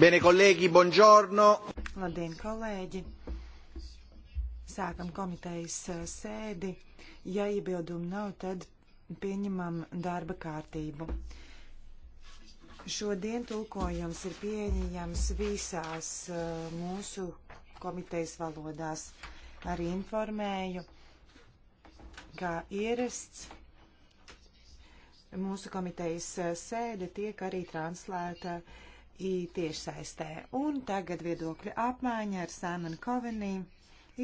Bene, kolēģi, buongiorno! Labdien, kolēģi! Sākam komitejas eh, sēdi. Ja iebildumu nav, tad pieņemam darba kārtību. Šodien tulkojums ir pieņemams visās eh, mūsu komitejas valodās. Arī informēju, kā ierasts mūsu komitejas eh, sēde tiek arī translēta uh, tiešsaistē. Un tagad viedokļa apmaiņa ar Sēmonu Kovenī,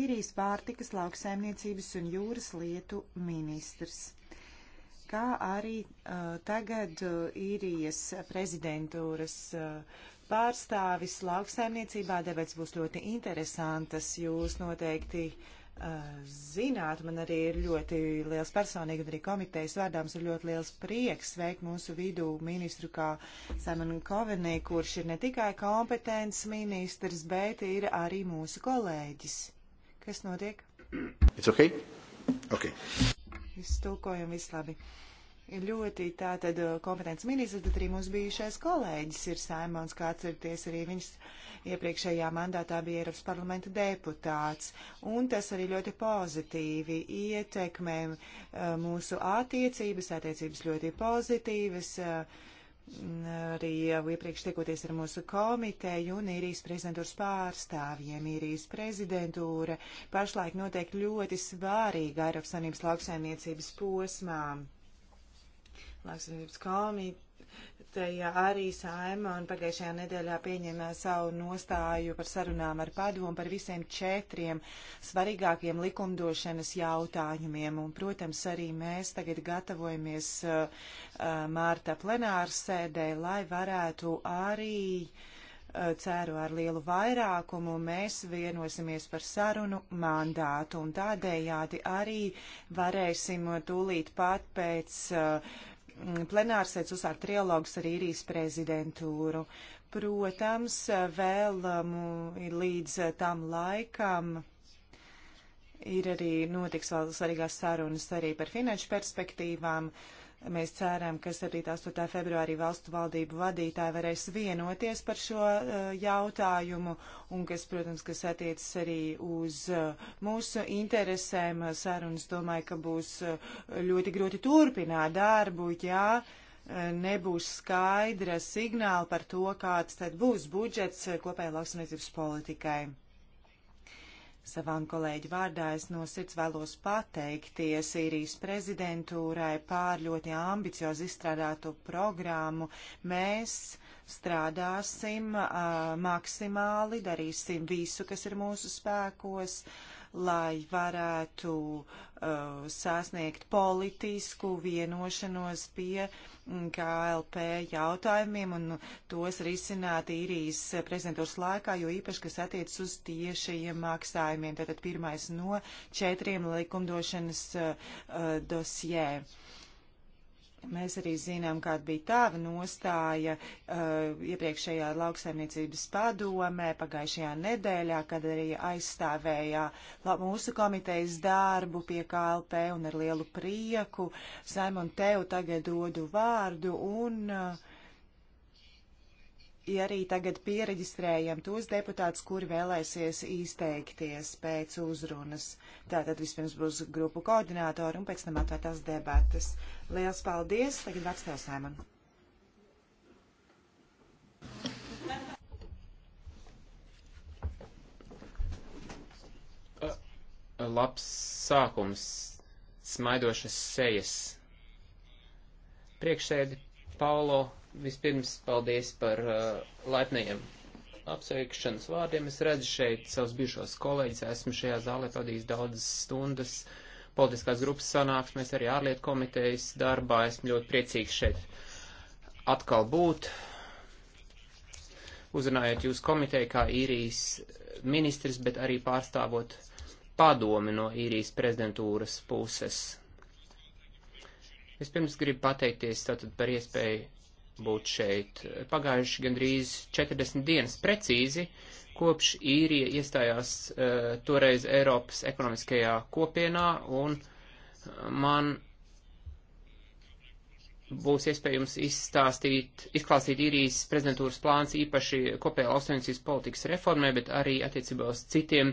īrijas pārtikas lauksaimniecības un jūras lietu ministrs, kā arī uh, tagad uh, īrijas prezidentūras uh, pārstāvis lauksaimniecībā, tāpēc būs ļoti interesantas. Jūs noteikti uh, Eh, zināt, man arī ir ļoti liels personīgi, un arī komitejas vārdāms ir ļoti liels prieks sveikt mūsu vidū ministru kā Simonu Kovenī, kurš ir ne tikai kompetents ministrs, bet ir arī mūsu kolēģis. Kas notiek? It's okay? Okay. Viss tulkojam, viss labi. Uh, ļoti tātad uh, kompetents ministrs, bet arī mūsu bijušais kolēģis ir Saimons, kā atcerieties, arī viņš iepriekšējā mandātā bija Eiropas parlamenta deputāts. Un tas arī ļoti pozitīvi ietekmē uh, mūsu attiecības, attiecības ļoti pozitīvas. Uh, arī jau iepriekš tikoties ar mūsu komiteju un īrijas prezidentūras pārstāvjiem. Īrijas prezidentūra pašlaik notiek ļoti svārīga Eiropas Sanības lauksaimniecības posmām lauksaimniecības komiteja arī saima un pagājušajā nedēļā pieņēma savu nostāju par sarunām ar padomu par visiem četriem svarīgākiem likumdošanas jautājumiem. Un, protams, arī mēs tagad gatavojamies uh, uh mārta plenārsēdē, lai varētu arī uh, ceru ar lielu vairākumu, mēs vienosimies par sarunu mandātu un tādējādi arī varēsim tūlīt pat pēc uh, plenārsēdz uzsākt trialogus ar īrijas prezidentūru. Protams, vēl um, līdz tam laikam ir arī notiks vēl svarīgās sarunas arī par finanšu perspektīvām. Uh, Mēs ceram, ka 7. 8. februārī valstu valdību vadītāji varēs vienoties par šo uh, jautājumu un kas, protams, kas attiecas arī uz uh, mūsu interesēm sarunas. Domāju, ka būs uh, ļoti grūti turpināt darbu, jā. Nebūs skaidra signāla par to, kāds tad būs budžets kopējai lauksaimniecības politikai. Savām kolēģu vārdā es no sirds vēlos pateikties īrijas prezidentūrai pār ļoti ambiciozi izstrādāto programmu. Mēs strādāsim uh, maksimāli, darīsim visu, kas ir mūsu spēkos. Uh, lai varētu uh, sasniegt politisku vienošanos pie mm, KLP jautājumiem un tos risināt īrijas prezidentūras laikā, jo īpaši, kas attiec uz tiešajiem maksājumiem. Tātad pirmais no četriem likumdošanas uh, uh dosjē. Uh, Mēs arī zinām, kāda bija tāva nostāja uh, iepriekšējā lauksaimniecības padomē pagājušajā nedēļā, kad arī aizstāvējā mūsu komitejas darbu pie KLP un ar lielu prieku. Saimon, tev tagad dodu vārdu un uh, ja arī tagad piereģistrējam tos deputātus, kuri vēlēsies izteikties pēc uzrunas. Tātad vispirms būs grupu koordinātori un pēc tam atvērtās debatas. Liels paldies! Tagad vārds tev, Sēman. Uh, labs sākums, smaidošas sejas. Priekšsēdi Paulo Vispirms paldies par uh, laipniem apsveikšanas vārdiem. Es redzu šeit savus bijušos kolēģus, esmu šajā zālē pavadījis daudzas stundas politiskās grupas sanāksmēs, arī ārlietu komitejas darbā. Esmu ļoti priecīgs šeit atkal būt. Uzrunājot jūs komiteju kā īrijas ministrs, bet arī pārstāvot padomi no īrijas prezidentūras puses. Vispirms gribu pateikties tātad par iespēju būt šeit. Pagājuši gandrīz 40 dienas precīzi, kopš īrija iestājās uh, toreiz Eiropas ekonomiskajā kopienā, un eh, man būs iespējams izstāstīt, izklāstīt īrijas prezidentūras plāns īpaši kopējā austrumniecības politikas reformē, bet arī attiecībā uz citiem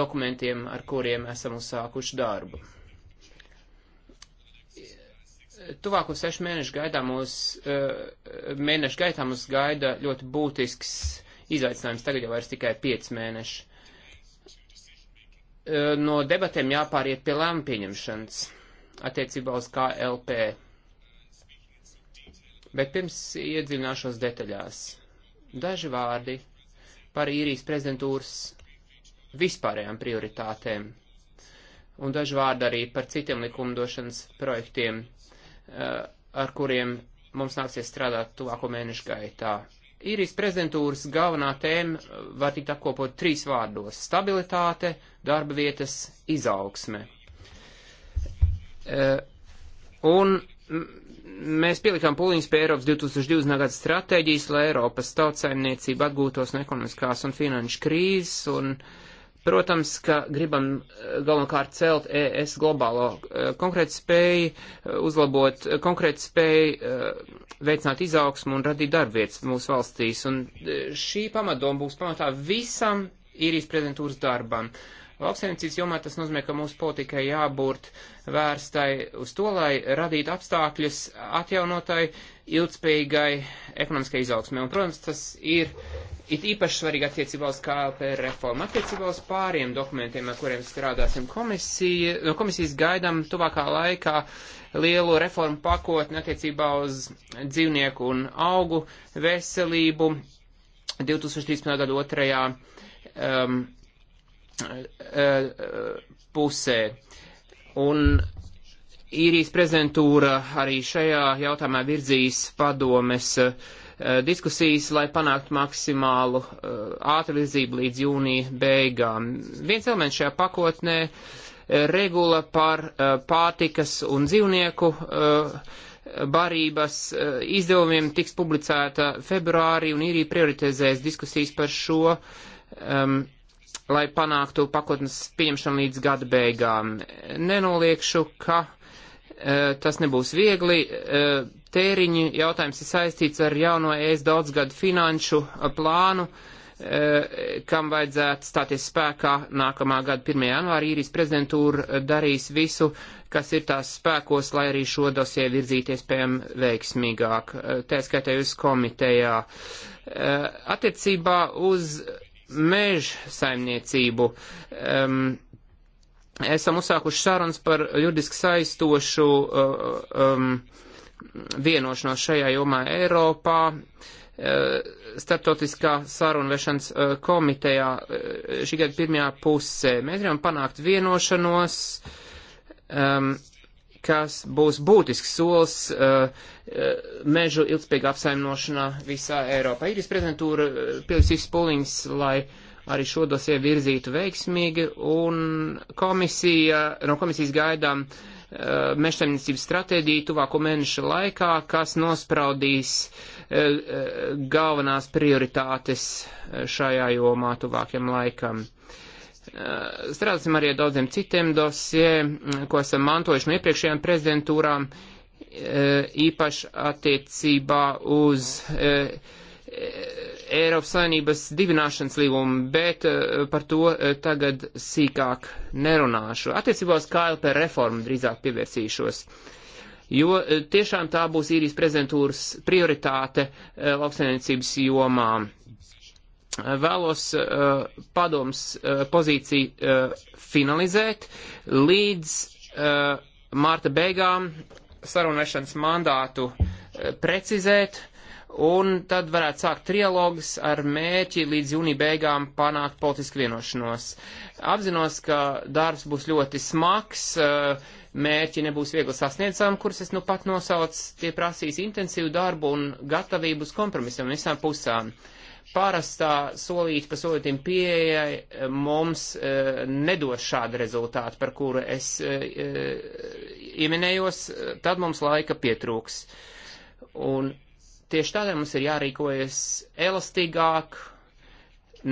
dokumentiem, ar kuriem esam uzsākuši darbu tuvāko sešu mēnešu gaitā mūs, eh, mēnešu gaitā mūs gaida ļoti būtisks izaicinājums, tagad jau vairs tikai 5 mēneši. Eh, no debatēm jāpāriet pie lēmu pieņemšanas attiecībā uz KLP. Bet pirms iedziļināšos detaļās, daži vārdi par īrijas prezidentūras vispārējām prioritātēm un daži vārdi arī par citiem likumdošanas projektiem Eh, ar kuriem mums nāksies strādāt tuvāko mēnešu gaitā. Īrijas prezidentūras galvenā tēma eh, var tikt apkopot trīs vārdos - stabilitāte, darba vietas, izaugsme. Eh, un mēs pielikām pūliņus pie Eiropas 2020. gada stratēģijas, lai Eiropas tautsaimniecība atgūtos no ekonomiskās un finanšu krīzes, un uh, Protams, ka gribam eh, galvenokārt celt ES globālo eh, konkrētu spēju, eh, uzlabot konkrētu spēju, veicināt izaugsmu un radīt darbvietas mūsu valstīs. Un šī pamatdoma būs pamatā visam īrijas prezidentūras darbam. Lauksaimniecības jomā tas nozīmē, ka mūsu politikai jābūt vērstai uz to, lai radītu apstākļus atjaunotai uh, ilgspējīgai ekonomiskai izaugsmē. Un, protams, tas ir it īpaši svarīgi attiecībā uz KLP reformu, attiecībā uz pāriem dokumentiem, ar kuriem strādāsim komisija. No komisijas gaidām tuvākā laikā lielu reformu pakotni attiecībā uz dzīvnieku un augu veselību 2013. gada otrajā um, uh, uh, pusē. Un īrijas prezentūra arī šajā jautājumā virzīs padomes eh, diskusijas, lai panāktu maksimālu eh, ātru virzību līdz jūnija beigām. Viens elements šajā pakotnē eh, regula par pārtikas un dzīvnieku barības izdevumiem tiks publicēta februārī un īrija prioritizēs diskusijas par šo, um, lai panāktu pakotnes pieņemšanu līdz gada beigām. Nenoliekšu, ka Eh, tas nebūs viegli. Eh, Tēriņu jautājums ir saistīts ar jauno ES daudzgadu finanšu eh, plānu, kam vajadzētu stāties spēkā nākamā gada 1. janvāra. Īrijas prezidentūra darīs visu, kas ir tās spēkos, lai arī šo dosie virzīties pējām veiksmīgāk, tā skaitā jūs komitejā. Attiecībā uz meža saimniecību. Um, ehm, esam uzsākuši sarunas par juridiski saistošu uh, um, vienošanos šajā jomā Eiropā. Uh, Startautiskā sarunvešanas uh, komitejā šī gada pirmajā pusē mēs gribam panākt vienošanos, um, kas būs būtisks solis uh, mežu ilgspējīgā apsaimnošanā visā Eiropā. Īrijas prezidentūra pilsīs puliņas, lai uh, arī šo dosie virzītu veiksmīgi, un komisija, no komisijas gaidām uh, mežsaimniecības stratēģiju tuvāko mēnešu laikā, kas nospraudīs uh, galvenās prioritātes šajā jomā tuvākiem laikam. Uh, strādāsim arī ar daudziem citiem dosie, mm, ko esam mantojuši no iepriekšējām prezidentūrām, īpaši attiecībā uz Eiropas Savienības dibināšanas līgumu, bet eh, par to eh, tagad sīkāk nerunāšu. Attiecībā uz KLP reformu drīzāk pievērsīšos, jo eh, tiešām tā būs īrijas prezentūras prioritāte lauksainiecības jomā. Vēlos padoms pozīciju finalizēt līdz mārta beigām sarunvešanas mandātu precizēt un tad varētu sākt trialogus ar mērķi līdz jūnija beigām panākt politisku vienošanos. Apzinos, ka darbs būs ļoti smags, eh, mērķi nebūs viegli sasniedzami, kurus es nu pat nosaucu, tie prasīs intensīvu darbu un gatavību uz kompromisiem visām pusām. Pārastā solīt pa solītim pieeja eh, mums e, nedos šādu rezultātu, par kuru es e, e, ieminējos, tad mums laika pietrūks. Un Tieši tādēļ mums ir jārīkojas elastīgāk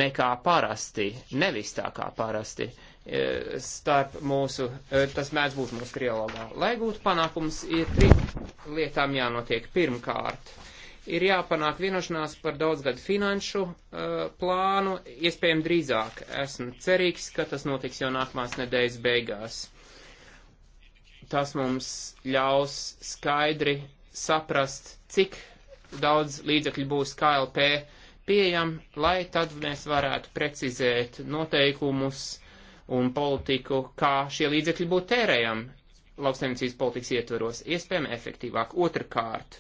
nekā parasti, nevis tā kā parasti e, starp mūsu, e, tas mēdz būt mūsu trialogā. Lai gūtu panākums, ir trīs lietām jānotiek. Pirmkārt, ir jāpanāk vienošanās par daudzgadu finanšu uh, plānu, iespējami drīzāk. Esmu cerīgs, ka tas notiks jau nākamās nedēļas beigās. Tas mums ļaus skaidri saprast, cik daudz līdzekļu būs KLP pieejam, lai tad mēs varētu precizēt noteikumus un politiku, kā šie līdzekļi būtu tērējami lauksaimniecības politikas ietvaros, iespējami efektīvāk. Otrakārt,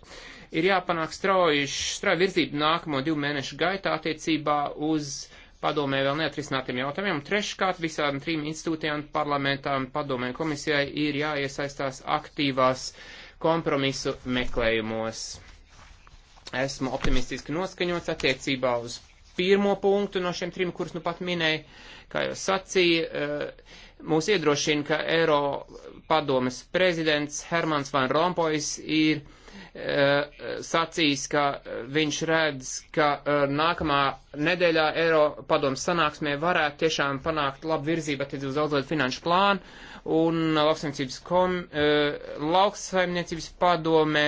ir jāpanāk strauji virzība nākamo divu mēnešu gaitā attiecībā uz padomē vēl neatrisinātiem jautājumiem. Treškārt, visām trim institūtiem, parlamentām, padomē komisijai ir jāiesaistās aktīvās kompromisu meklējumos. Esmu optimistiski noskaņots attiecībā uz pirmo punktu no šiem trim, kurus nu pat minēju, kā jau sacīja, eh, mūs iedrošina, ka Eiro padomes prezidents Hermans Van Rompojs ir eh, sacījis, ka viņš redz, ka eh, nākamā nedēļā Eiro padomes sanāksmē varētu tiešām panākt labu virzību attiecībā uz daudzgadu finanšu plānu un lauksaimniecības, kom, lauksaimniecības padome,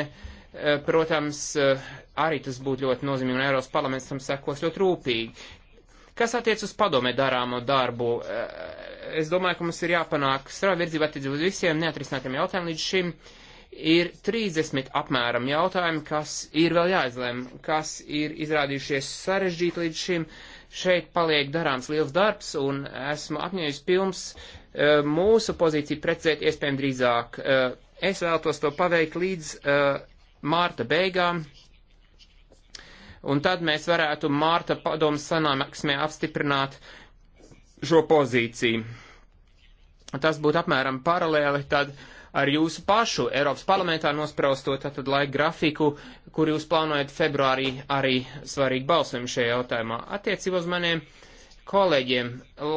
protams, arī tas būtu ļoti nozīmīgi, un Eiropas parlaments tam sekos ļoti rūpīgi. Kas attiec uz padomē darāmo darbu? Eh, es domāju, ka mums ir jāpanāk strāva virzība attiecībā uz visiem neatrisinātiem jautājumiem līdz šim. Ir 30 apmēram jautājumi, kas ir vēl jāizlem, kas ir izrādījušies sarežģīti līdz šim. Šeit paliek darāms liels darbs, un esmu apņēmis pilns eh, mūsu pozīciju precēt iespējami drīzāk. Eh, es vēlos to paveikt līdz mārta beigām, un tad mēs varētu Mārta padomas sanāksmē apstiprināt šo pozīciju. Tas būtu apmēram paralēli tad ar jūsu pašu Eiropas parlamentā nospraustot tātad laika grafiku, kur jūs plānojat februārī arī svarīgi balsojumu šajā jautājumā. Attiecībā uz maniem kolēģiem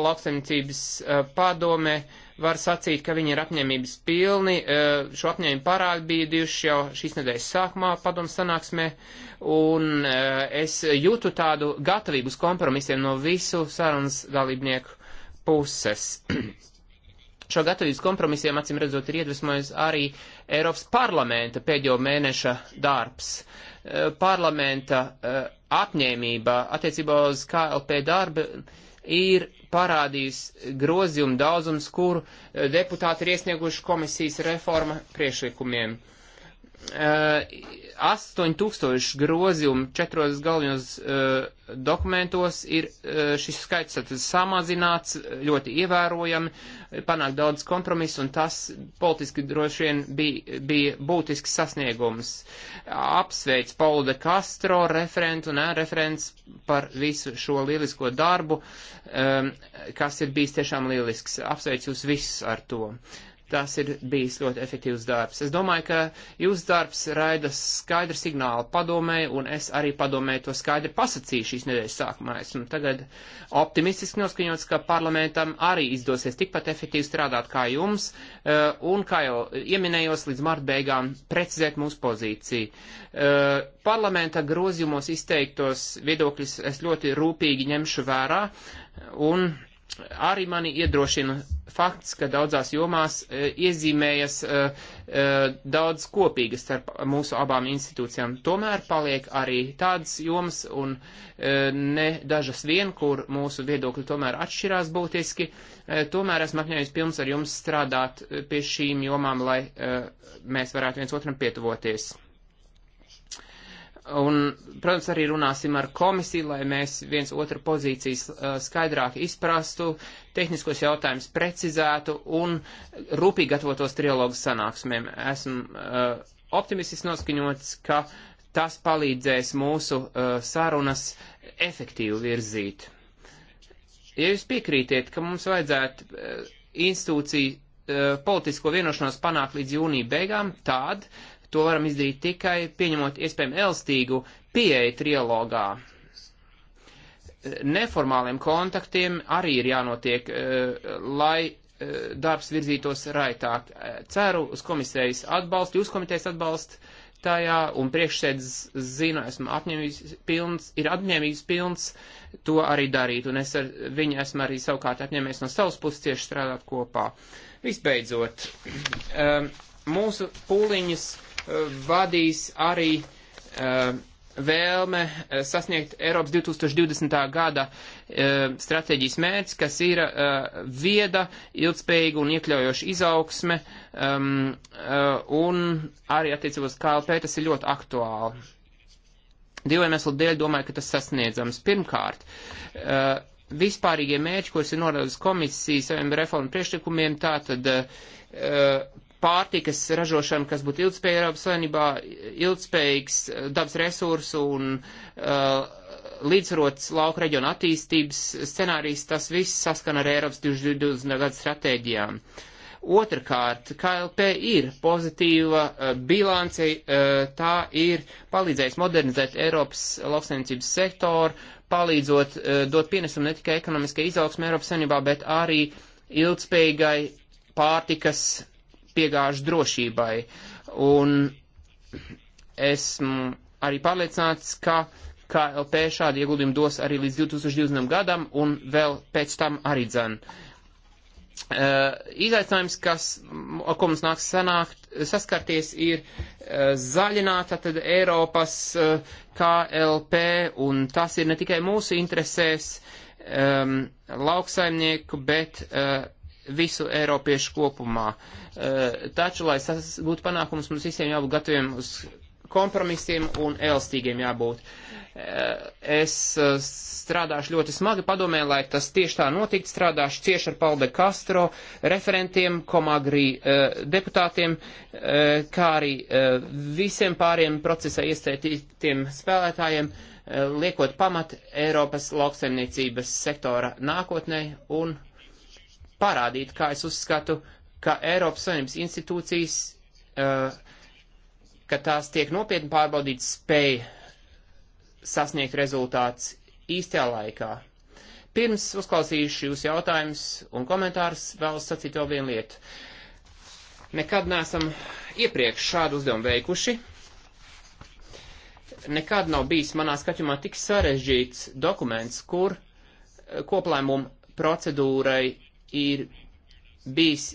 lauksaimniecības eh, padome uh, var sacīt, ka viņi ir apņēmības pilni, eh, šo apņēmību parādi bija bijuši jau šīs nedēļas sākumā padomu sanāksmē, un eh, es jūtu tādu gatavību uz kompromisiem no visu sarunas dalībnieku puses. šo gatavības kompromisiem, acīm redzot, ir iedvesmojis arī Eiropas parlamenta pēdējo mēneša darbs. Eh, parlamenta apņēmība attiecībā uz KLP darbu ir parādījis grozījumu daudzums, kur eh, deputāti ir iesnieguši komisijas reforma priešlikumiem. Eh, 8000 grozījumu četros galvenos uh, dokumentos ir uh, šis skaits samazināts ļoti ievērojami, panāk daudz kompromisu un tas politiski droši vien bija, bija būtisks sasniegums. Apsveic Paulu de Castro referentu un referents par visu šo lielisko darbu, um, kas ir bijis tiešām lielisks. Apsveic jūs visus ar to. Uh, Tas ir bijis ļoti efektīvs darbs. Es domāju, ka jūsu darbs raida skaidru signālu padomēji, un es arī padomēju to skaidri pasacīju šīs nedēļas sākumā. Esmu tagad optimistiski noskaņots, ka parlamentam arī izdosies tikpat efektīvi strādāt kā jums, eh, un kā jau ieminējos, līdz marta beigām precizēt mūsu pozīciju. Eh, parlamenta grozījumos izteiktos viedokļus es ļoti rūpīgi ņemšu vērā, un arī mani iedrošina fakts, ka daudzās jomās e, iezīmējas e, e, daudz kopīgas starp mūsu abām institūcijām. Tomēr paliek arī tādas jomas un e, ne dažas vien, kur mūsu viedokļi tomēr atšķirās būtiski. E, tomēr esmu apņēmis pilns ar jums strādāt e, pie šīm jomām, lai mēs varētu viens otram pietuvoties. Un, protams, arī runāsim ar komisiju, lai mēs viens otru pozīcijas uh, skaidrāk izprastu, tehniskos jautājumus precizētu un rūpīgi gatavotos trilogu sanāksmēm. Esmu uh, optimistiski noskaņots, ka tas palīdzēs mūsu uh, sarunas efektīvi virzīt. Ja jūs piekrītiet, ka mums vajadzētu uh, institūciju uh, politisko vienošanos panākt līdz jūnija beigām, tad To varam izdarīt tikai pieņemot iespējami elstīgu pieeju trialogā. Neformāliem kontaktiem arī ir jānotiek, eh, lai eh, darbs virzītos raitāk. Ceru uz komisijas atbalstu, jūs komitejas atbalstu tajā, un priekšsēdz zinu, esmu apņēmības pilns, ir apņēmības pilns to arī darīt, un es ar viņu esmu arī savukārt apņēmies no savas puses cieši strādāt kopā. Visbeidzot, eh, mūsu pūliņas vadīs arī e, vēlme e, sasniegt Eiropas 2020. gada e, stratēģijas mērķis, kas ir vieda, ilgspējīga un iekļaujoša izaugsme, um, un arī attiecībos KLP tas ir ļoti aktuāli. Divu iemeslu dēļ domāju, ka tas sasniedzams. Pirmkārt, vispārīgie mērķi, kurus ir norādījusi komisija saviem reformu priekšlikumiem, tātad pārtikas ražošanu, kas būtu ilgspējīga Eiropas Savienībā, ilgspējīgs eh, dabas resursu un uh, līdzsvarots lauka reģiona attīstības scenārijs, tas viss saskan ar Eiropas 2020. gadu stratēģijām. Otrakārt, KLP ir pozitīva uh, bilance, uh, tā ir palīdzējis modernizēt Eiropas lauksaimniecības sektoru, palīdzot uh, dot pienesumu ne tikai ekonomiskai izaugsmē Eiropas saimnībā, bet arī ilgspējīgai pārtikas piegāžu drošībai. Un esmu arī pārliecināts, ka KLP šādi ieguldījumi dos arī līdz 2020. gadam un vēl pēc tam arī dzan. Uh, izaicinājums, kas, ar ko mums nāks sanākt, saskarties, ir uh, zaļināta tad Eiropas uh, KLP, un tas ir ne tikai mūsu interesēs um, lauksaimnieku, bet uh, visu Eiropiešu kopumā. Eh, taču, lai tas būtu panākums, mums visiem jābūt gataviem uz kompromisiem un elastīgiem jābūt. Eh, es eh, strādāšu ļoti smagi padomē, lai tas tieši tā notiktu. Strādāšu cieši ar Palde Castro, referentiem, komagri deputātiem, kā arī visiem pāriem procesā iesaistītiem spēlētājiem, liekot pamat Eiropas lauksaimniecības sektora nākotnē un parādīt, kā es uzskatu, ka Eiropas Savienības institūcijas, eh, ka tās tiek nopietni pārbaudītas, spēj sasniegt rezultāts īstajā laikā. Pirms uzklausījuši jūs jautājumus un komentārus, vēlos sacīt vēl vienu lietu. Nekad neesam iepriekš šādu uzdevumu veikuši. Nekad nav bijis manā skatījumā tik sarežģīts dokuments, kur eh, koplēmumu procedūrai ir bijis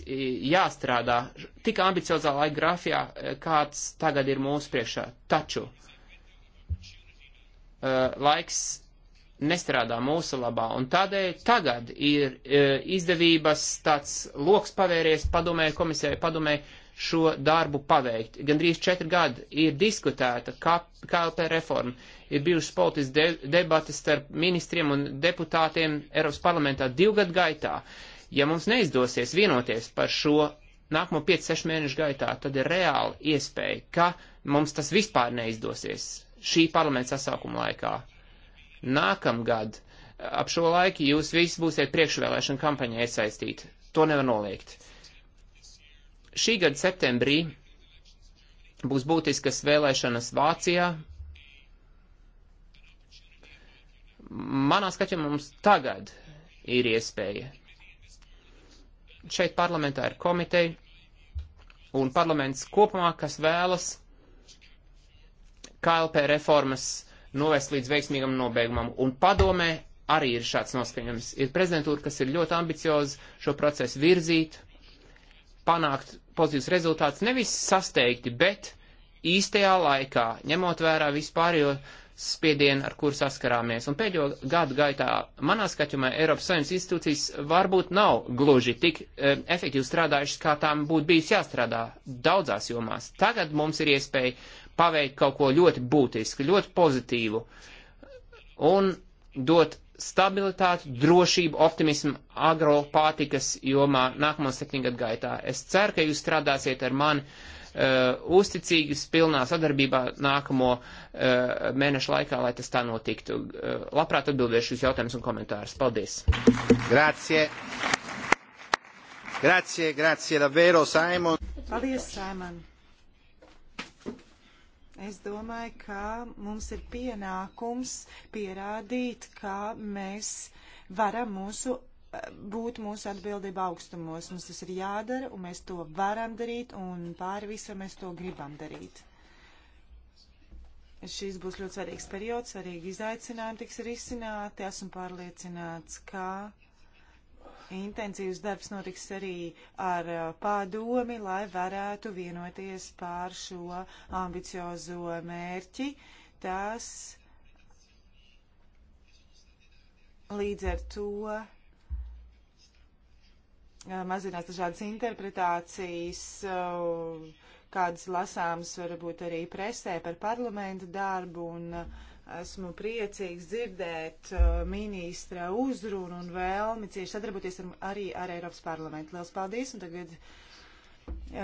jāstrādā tik ambiciozā laika grafijā, e, kāds tagad ir mūsu priekšā. Taču e, laiks nestrādā mūsu labā, un tādēļ tagad ir e, izdevības tāds loks pavēries padomē, komisijai padomē šo darbu paveikt. Gandrīz četri gadi ir diskutēta KLP reforma, ir bijušas politiskas debatas starp ministriem un deputātiem Eiropas parlamentā divu gadu gaitā. Uh, Ja mums neizdosies vienoties par šo nākamo 5-6 mēnešu gaitā, tad ir reāli iespēja, ka mums tas vispār neizdosies šī parlamenta sasaukuma laikā. Nākamgad ap šo laiku jūs visi būsiet priekšvēlēšana kampaņā iesaistīti. To nevar noliegt. Šī gada septembrī būs būtiskas vēlēšanas Vācijā. Manā skatījumā mums tagad ir iespēja šeit parlamentā ir komiteja un parlaments kopumā, kas vēlas KLP reformas novest līdz veiksmīgam nobeigumam. Un padomē arī ir šāds noskaņojums. Ir prezidentūra, kas ir ļoti ambicioza šo procesu virzīt, panākt pozitīvs rezultāts nevis sasteigti, bet īstajā laikā, ņemot vērā vispārējo spiedienu, ar kur saskarāmies. Un pēdējo gadu gaitā manā skatījumā Eiropas Savienības institūcijas varbūt nav gluži tik e, efektīvi strādājušas, kā tām būtu bijis jāstrādā daudzās jomās. Tagad mums ir iespēja paveikt kaut ko ļoti būtisku, ļoti pozitīvu un dot stabilitāti, drošību, optimismu agropātikas jomā nākamos septiņgad gaitā. Es ceru, ka jūs strādāsiet ar mani Uh, uzticīgas pilnā sadarbībā nākamo uh, mēnešu laikā, lai tas tā notiktu. Uh, labprāt atbildēšu uz jautājumus un komentārus. Paldies! Grazie! Grazie, grazie davvero, Simon! Paldies, Simon! Es domāju, ka mums ir pienākums pierādīt, ka mēs varam mūsu būt mūsu atbildība augstumos. Mums tas ir jādara, un mēs to varam darīt, un pāri visam mēs to gribam darīt. Šis būs ļoti svarīgs periods, svarīgi izaicinājumi tiks risināti. Esmu pārliecināts, ka intensīvs darbs notiks arī ar uh, padomi, lai varētu vienoties pār šo ambiciozo mērķi. Tas līdz ar to Eh, mazinās dažādas interpretācijas, eh, kādas lasāmas varbūt arī presē par parlamentu darbu, un eh, esmu priecīgs dzirdēt ministra uzrunu un vēlmi cieši sadarboties ar, arī ar Eiropas parlamentu. Liels paldies, un tagad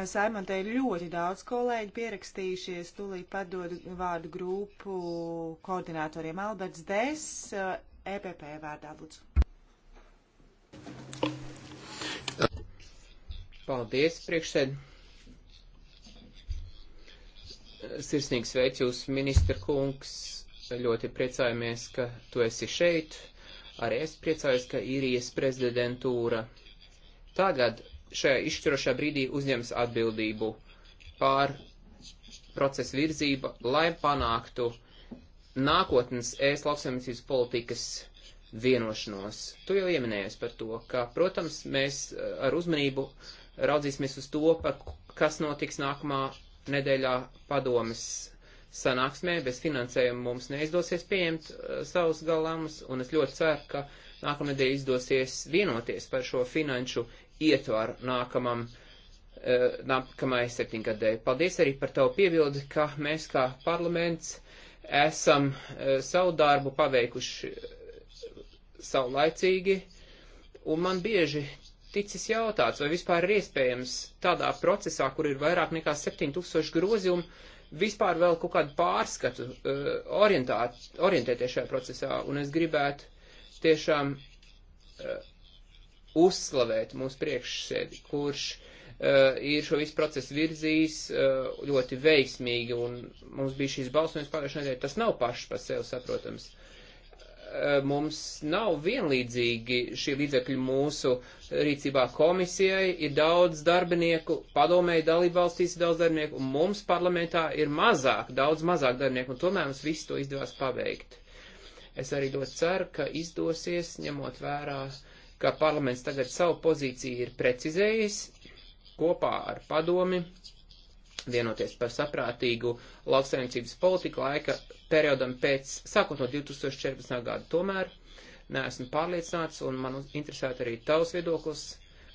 Saimon, te ir ļoti daudz kolēģi pierakstījušies, tūlīt padodu vārdu grupu koordinātoriem Alberts Des, EPP e vārdā, lūdzu. Paldies, priekšsēd. Sirsnīgs veids jūs, ministra kungs. Ļoti priecājamies, ka tu esi šeit. Arī es priecājos, ka īrijas prezidentūra tagad šajā izšķirošajā brīdī uzņems atbildību pār procesu virzību, lai panāktu nākotnes ēst lauksaimniecības politikas vienošanos. Tu jau ieminējies par to, ka, protams, mēs eh, ar uzmanību uh, raudzīsimies uz to, kas notiks nākamā nedēļā padomis sanāksmē. Bez finansējuma mums neizdosies pieņemt uh, savus galāmus, un es ļoti ceru, ka nākamnedēļ izdosies vienoties par šo finanšu ietvaru nākamam, uh, eh, nākamai septiņgadēji. Paldies arī par tavu piebildi, ka mēs kā parlaments esam uh, savu darbu paveikuši saulaicīgi, un man bieži ticis jautāts, vai vispār ir iespējams tādā procesā, kur ir vairāk nekā 7000 grozījumu, vispār vēl kaut kādu pārskatu eh, orientēt, orientēties šajā procesā. Un es gribētu tiešām eh, uzslavēt mūsu priekšsēdi, kurš uh, ir šo visu procesu virzījis uh, ļoti veiksmīgi, un mums bija šīs balsojums pagājušajā nedēļā. Tas nav pašs par sevi saprotams. E, mums nav vienlīdzīgi šie līdzekļi mūsu rīcībā komisijai, ir daudz darbinieku, padomēji dalībvalstīs ir daudz darbinieku, un mums parlamentā ir mazāk, daudz mazāk darbinieku, un tomēr mums visu to izdevās paveikt. Es arī ļoti ceru, ka izdosies, ņemot vērā, ka parlaments tagad savu pozīciju ir precizējis kopā ar padomi, vienoties par saprātīgu lauksaimniecības politiku laika periodam pēc sākot no 2014. gada. Tomēr neesmu pārliecināts un man interesētu arī tavs viedoklis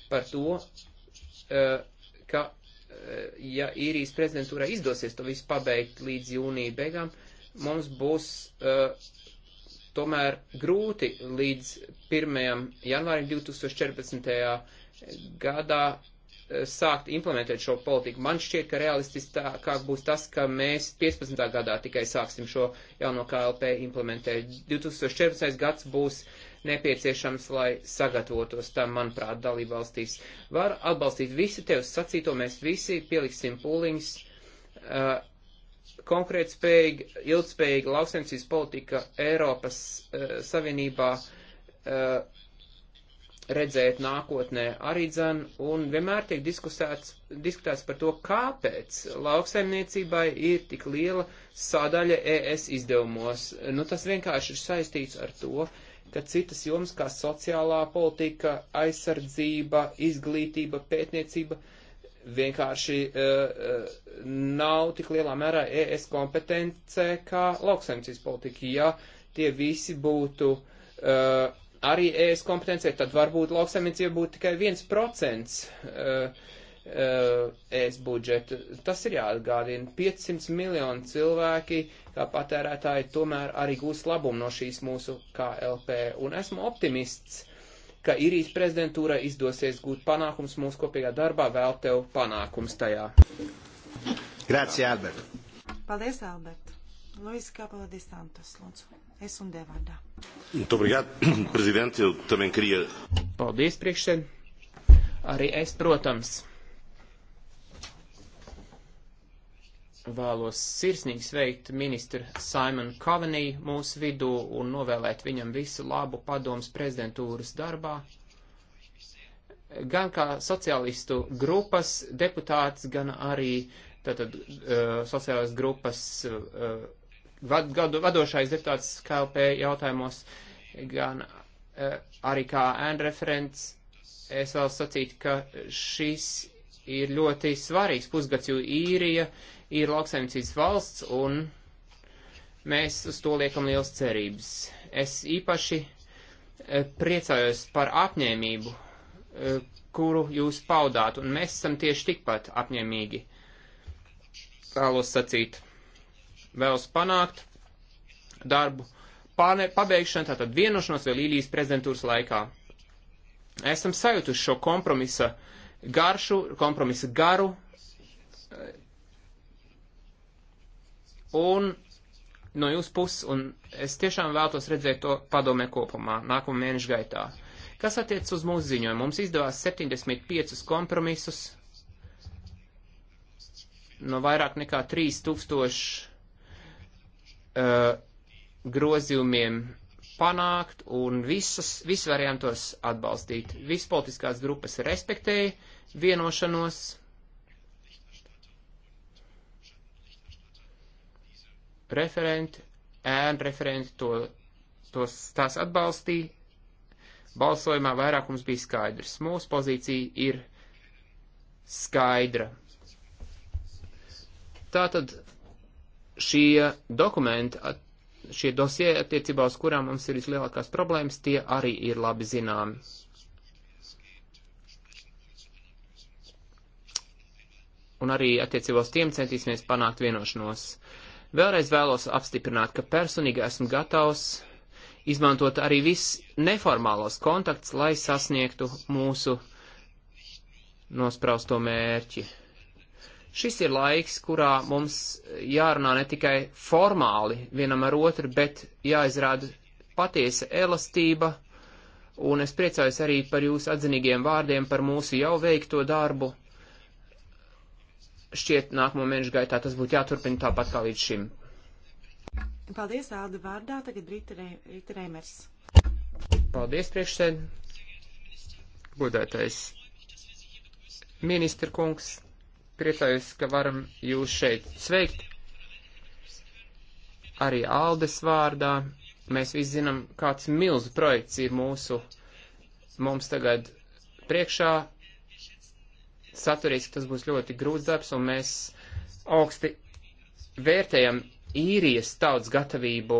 par to, eh, ka, eh, ja īrijas prezidentūrai izdosies to visu pabeigt līdz jūnija beigām, mums būs eh, tomēr grūti līdz 1. janvārim 2014. gadā Eh, sākt implementēt šo politiku. Man šķiet, ka realistiskāk būs tas, ka mēs 15. gadā tikai sāksim šo jauno KLP implementēt. 2014. gads būs nepieciešams, lai sagatavotos tam, manuprāt, dalībvalstīs. Var atbalstīt visu tev sacīto, mēs visi pieliksim pūliņus. Uh, eh, konkrēt spējīgi, ilgspējīgi lauksemcības politika Eiropas uh, Savienībā uh, redzēt nākotnē arī dzen, un vienmēr tiek diskusēts, diskutēts par to, kāpēc lauksaimniecībai ir tik liela sadaļa ES izdevumos. Nu, tas vienkārši ir saistīts ar to, ka citas jomas kā sociālā politika, aizsardzība, izglītība, pētniecība vienkārši uh, nav tik lielā mērā ES kompetence kā lauksaimniecības politika. Ja tie visi būtu uh, arī ES kompetencija, tad varbūt lauksaimniecība būtu tikai 1% ES budžeta. Tas ir jāatgādina. 500 miljoni cilvēki, kā patērētāji, tomēr arī gūs labumu no šīs mūsu KLP. Un esmu optimists, ka Irijas prezidentūra izdosies gūt panākums mūsu kopīgā darbā, vēl tev panākums tajā. Grazie, Albert. Paldies, Albert. Luís Capela de Santos, lūdzu. Es un Devardā. Muito obrigado, presidente. Eu também queria. Paldies, priekšsēd. Arī es, protams, vēlos sirsnīgi sveikt ministru Simonu Kavanī mūsu vidū un novēlēt viņam visu labu padomus prezidentūras darbā. Gan kā sociālistu grupas deputāts, gan arī tātad, uh, sociālās grupas uh, vad, gadu, vadošais deputāts KLP jautājumos, gan eh, arī kā ēnreferents. Es vēl sacītu, ka šis ir ļoti svarīgs pusgads, jo īrija ir lauksaimniecības valsts un mēs uz to liekam liels cerības. Es īpaši eh, priecājos par apņēmību, eh, kuru jūs paudāt, un mēs esam tieši tikpat apņēmīgi. Vēlos sacīt, vēlas panākt darbu pārne, pabeigšanu, tātad vienošanos vēl Īlijas prezidentūras laikā. Esam sajutuši šo kompromisa garšu, kompromisa garu un no jūsu puses, un es tiešām vēlos redzēt to padomē kopumā, nākamā mēneša gaitā. Kas attiec uz mūsu ziņojumu? Mums izdevās 75 kompromisus no vairāk nekā 3000 uh, grozījumiem panākt un visas, visu varējām tos atbalstīt. Viss politiskās grupas respektēja vienošanos. Referenti, ēn referenti to, tos, tās atbalstīja. Balsojumā vairākums bija skaidrs. Mūsu pozīcija ir skaidra. Tātad šie dokumenti, šie dosie, attiecībā uz kurām mums ir vislielākās problēmas, tie arī ir labi zināmi. Un arī attiecībā uz tiem centīsimies panākt vienošanos. Vēlreiz vēlos apstiprināt, ka personīgi esmu gatavs izmantot arī viss neformālos kontakts, lai sasniegtu mūsu nosprausto mērķi. Šis ir laiks, kurā mums jārunā ne tikai formāli vienam ar otru, bet jāizrāda patiesa elastība, un es priecājos arī par jūsu atzinīgiem vārdiem par mūsu jau veikto darbu. Šķiet, nākamo mēnešu gaitā tas būtu jāturpina tāpat kā līdz šim. Paldies, Aldi vārdā, tagad Rita Rēmers. Paldies, priekšsēd. Godētais ministra kungs, priecājos, ka varam jūs šeit sveikt. Arī Aldes vārdā. Mēs visi zinām, kāds milzu projekts ir mūsu, mums tagad priekšā. Saturīgs tas būs ļoti grūts darbs, un mēs augsti vērtējam īrijas tautas gatavību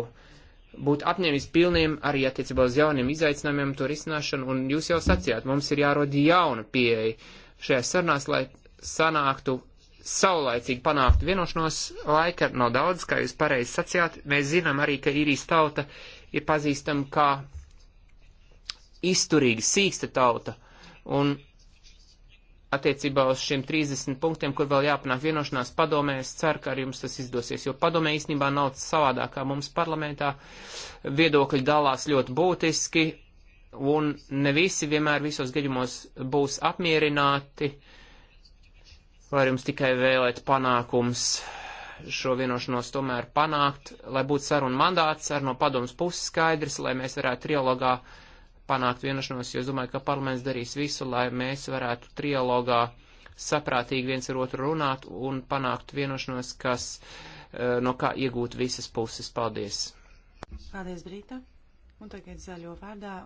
būt apņēmības pilniem arī attiecībā uz jauniem izaicinājumiem, to risināšanu, un jūs jau sacījāt, mums ir jārod jauna pieeja šajās sarunās, lai sanāktu saulaicīgi panākt vienošanos, laika nav daudz, kā jūs pareizi sacījāt. Mēs zinām arī, ka īrijas tauta ir pazīstama kā izturīga, sīksta tauta. Un attiecībā uz šiem 30 punktiem, kur vēl jāpanāk vienošanās padomē, es ceru, ka arī jums tas izdosies, jo padomē īstenībā nav savādāk kā mums parlamentā. Viedokļi dalās ļoti būtiski, un ne visi vienmēr visos gadījumos būs apmierināti. Uh, Var jums tikai vēlēt panākums šo vienošanos tomēr panākt, lai būtu saruna mandāts ar no padomas puses skaidrs, lai mēs varētu trialogā panākt vienošanos, jo es domāju, ka parlaments darīs visu, lai mēs varētu trialogā saprātīgi viens ar otru runāt un panākt vienošanos, kas eh, no kā iegūt visas puses. Paldies! Paldies, Brīta! Un tagad zaļo vārdā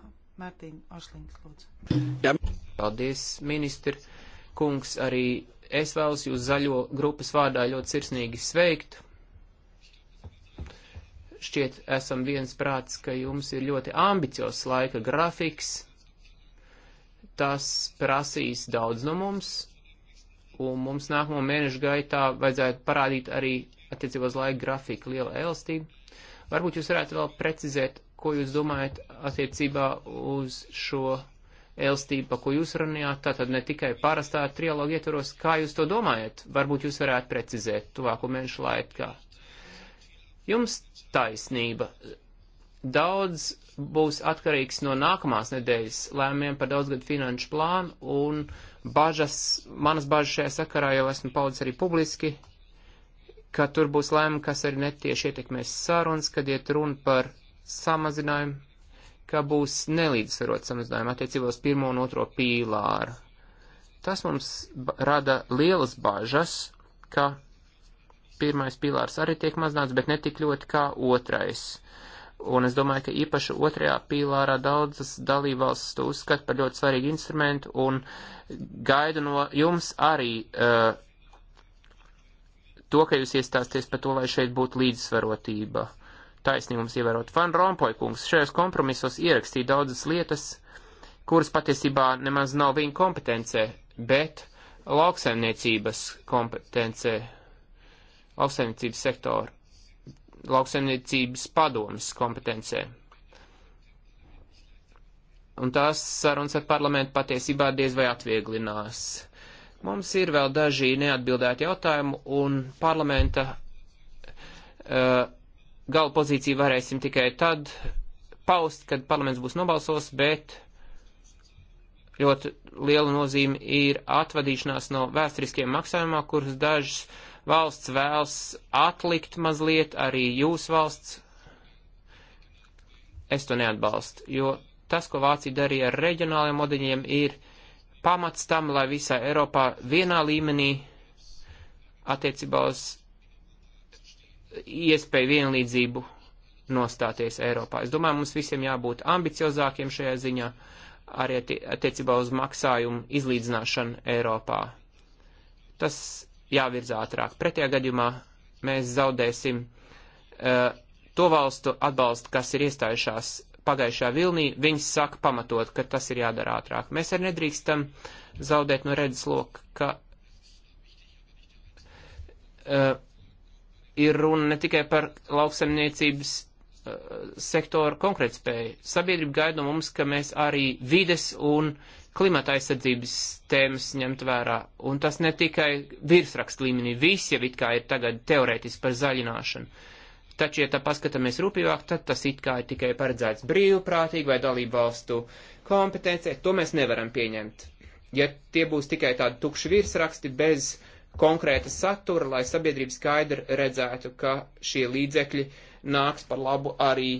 Mārtiņa Ošlings, lūdzu. Jā. Paldies, ministri! Kungs, arī Es vēlos jūs zaļo grupas vārdā ļoti sirsnīgi sveikt. Šķiet, esam viens prāts, ka jums ir ļoti ambiciozs laika grafiks. Tas prasīs daudz no mums, un mums nākamo mēnešu gaitā vajadzētu parādīt arī attiecībā uz laika grafiku liela elastība. Varbūt jūs varētu vēl precizēt, ko jūs domājat attiecībā uz šo elstību, pa ko jūs runājāt, tātad ne tikai pārastā trialoga ietvaros, kā jūs to domājat? Varbūt jūs varētu precizēt tuvāko mēnešu laikā. Jums taisnība. Daudz būs atkarīgs no nākamās nedēļas lēmiem par daudzgadu finanšu plānu un bažas, manas bažas šajā sakarā jau esmu paudzis arī publiski, ka tur būs lēmumi, kas arī netieši ietekmēs sarunas, kad iet runa par samazinājumu ka būs nelīdzsvarot samazinājumi attiecībā uz pirmo un otro pīlāru. Tas mums rada lielas bažas, ka pirmais pīlārs arī tiek mazināts, bet ne tik ļoti kā otrais. Un es domāju, ka īpaši otrajā pīlārā daudzas dalībvalstis to uzskata par ļoti svarīgu instrumentu un gaidu no jums arī uh, to, ka jūs iestāsties par to, lai šeit būtu līdzsvarotība. Uh, taisnīgums ievērot. Van Rompojkungs šajos kompromisos ierakstīja daudzas lietas, kuras patiesībā nemaz nav viņa kompetencē, bet lauksaimniecības kompetencē, lauksaimniecības sektora, lauksaimniecības padomas kompetencē. Un tās sarunas ar parlamentu patiesībā diez vai atvieglinās. Mums ir vēl daži neatbildēti jautājumi, un parlamenta uh, galu pozīciju varēsim tikai tad paust, kad parlaments būs nobalsos, bet ļoti liela nozīme ir atvadīšanās no vēsturiskiem maksājumā, kurus dažas valsts vēlas atlikt mazliet, arī jūs valsts. Es to neatbalstu, jo tas, ko Vācija darīja ar reģionāliem modeļiem, ir pamats tam, lai visā Eiropā vienā līmenī attiecībā uz iespēju vienlīdzību nostāties Eiropā. Es domāju, mums visiem jābūt ambiciozākiem šajā ziņā, arī attiecībā uz maksājumu izlīdzināšanu Eiropā. Tas jāvirza ātrāk. Pretējā gadījumā mēs zaudēsim uh, to valstu atbalstu, kas ir iestājušās pagājušā vilnī, viņas saka pamatot, ka tas ir jādara ātrāk. Mēs arī nedrīkstam zaudēt no redzes loka, ka uh, ir runa ne tikai par lauksaimniecības uh, sektoru konkrētspēju. Sabiedrība gaida no mums, ka mēs arī vides un klimata aizsardzības tēmas ņemt vērā. Un tas ne tikai virsrakst līmenī, viss jau it kā ir tagad teorētiski par zaļināšanu. Taču, ja tā paskatāmies rūpīgāk, tad tas it kā ir tikai paredzēts brīvprātīgi vai dalību valstu kompetencijai. To mēs nevaram pieņemt. Ja tie būs tikai tādi tukši virsraksti bez konkrēta satura, lai sabiedrība skaidri redzētu, ka šie līdzekļi nāks par labu arī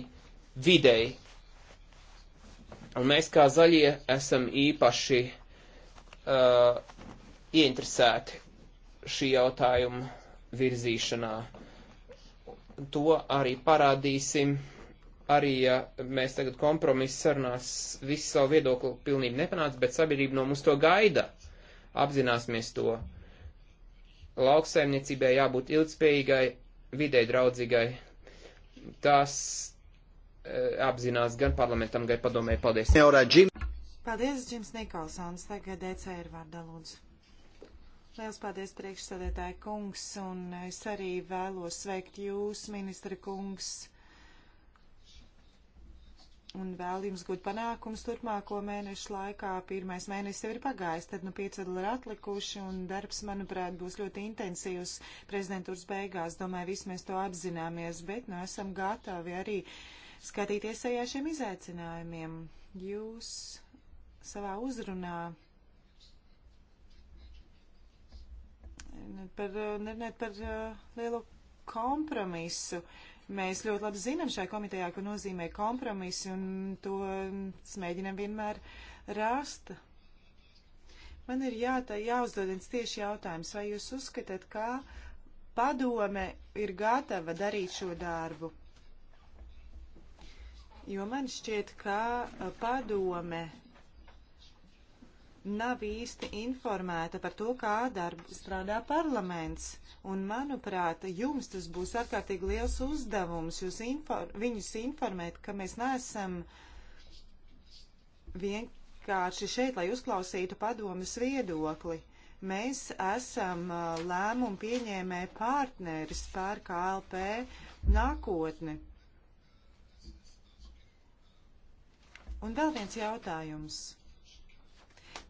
videi. Un mēs kā zaļie esam īpaši uh, ieinteresēti šī jautājuma virzīšanā. To arī parādīsim, arī ja mēs tagad kompromisu sarunās visu savu viedokli pilnīgi nepanāc, bet sabiedrība no mums to gaida. Apzināsimies to. Uh, lauksaimniecībai jābūt ilgspējīgai, videi draudzīgai. Tas e, apzinās gan parlamentam, gan padomē. Paldies! Paldies, Džims Nikolsons. Tagad ECR vārdā lūdzu. Liels paldies, priekšsēdētāji kungs, un es arī vēlos sveikt jūs, ministra kungs un vēl jums gūt panākums turpmāko mēnešu laikā. Pirmais mēnesis jau ir pagājis, tad nu pieci vēl ir atlikuši, un darbs, manuprāt, būs ļoti intensīvs prezidentūras beigās. Domāju, visi mēs to apzināmies, bet nu esam gatavi arī skatīties ejā šiem izaicinājumiem. Jūs savā uzrunā. Nu, par, nerunāt par uh, lielu kompromisu. Uh, Mēs ļoti labi zinām šai komitejā, ko nozīmē kompromisi, un to mēģinam vienmēr rast. Man ir jātā, jāuzdod viens tieši jautājums, vai jūs uzskatāt, kā padome ir gatava darīt šo darbu? Jo man šķiet, ka padome nav īsti informēta par to, kā darbu strādā parlaments. Un, manuprāt, jums tas būs ārkārtīgi liels uzdevums, jūs infor viņus informēt, ka mēs neesam vienkārši šeit, lai uzklausītu padomas viedokli. Mēs esam lēmumu pieņēmē partneris pār KLP nākotni. Un vēl viens jautājums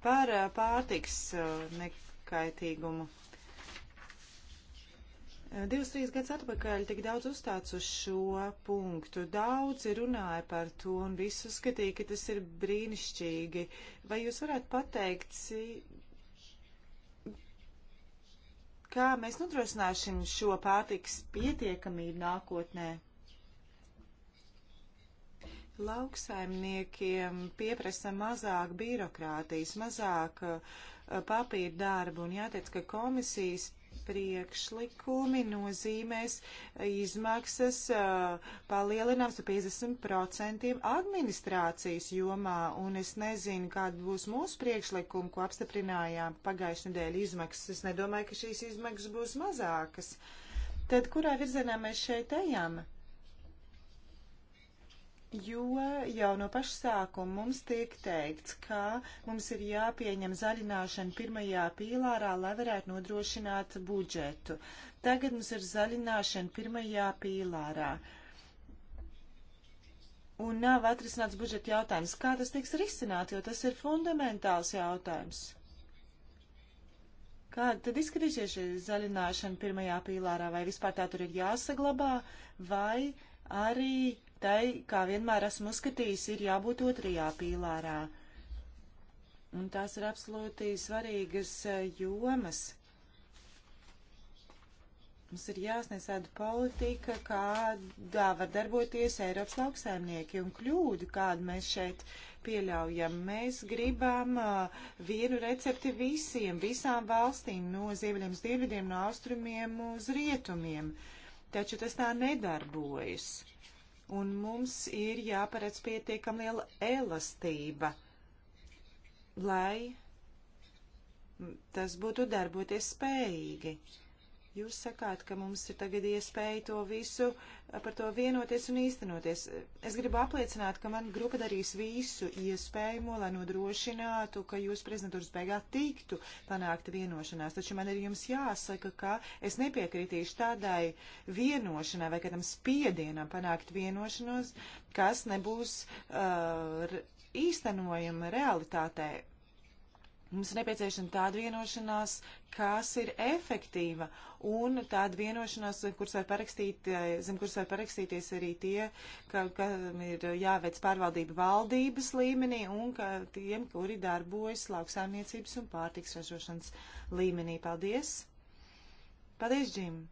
par eh, pārtiks eh, nekaitīgumu. Eh, Divas, trīs gadus atpakaļ tik daudz uzstāts uz šo punktu. Daudzi runāja par to un visi uzskatīja, ka tas ir brīnišķīgi. Vai jūs varētu pateikt, kā mēs nodrošināsim šo pārtiks pietiekamību nākotnē? Lauksaimniekiem pieprasa mazāk birokrātijas, mazāk eh, papīra darbu, un jāteic, ka komisijas priekšlikumi nozīmēs izmaksas eh, palielinās par 50% administrācijas jomā, un es nezinu, kāda būs mūsu priekšlikuma, ko apstiprinājām pagājušajā nedēļa izmaksas. Es nedomāju, ka šīs izmaksas būs mazākas. Tad kurā virzienā mēs šeit ejam? jo jau no paša sākuma mums tiek teikts, ka mums ir jāpieņem zaļināšana pirmajā pīlārā, lai varētu nodrošināt budžetu. Tagad mums ir zaļināšana pirmajā pīlārā. Un nav atrisināts budžeta jautājums. Kā tas tiks risināts, jo tas ir fundamentāls jautājums. Kāda tad izskatīsies šī zaļināšana pirmajā pīlārā? Vai vispār tā tur ir jāsaglabā, vai arī tai, kā vienmēr esmu uzskatījis, ir jābūt otrajā pīlārā. Un tās ir absolūti svarīgas eh, jomas. Mums ir jāsniedz tāda politika, kādā var darboties Eiropas lauksaimnieki un kļūdu, kādu mēs šeit pieļaujam. Mēs gribam uh, vienu recepti visiem, visām valstīm, no ziemeļiem uz dienvidiem, no austrumiem uz rietumiem. Taču tas tā nedarbojas un mums ir jāparedz pietiekam liela elastība, lai tas būtu darboties spējīgi. Jūs sakāt, ka mums ir tagad iespēja to visu par to vienoties un īstenoties. Es gribu apliecināt, ka man grupa darīs visu iespējamo, lai nodrošinātu, ka jūs prezidentūras beigā tiktu panākta vienošanās. Taču man ir jums jāsaka, ka es nepiekritīšu tādai vienošanai vai kādam spiedienam panākt vienošanos, kas nebūs uh, īstenojama realitātē Mums ir nepieciešama tāda vienošanās, kas ir efektīva, un tāda vienošanās, kuras var parakstīt, eh, zem kuras var parakstīties arī tie, kam ka ir jāveic pārvaldība valdības līmenī, un ka tiem, kuri darbojas lauksaimniecības un pārtiks ražošanas līmenī. Paldies! Paldies, Džim!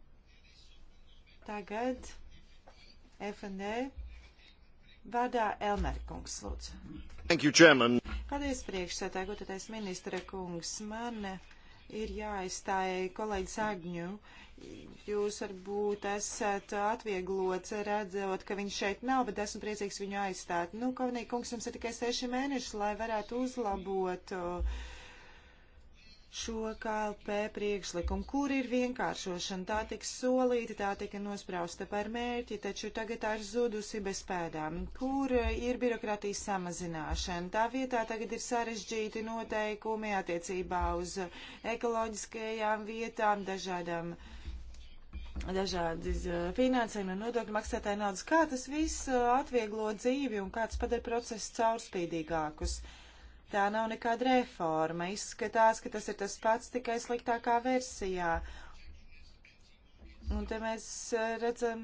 Tagad FND Vārdā Elmer kungs, lūdzu. Thank you, Chairman. Paldies, priekšsētāji, gotatais ministra kungs. Man ir jāaizstāja kolēģis Agņu. Jūs varbūt esat atvieglots, redzot, ka viņš šeit nav, bet esmu priecīgs viņu aizstāt. Nu, kaunīgi kungs, jums ir tikai seši mēneši, lai varētu uzlabot. Uh, šo KLP priekšlikumu, kur ir vienkāršošana. Tā tika solīta, tā tika nosprausta par mērķi, taču tagad tā ir zudusi bez pēdām. Kur e, ir birokrātijas samazināšana? Tā vietā tagad ir sarežģīti noteikumi attiecībā uz ekoloģiskajām vietām, dažādām. Dažādi e, finansējumi un nodokļu maksātāju naudas. Kā tas viss e, atvieglo dzīvi un kāds padara procesus caurspīdīgākus? Uh, Tā nav nekāda reforma. Izskatās, ka tas ir tas pats tikai sliktākā versijā. Un te mēs eh, redzam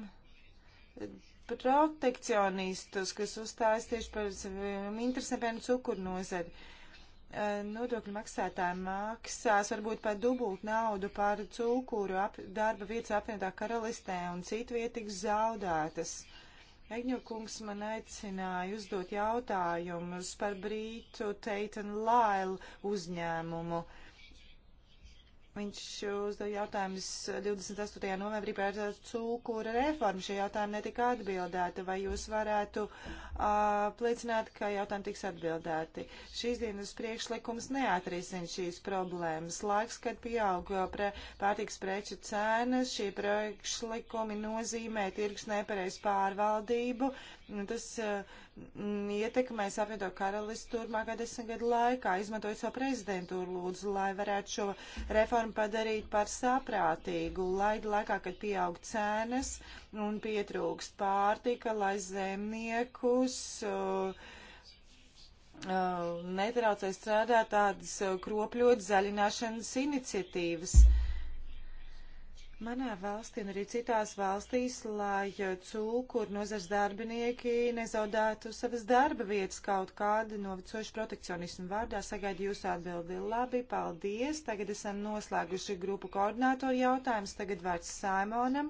eh, protekcionistus, kas uzstājas tieši par saviem interesēm, piemēram, cukurnozari. Eh, nodokļu maksātāji maksās varbūt pat dubult naudu par cukuru ap, darba vietas apvienotā karalistē un citu vietu tiks zaudētas. Uh, Egņokungs man aicināja uzdot jautājumus par Brītu Teitan Lail uzņēmumu. Uh, Viņš uzdev jautājumus 28. Eh, novembrī par cūkura reformu. Šie jautājumi netika atbildēti. Vai jūs varētu apliecināt, ah, uh, ka jautājumi tiks atbildēti? Šīs dienas priekšlikums neatrisina šīs problēmas. Laiks, kad pieaug eh, pre, pārtiks preču cenas, šie priekšlikumi nozīmē tirgus nepareiz pārvaldību, Tas eh, mm, ietekmēs apvienoto karalistu turpmākā desmit gadu laikā, izmantojot savu prezidentūru lūdzu, lai varētu šo reformu padarīt par saprātīgu, lai laikā, kad pieaug cenas un pietrūkst pārtika, lai zemniekus. Uh, eh, eh, netraucēs strādāt tādas kropļot zaļināšanas iniciatīvas. Uh, Manā valstī un arī citās valstīs, lai eh, cūkur nozars darbinieki nezaudētu savas darba vietas kaut kāda novecoša protekcionismu vārdā, sagaidu jūsu atbildi. Labi, paldies. Tagad esam noslēguši grupu koordinātoru jautājumus. Tagad vārds Saimonam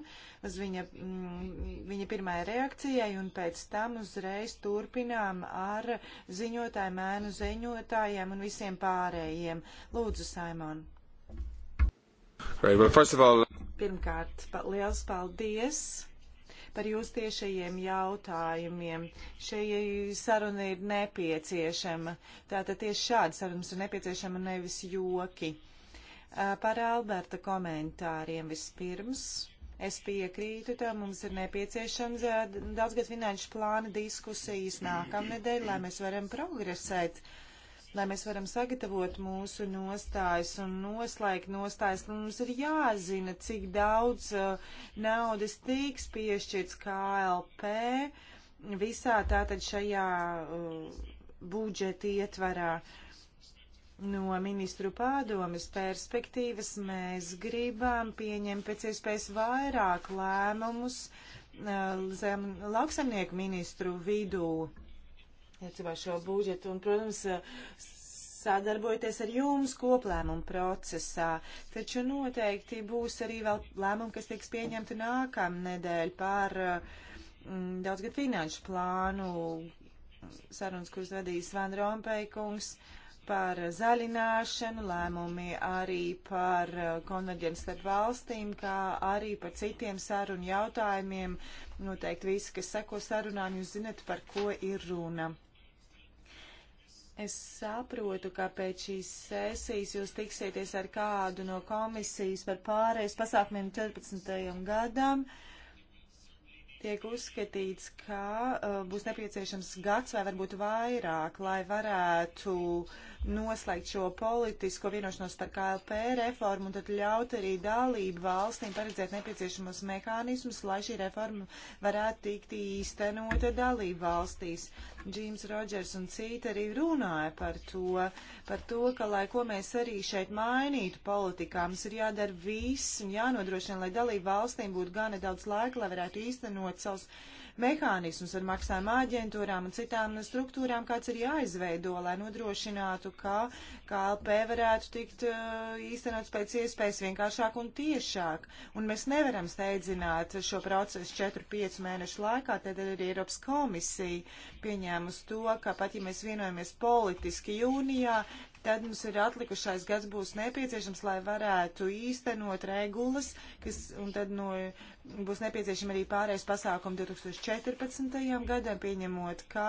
uz viņa, mm, viņa pirmajai reakcijai un pēc tam uzreiz turpinām ar ziņotājiem, mēnu ziņotājiem un visiem pārējiem. Lūdzu, Saimon. Right, well, all... Pirmkārt, pa, liels paldies! par jūsu tiešajiem jautājumiem. Šī saruna ir nepieciešama. Tātad tieši šāda sarunas ir nepieciešama, nevis joki. Par Alberta komentāriem vispirms. Es piekrītu, tā mums ir nepieciešams daudzgad finanšu plāna diskusijas nākamnedēļ, lai mēs varam progresēt. Uh, lai mēs varam sagatavot mūsu nostājas un noslēgt nostājas, mums ir jāzina, cik daudz uh, naudas tiks piešķirts KLP visā tātad šajā uh, budžeta ietvarā. No ministru pārdomas perspektīvas mēs gribam pieņemt pēc iespējas vairāk lēmumus uh, zem lauksamnieku ministru vidū attiecībā šo budžetu. Un, protams, sadarbojoties ar jums koplēmumu procesā, taču noteikti būs arī vēl lēmumi, kas tiks pieņemti nākamnedēļ par mm, daudzgad finanšu plānu sarunas, kuras vadīs Van Rompeikungs par zaļināšanu, lēmumi arī par eh, konverģents starp valstīm, kā arī par citiem sarunu jautājumiem. Noteikti visi, kas seko sarunām, jūs zinat, par ko ir runa. Es saprotu, ka pēc šīs sesijas jūs tiksieties ar kādu no komisijas par pārējais pasākumiem 14. gadam. Uh, tiek uzskatīts, ka uh, būs nepieciešams gads vai varbūt vairāk, lai varētu noslēgt šo politisko vienošanos par KLP reformu un tad ļaut arī dalību valstīm paredzēt nepieciešamos mehānismus, lai šī reforma varētu tikt īstenota dalību valstīs. Džīms Rodžers un citi arī runāja par to, par to, ka, lai ko mēs arī šeit mainītu politikā, mums ir jādara viss un jānodrošina, lai dalību valstīm būtu gana daudz laika, lai varētu īstenot izveidot savus mehānismus ar maksājuma aģentūrām un citām struktūrām, kāds ir jāizveido, lai nodrošinātu, ka KLP varētu tikt uh, īstenots pēc iespējas vienkāršāk un tiešāk. Un mēs nevaram steidzināt šo procesu 4-5 mēnešu laikā, tad arī Eiropas komisija pieņēmusi to, ka pat ja mēs vienojamies politiski jūnijā, tad mums ir atlikušais gads būs nepieciešams, lai varētu īstenot regulas, kas, un tad no, būs nepieciešama arī pārējais pasākumi 2014. gadam, pieņemot, kā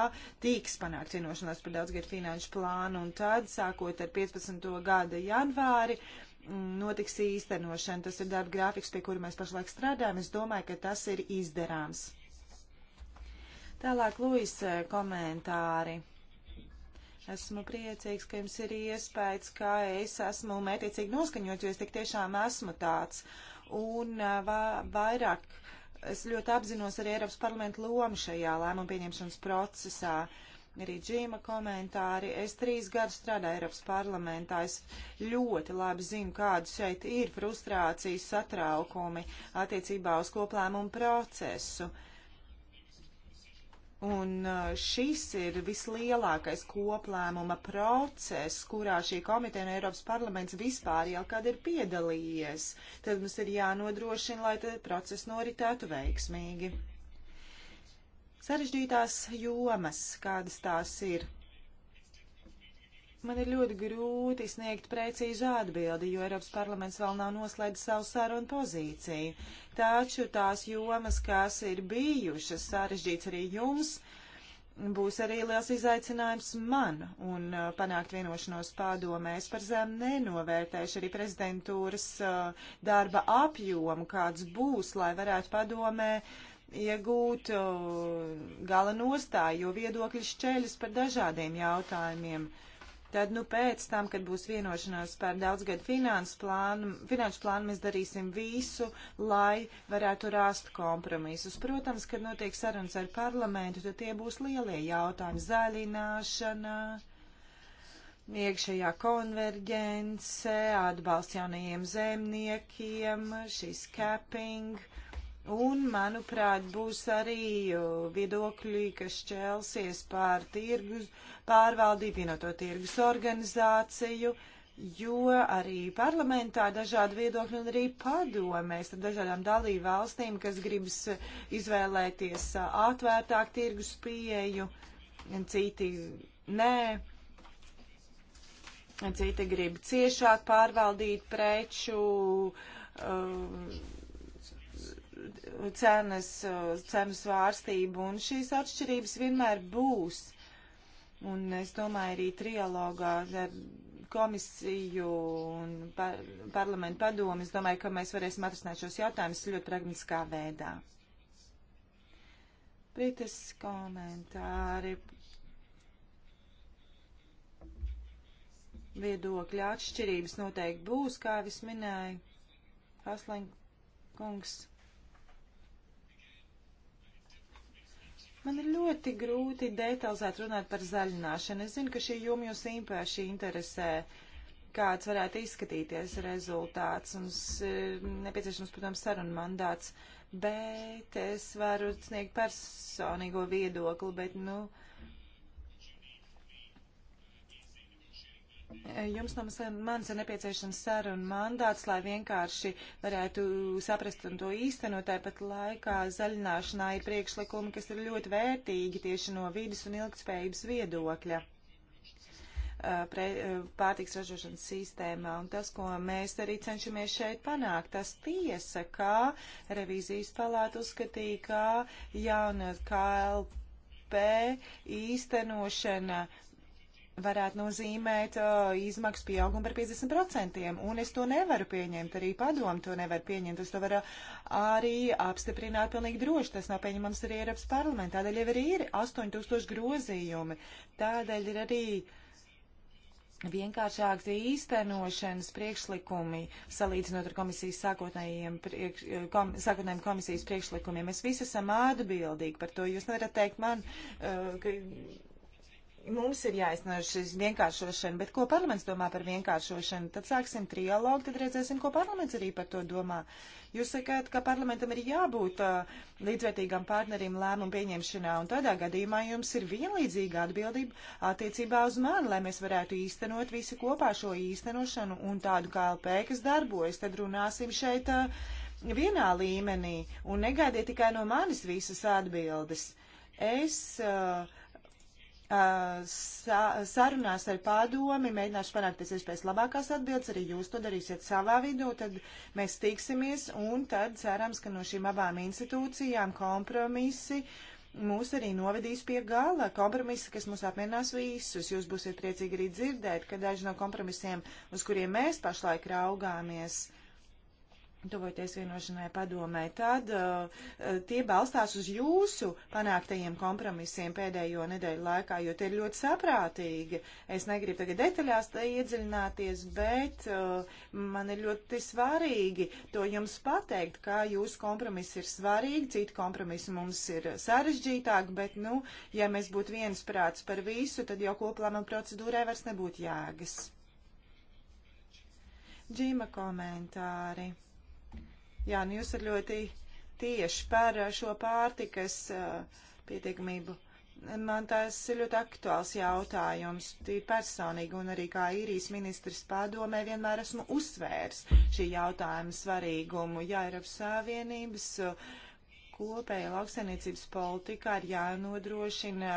tiks panākt vienošanās par daudzgad finanšu plānu, un tad, sākot ar 15. gada janvāri, mm, notiks īstenošana. Tas ir darba grāfiks, pie kura mēs pašlaik strādājam. Es domāju, ka tas ir izdarāms. Tālāk Luisa komentāri. Esmu priecīgs, ka jums ir iespējas, ka es esmu mētiecīgi noskaņots, jo es tik tiešām esmu tāds. Un va, vairāk es ļoti apzinos arī Eiropas parlamentu lomu šajā lēmumu pieņemšanas procesā. Arī Džīma komentāri. Es trīs gadus strādāju Eiropas parlamentā. Es ļoti labi zinu, kādas šeit ir frustrācijas satraukumi attiecībā uz koplēmumu procesu. Uh, Un uh, šis ir vislielākais koplēmuma process, kurā šī komiteja un Eiropas parlaments vispār jau kad ir piedalījies. Tad mums ir jānodrošina, lai process noritētu veiksmīgi. Sarežģītās jomas, kādas tās ir, Man ir ļoti grūti sniegt precīzu atbildi, jo Eiropas parlaments vēl nav noslēdzis savu sarunu pozīciju. Taču tās jomas, kas ir bijušas sarežģīts arī jums, būs arī liels izaicinājums man un uh, panākt vienošanos pārdomēs par zem nenovērtēšu arī prezidentūras uh, darba apjomu, kāds būs, lai varētu padomē iegūt uh, gala nostāju, jo viedokļi šķeļas par dažādiem jautājumiem. Uh, Tad, nu, pēc tam, kad būs vienošanās par daudzgadu finanšu plānu, finanšu plānu, mēs darīsim visu, lai varētu rast kompromisus. Protams, kad notiek sarunas ar parlamentu, tad tie būs lielie jautājumi - zaļināšana, iekšējā konverģence, atbalsts jaunajiem zemniekiem, šis capping. Un, manuprāt, būs arī uh, viedokļi, kas šķelsies pār tirgus pārvaldību, vienoto tirgus organizāciju, jo arī parlamentā dažādi viedokļi un arī padomēs ar dažādām dalību valstīm, kas gribas izvēlēties atvērtāk tirgus pieeju, citi nē, citi grib ciešāk pārvaldīt preču uh, cenas, cenas vārstību, un šīs atšķirības vienmēr būs. Un es domāju, arī trialogā ar komisiju un par, parlamentu padomu, es domāju, ka mēs varēsim atrasināt šos jautājumus ļoti pragmatiskā veidā. Prites komentāri viedokļa atšķirības noteikti būs, kā es minēju. Haslēn kungs Man ir ļoti grūti detalizēt runāt par zaļināšanu. Es zinu, ka šī joma jūs īpaši interesē, kāds varētu izskatīties rezultāts. Mums ir e, nepieciešams, protams, saruna mandāts, bet es varu sniegt personīgo viedokli, bet, nu, uh, E, jums no manis ir nepieciešams saruna mandāts, lai vienkārši varētu saprast un to īstenot. Tāpat laikā zaļināšanā ir priekšlikumi, kas ir ļoti vērtīgi tieši no vidas un ilgtspējības viedokļa e, pre, e, pārtiks ražošanas sistēmā. Un tas, ko mēs arī cenšamies šeit panākt, tas tiesa, kā revīzijas palāta uzskatīja, kā jauna KLP īstenošana uh, varētu nozīmēt uh, izmaksu pieaugumu par 50%, un es to nevaru pieņemt, arī padomu to nevar pieņemt, es to varu arī apstiprināt pilnīgi droši, tas nav pieņemams arī Eiropas parlamentā, tādēļ jau arī ir 8000 grozījumi, tādēļ ir arī vienkāršāks īstenošanas priekšlikumi, salīdzinot ar komisijas sākotnējiem, priekš, kom, sākotnējiem komisijas priekšlikumiem. Mēs visi esam atbildīgi par to, jūs nevarat teikt man, uh, ka mums ir jāizsnaž šis vienkāršošana, bet ko parlaments domā par vienkāršošanu? Tad sāksim trialogu, tad redzēsim, ko parlaments arī par to domā. Jūs sakāt, ka parlamentam ir jābūt uh, līdzvērtīgam partnerim lēmumu pieņemšanā, un tādā gadījumā jums ir vienlīdzīga atbildība attiecībā uz mani, lai mēs varētu īstenot visi kopā šo īstenošanu un tādu KLP, kas darbojas. Tad runāsim šeit uh, vienā līmenī un negaidiet tikai no manis visas atbildes. Es uh, Uh, sa sarunās ar pārdomi, mēģināšu panākt pēc iespējas labākās atbildes, arī jūs to darīsiet savā vidū, tad mēs tiksimies un tad cerams, ka no šīm abām institūcijām kompromisi mūs arī novedīs pie gala kompromisa, kas mūs apmienās visus. Jūs būsiet priecīgi arī dzirdēt, ka daži no kompromisiem, uz kuriem mēs pašlaik raugāmies, uh, tuvoties vienošanai padomē, tad uh, tie balstās uz jūsu panāktajiem kompromisiem pēdējo nedēļu laikā, jo tie ir ļoti saprātīgi. Es negribu tagad detaļās iedziļināties, bet uh, man ir ļoti svarīgi to jums pateikt, ka jūsu kompromisi ir svarīgi, citi kompromisi mums ir sarežģītāki, bet, nu, ja mēs būtu viensprāts par visu, tad jau koplāma procedūrai vairs nebūtu jēgas. Džīma komentāri. Jā, nu jūs esat ļoti tieši par eh, šo pārtikas eh, pietiekamību. Man tas ir ļoti aktuāls jautājums, tīri personīgi, un arī kā īrijas ministrs padomē vienmēr esmu uzsvērs šī jautājuma svarīgumu. Jā, Eiropas Savienības eh, kopēja lauksainiecības politikā ir jānodrošina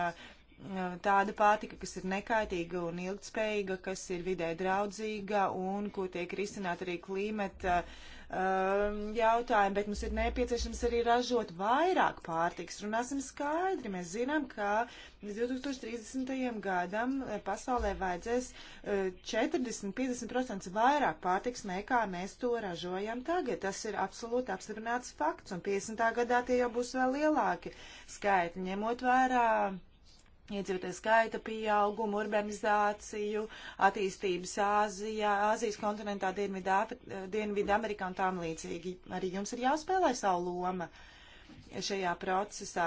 tāda pārtika, kas ir nekaitīga un ilgspējīga, kas ir vidē draudzīga un kur tiek risināt arī klimata um, jautājumi, bet mums ir nepieciešams arī ražot vairāk pārtiks. Runāsim skaidri, mēs zinām, ka 2030. gadam pasaulē vajadzēs 40-50% vairāk pārtiks nekā mēs to ražojam tagad. Tas ir absolūti apstiprināts fakts, un 50. gadā tie jau būs vēl lielāki skaitļi, ņemot vērā. Uh, iedzīvotāju skaita pieaugumu, urbanizāciju, attīstības Āzijā, Āzijas kontinentā, Dienvidu Amerikā un tām līdzīgi. Arī jums ir jāspēlē savu loma šajā procesā.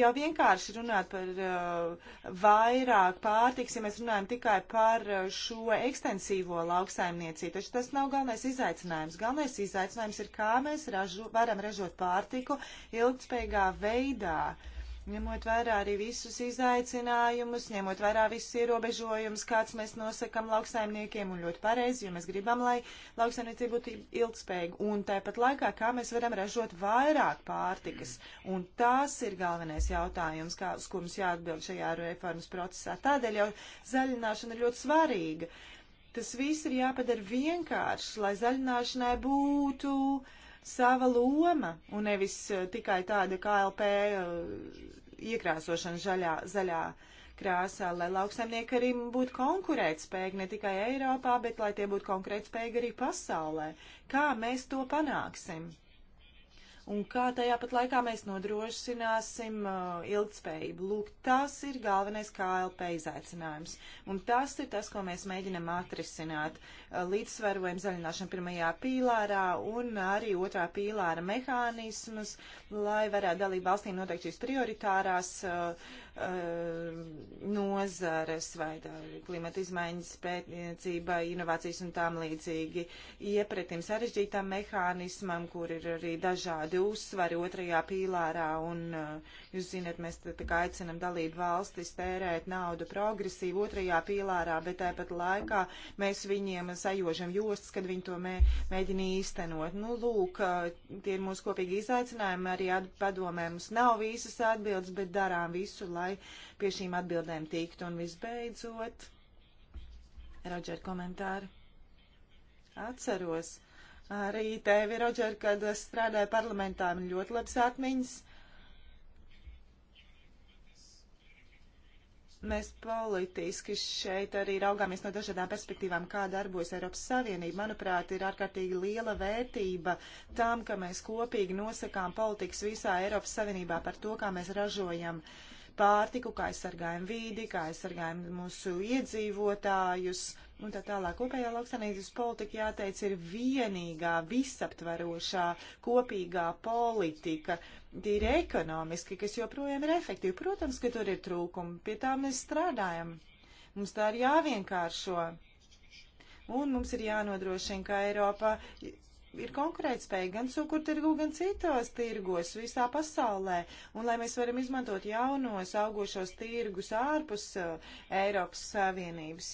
Jau vienkārši runāt par uh, vairāk pārtiks, ja mēs runājam tikai par uh, šo ekstensīvo lauksaimniecību, taču tas nav galvenais izaicinājums. Galvenais izaicinājums ir, kā mēs ražu, varam ražot pārtiku ilgspējīgā veidā. Uh, ņemot vērā arī visus izaicinājumus, ņemot vērā visus ierobežojumus, kāds mēs nosakam lauksaimniekiem, un ļoti pareizi, jo mēs gribam, lai lauksaimniecība būtu ilgspējīga, un tāpat laikā, kā mēs varam ražot vairāk pārtikas, un tas ir galvenais jautājums, kā, uz ko mums jāatbild šajā reformas procesā. Tādēļ jau zaļināšana ir ļoti svarīga. Tas viss ir jāpadara vienkārši, lai zaļināšanai būtu uh, sava loma un nevis eh, tikai tāda KLP eh, iekrāsošana žaļā, zaļā krāsā, lai lauksaimnieki arī būtu konkurētspējīgi ne tikai Eiropā, bet lai tie būtu konkurētspējīgi arī pasaulē. Kā mēs to panāksim? un kā tajā pat laikā mēs nodrošināsim uh, ilgspējību. Lūk, tas ir galvenais KLP izaicinājums, un tas ir tas, ko mēs mēģinam atrisināt uh, līdzsvarojumu zaļināšanu pirmajā pīlārā un arī otrā pīlāra mehānismus, lai varētu dalību valstīm noteikt šīs prioritārās uh, Uh, nozares vai tā, klimata izmaiņas pētniecība, inovācijas un tām līdzīgi iepretim sarežģītām mehānismam, kur ir arī dažādi uzsvari otrajā pīlārā un, uh, jūs zināt, mēs tā kā aicinam dalību valstis tērēt naudu progresīvi otrajā pīlārā, bet tāpat laikā mēs viņiem sajožam jostas, kad viņi to mē, mēģina īstenot. Nu, lūk, uh, tie ir mūsu kopīgi izaicinājumi, arī padomē mums nav visas atbildes, bet darām visu, lai lai pie šīm atbildēm tiktu. Un visbeidzot, Rodžer komentāri. Atceros arī tevi, Rodžer, kad strādāju parlamentā, man ļoti labs atmiņas. mēs politiski šeit arī raugāmies no dažādām perspektīvām, kā darbojas Eiropas Savienība. Manuprāt, ir ārkārtīgi liela vērtība tam, ka mēs kopīgi nosakām politikas visā Eiropas Savienībā par to, kā mēs ražojam uh, pārtiku, kā aizsargājam vīdi, kā aizsargājam mūsu iedzīvotājus un tā tālāk. Kopējā lauksanīcības politika, jāteic, ir vienīgā, visaptverošā, kopīgā politika, tīri ekonomiski, kas joprojām ir efektīva. Protams, ka tur ir trūkumi, pie tā mēs strādājam. Mums tā ir jāvienkāršo. Un mums ir jānodrošina, ka Eiropa ir konkurētspēja gan cukurtirgu, gan citos tirgos visā pasaulē. Un lai mēs varam izmantot jaunos augošos tirgus ārpus uh, Eiropas Savienības.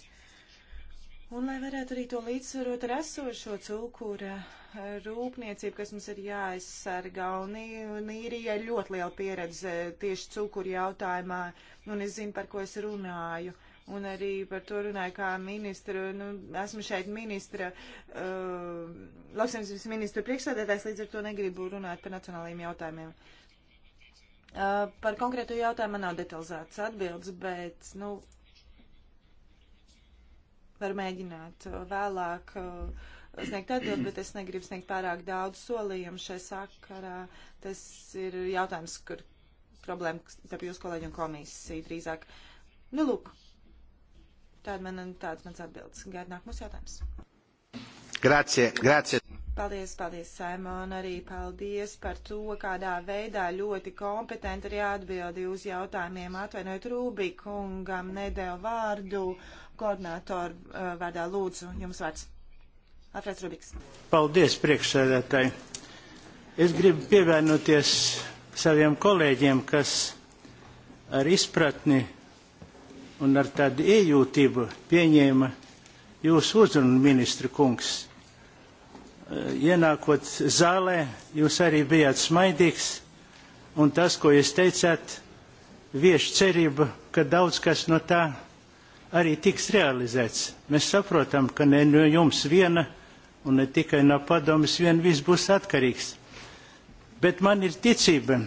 Un lai varētu arī to līdzsvarot ar esošo cukura uh, rūpniecību, kas mums ir jāaizsargā. Un īrija ir ļoti liela pieredze uh, tieši cukuru jautājumā, un es zinu, par ko es runāju. Uh, un arī par to runāju kā ministra. Nu, esmu šeit ministra, uh, lauksaimniecības ministra priekšsēdētājs, līdz ar to negribu runāt par nacionālajiem jautājumiem. Uh, par konkrēto jautājumu man nav detalizētas atbildes, bet, nu, var mēģināt vēlāk uh, sniegt atbildi, bet es negribu sniegt pārāk daudz solījumu šai sakarā. Tas ir jautājums, kur problēma starp jūsu kolēģi un komisiju drīzāk. Nu, lūk, Tāda man, tāds mans atbildes. Gaid nākamos jautājums. Grazie, grazie. Paldies, paldies, Saimon, arī paldies par to, kādā veidā ļoti kompetenti arī atbildi uz jautājumiem. Atvainojiet, Rūbi kungam nedēļu vārdu, koordinātoru uh, vārdā lūdzu, jums vārds. Alfreds Rubiks. Paldies, priekšsēdētāji. Es gribu pievienoties saviem kolēģiem, kas ar izpratni un ar tādu iejūtību pieņēma jūsu uzrunu ministra kungs. Eh, ienākot zālē, jūs arī bijāt smaidīgs, un tas, ko jūs teicāt, vieš cerība, ka daudz kas no tā arī tiks realizēts. Mēs saprotam, ka ne no jums viena un ne tikai no padomas vien viss būs atkarīgs. Bet man ir ticība,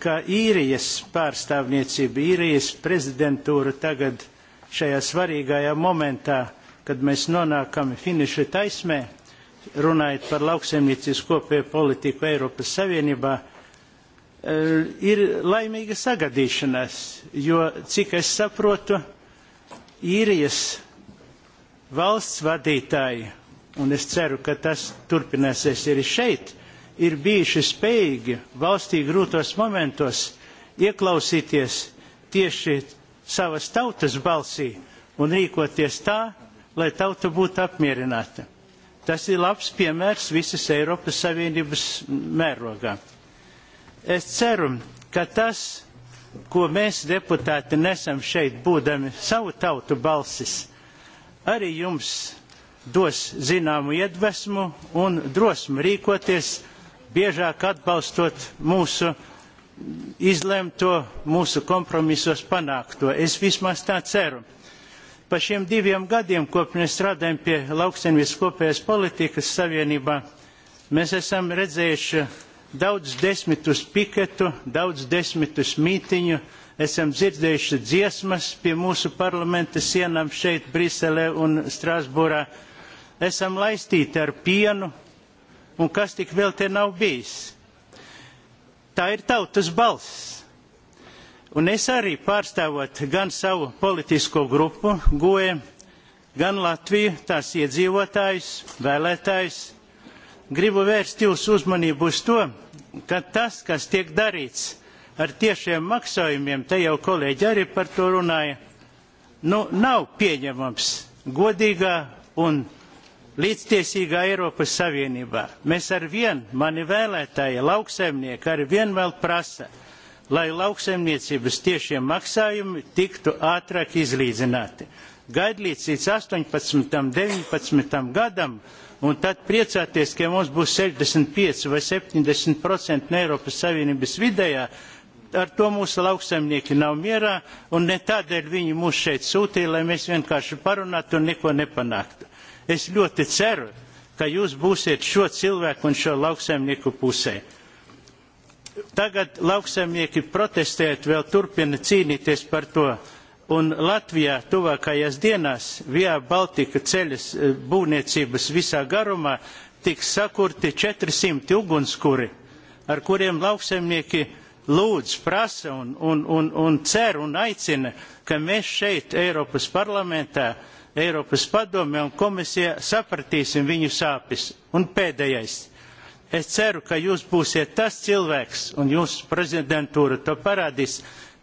ka īrijas pārstāvniecība, īrijas prezidentūra tagad šajā svarīgajā momentā, kad mēs nonākam finiša taismē, runājot par lauksaimniecības kopējo politiku Eiropas Savienībā, eh, ir laimīga sagadīšanās, jo, cik es saprotu, īrijas valsts vadītāji, un es ceru, ka tas turpināsies arī šeit, ir bijuši spējīgi valstī grūtos momentos ieklausīties tieši savas tautas balsī un rīkoties tā, lai tauta būtu apmierināta. Tas ir labs piemērs visas Eiropas Savienības mērogā. Es ceru, ka tas, ko mēs deputāti nesam šeit, būdami savu tautu balsis, arī jums dos zināmu iedvesmu un drosmu rīkoties biežāk atbalstot mūsu izlemto, mūsu kompromisos panākto. Es vismaz tā ceru. Pa šiem diviem gadiem, kopš mēs strādājam pie lauksaimniecības kopējās politikas savienībā, mēs esam redzējuši daudz desmitus piketu, daudz desmitus mītiņu, esam dzirdējuši dziesmas pie mūsu parlamenta sienām šeit, Briselē un Strasbūrā. Esam laistīti ar pienu, un kas tik vēl te nav bijis. Tā ir tautas balss. Un es arī pārstāvot gan savu politisko grupu, goju, gan Latviju, tās iedzīvotājus, vēlētājus, gribu vērst jūsu uzmanību uz to, ka tas, kas tiek darīts ar tiešiem maksājumiem, te jau kolēģi arī par to runāja, nu, nav pieņemams godīgā un līdztiesīgā Eiropas Savienībā. Mēs ar vien, mani vēlētāji, lauksaimnieki ar vien vēl prasa, lai lauksaimniecības tiešie maksājumi tiktu ātrāk izlīdzināti. Gaidīt līdz 18. un 19. gadam, un tad priecāties, ka mums būs 65 vai 70% no Eiropas Savienības vidējā, ar to mūsu lauksaimnieki nav mierā, un ne tādēļ viņi mūs šeit sūtīja, lai mēs vienkārši parunātu un neko nepanāktu. Es ļoti ceru, ka jūs būsiet šo cilvēku un šo lauksaimnieku pusē. Tagad lauksaimnieki protestēt vēl turpina cīnīties par to, un Latvijā tuvākajās dienās Vijā Baltika ceļas eh, būvniecības visā garumā tiks sakurti 400 ugunskuri, ar kuriem lauksaimnieki lūdz, prasa un, un, un, un cer un aicina, ka mēs šeit Eiropas parlamentā uh, Eiropas padome un komisija sapratīsim viņu sāpes. Un pēdējais. Es ceru, ka jūs būsiet tas cilvēks, un jūsu prezidentūra to parādīs,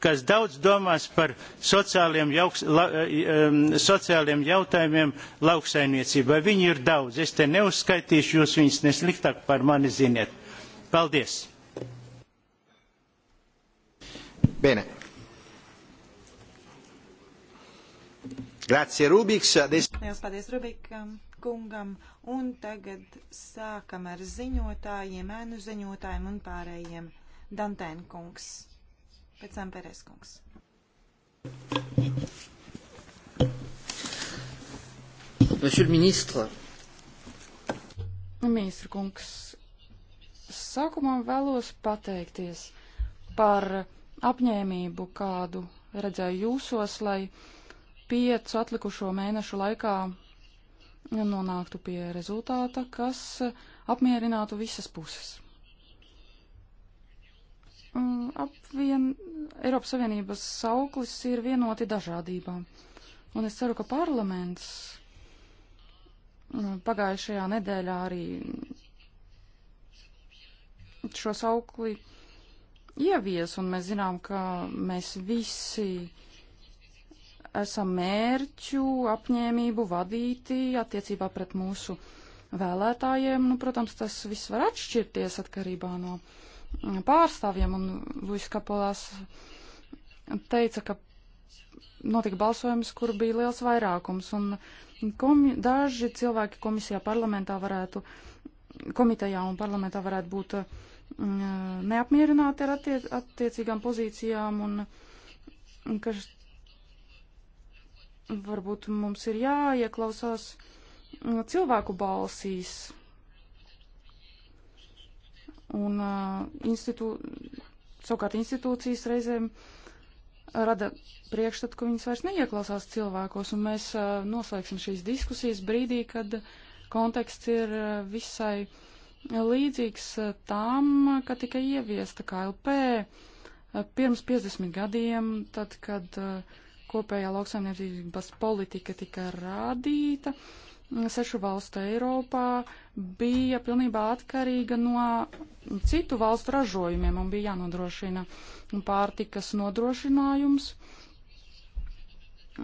kas daudz domās par sociāliem, jauks, la, eh, sociāliem jautājumiem lauksaimniecībā. Viņi ir daudz. Es te neuzskaitīšu, jūs viņus nesliktāk par mani ziniet. Paldies! Bene. Grazie, Rubiks. Des... Lielas paldies Rubikam kungam. Un tagad sākam ar ziņotājiem, ēnu ziņotājiem un pārējiem. Dantēn kungs. Pēc tam Pērēs kungs. Monsieur le ministre. Nu, ministra kungs, sākumā vēlos pateikties par apņēmību, kādu redzēju jūsos, lai piecu atlikušo mēnešu laikā nonāktu pie rezultāta, kas apmierinātu visas puses. Apvien Eiropas Savienības sauklis ir vienoti dažādībā, un es ceru, ka parlaments pagājušajā nedēļā arī šo saukli ievies, un mēs zinām, ka mēs visi esam mērķu, apņēmību vadīti attiecībā pret mūsu vēlētājiem. Nu, protams, tas viss var atšķirties atkarībā no mm, pārstāvjiem, un Luis Kapolās teica, ka notika balsojums, kur bija liels vairākums, un komi, daži cilvēki komisijā parlamentā varētu, komitejā un parlamentā varētu būt uh, neapmierināti ar attie, attiecīgām pozīcijām, un, un ka varbūt mums ir jāieklausās cilvēku balsīs. Un institū... savukārt institūcijas reizēm rada priekšstatu, ka viņas vairs neieklausās cilvēkos, un mēs noslēgsim šīs diskusijas brīdī, kad konteksts ir visai līdzīgs tam, ka tika ieviesta KLP pirms 50 gadiem, tad, kad uh, kopējā lauksaimniecības politika tika rādīta, sešu valstu Eiropā bija pilnībā atkarīga no citu valstu ražojumiem un bija jānodrošina pārtikas nodrošinājums.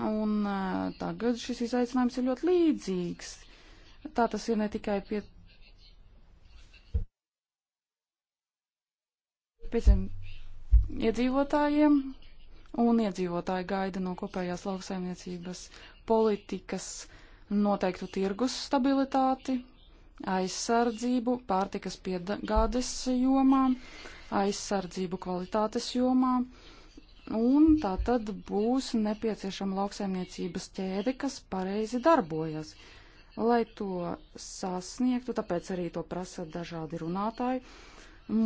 Un e, tagad šis izaicinājums ir ļoti līdzīgs. Tā tas ir ne tikai pie 500 iedzīvotājiem, un iedzīvotāji gaida no kopējās lauksaimniecības politikas noteiktu tirgus stabilitāti, aizsardzību pārtikas piegādes jomā, aizsardzību kvalitātes jomā, un tā tad būs nepieciešama lauksaimniecības ķēde, kas pareizi darbojas. Lai to sasniegtu, tāpēc arī to prasa dažādi runātāji,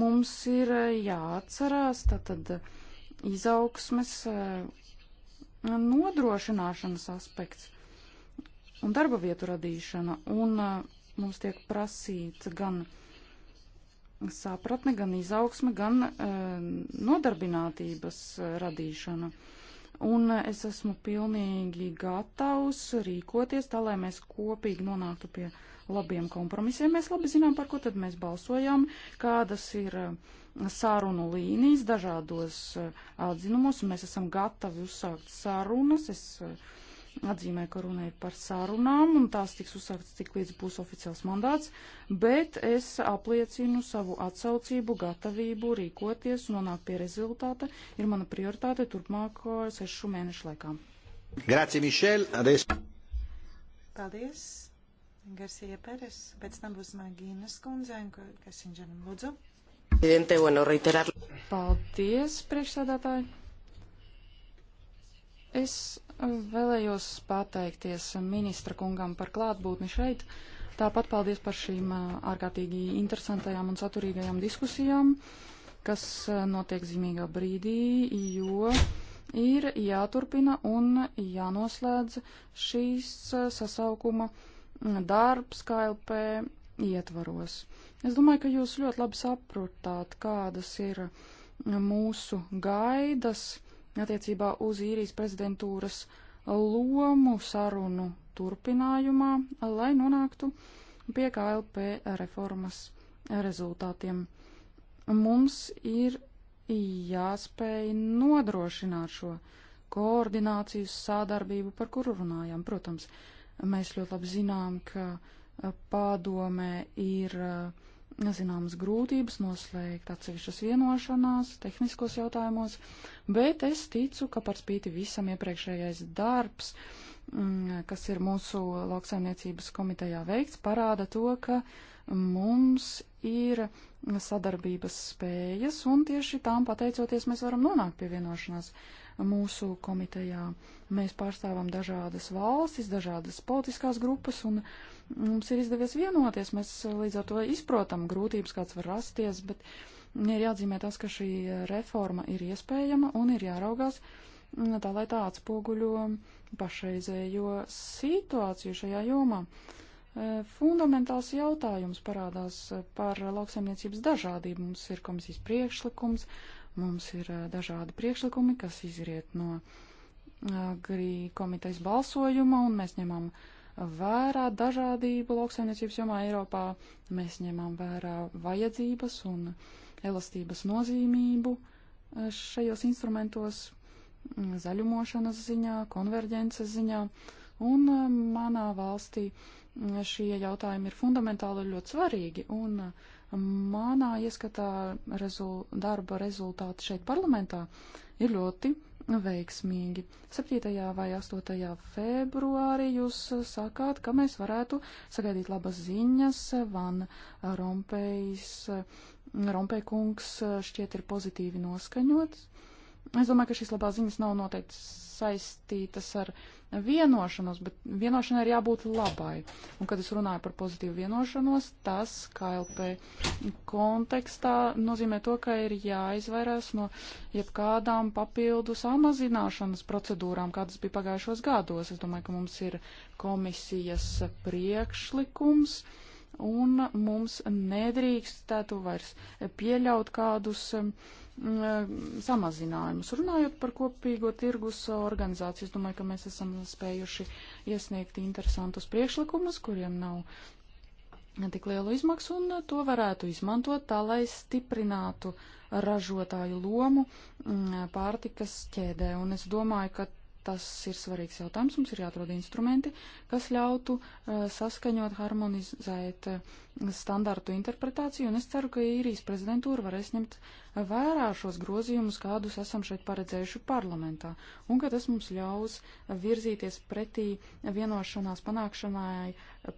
mums ir jāatcerās, tātad. tad izaugsmes eh, nodrošināšanas aspekts un darba vietu radīšana. Un eh, mums tiek prasīts gan sapratne, gan izaugsme, gan eh, nodarbinātības radīšana. Un es esmu pilnīgi gatavs rīkoties tā, lai mēs kopīgi nonāktu pie labiem kompromisiem. Mēs labi zinām, par ko tad mēs balsojām, kādas ir uh, sārunu līnijas dažādos eh, atzinumos, un mēs esam gatavi uzsākt sārunas. Es eh, atzīmēju, ka runa ir par sārunām, un tās tiks uzsāktas tik līdz būs oficiāls mandāts, bet es apliecinu savu atsaucību, gatavību rīkoties un nonākt pie rezultāta. Ir mana prioritāte turpmāko sešu mēnešu laikā. Grazie, Mišel. Adies. Paldies. Garsija Peres, pēc tam būs Magīnas kundze, kas viņam lūdzu. Paldies, priekšsēdētāji. Es vēlējos pateikties ministra kungam par klātbūtni šeit. Tāpat paldies par šīm ārkārtīgi interesantajām un saturīgajām diskusijām, kas notiek zīmīgā brīdī, jo ir jāturpina un jānoslēdz šīs sasaukuma darbs KLP ietvaros. Es domāju, ka jūs ļoti labi saprotat, kādas ir mūsu gaidas attiecībā uz īrijas prezidentūras lomu sarunu turpinājumā, lai nonāktu pie KLP reformas rezultātiem. Mums ir jāspēj nodrošināt šo koordināciju, sādarbību, par kuru runājām. Protams, mēs ļoti labi zinām, ka padomē ir eh, zināmas grūtības noslēgt atsevišķas vienošanās tehniskos jautājumos, bet es ticu, ka par spīti visam iepriekšējais darbs, mm, kas ir mūsu lauksaimniecības komitejā veikts, parāda to, ka mums ir sadarbības spējas, un tieši tām pateicoties mēs varam nonākt pie vienošanās mūsu komitejā. Mēs pārstāvam dažādas valstis, dažādas politiskās grupas, un uh, mums ir izdevies vienoties, mēs līdz ar to izprotam grūtības, kāds var rasties, bet ir jāatzīmē tas, ka šī reforma ir iespējama un ir jāraugās mm, tā, lai tā atspoguļo pašreizējo situāciju šajā jomā. E, fundamentāls jautājums parādās par lauksaimniecības dažādību. Mums ir komisijas priekšlikums, mums ir e, dažādi priekšlikumi, kas izriet no e, grī komitejas balsojuma, un mēs ņemam uh, vērā dažādību lauksaimniecības jomā Eiropā. Mēs ņemam vērā vajadzības un elastības nozīmību e, šajos instrumentos, zaļumošanas ziņā, konverģences ziņā. Un e, manā valstī šie jautājumi ir fundamentāli ļoti svarīgi. Un e, manā ieskatā rezul, darba rezultāti šeit parlamentā ir ļoti veiksmīgi. 7. vai 8. februārī jūs uh, sakāt, ka mēs varētu sagaidīt labas ziņas. Van Rompējs, uh, Rompējkungs uh, šķiet ir pozitīvi noskaņots. Es domāju, ka šīs labās ziņas nav noteikti saistītas ar uh, vienošanos, bet vienošanai ir jābūt labai. Un, kad es runāju par pozitīvu vienošanos, tas KLP kontekstā nozīmē to, ka ir jāizvairās no jebkādām papildu samazināšanas procedūrām, kādas bija pagājušos gados. Es domāju, ka mums ir komisijas priekšlikums. Uh, un mums nedrīkstētu vairs pieļaut kādus um, uh, samazinājumus. Runājot par kopīgo tirgus organizāciju, es domāju, ka mēs esam spējuši iesniegt interesantus priekšlikumus, kuriem nav tik lielu izmaksu, un to varētu izmantot tā, lai stiprinātu ražotāju lomu mm, pārtikas ķēdē. Un es domāju, ka tas ir svarīgs jautājums. Mums ir jāatrod instrumenti, kas ļautu uh, saskaņot, harmonizēt uh, standartu interpretāciju, un es ceru, ka īrijas prezidentūra varēs ņemt vērā šos grozījumus, kādus esam šeit paredzējuši parlamentā, un ka tas mums ļaus virzīties pretī vienošanās panākšanai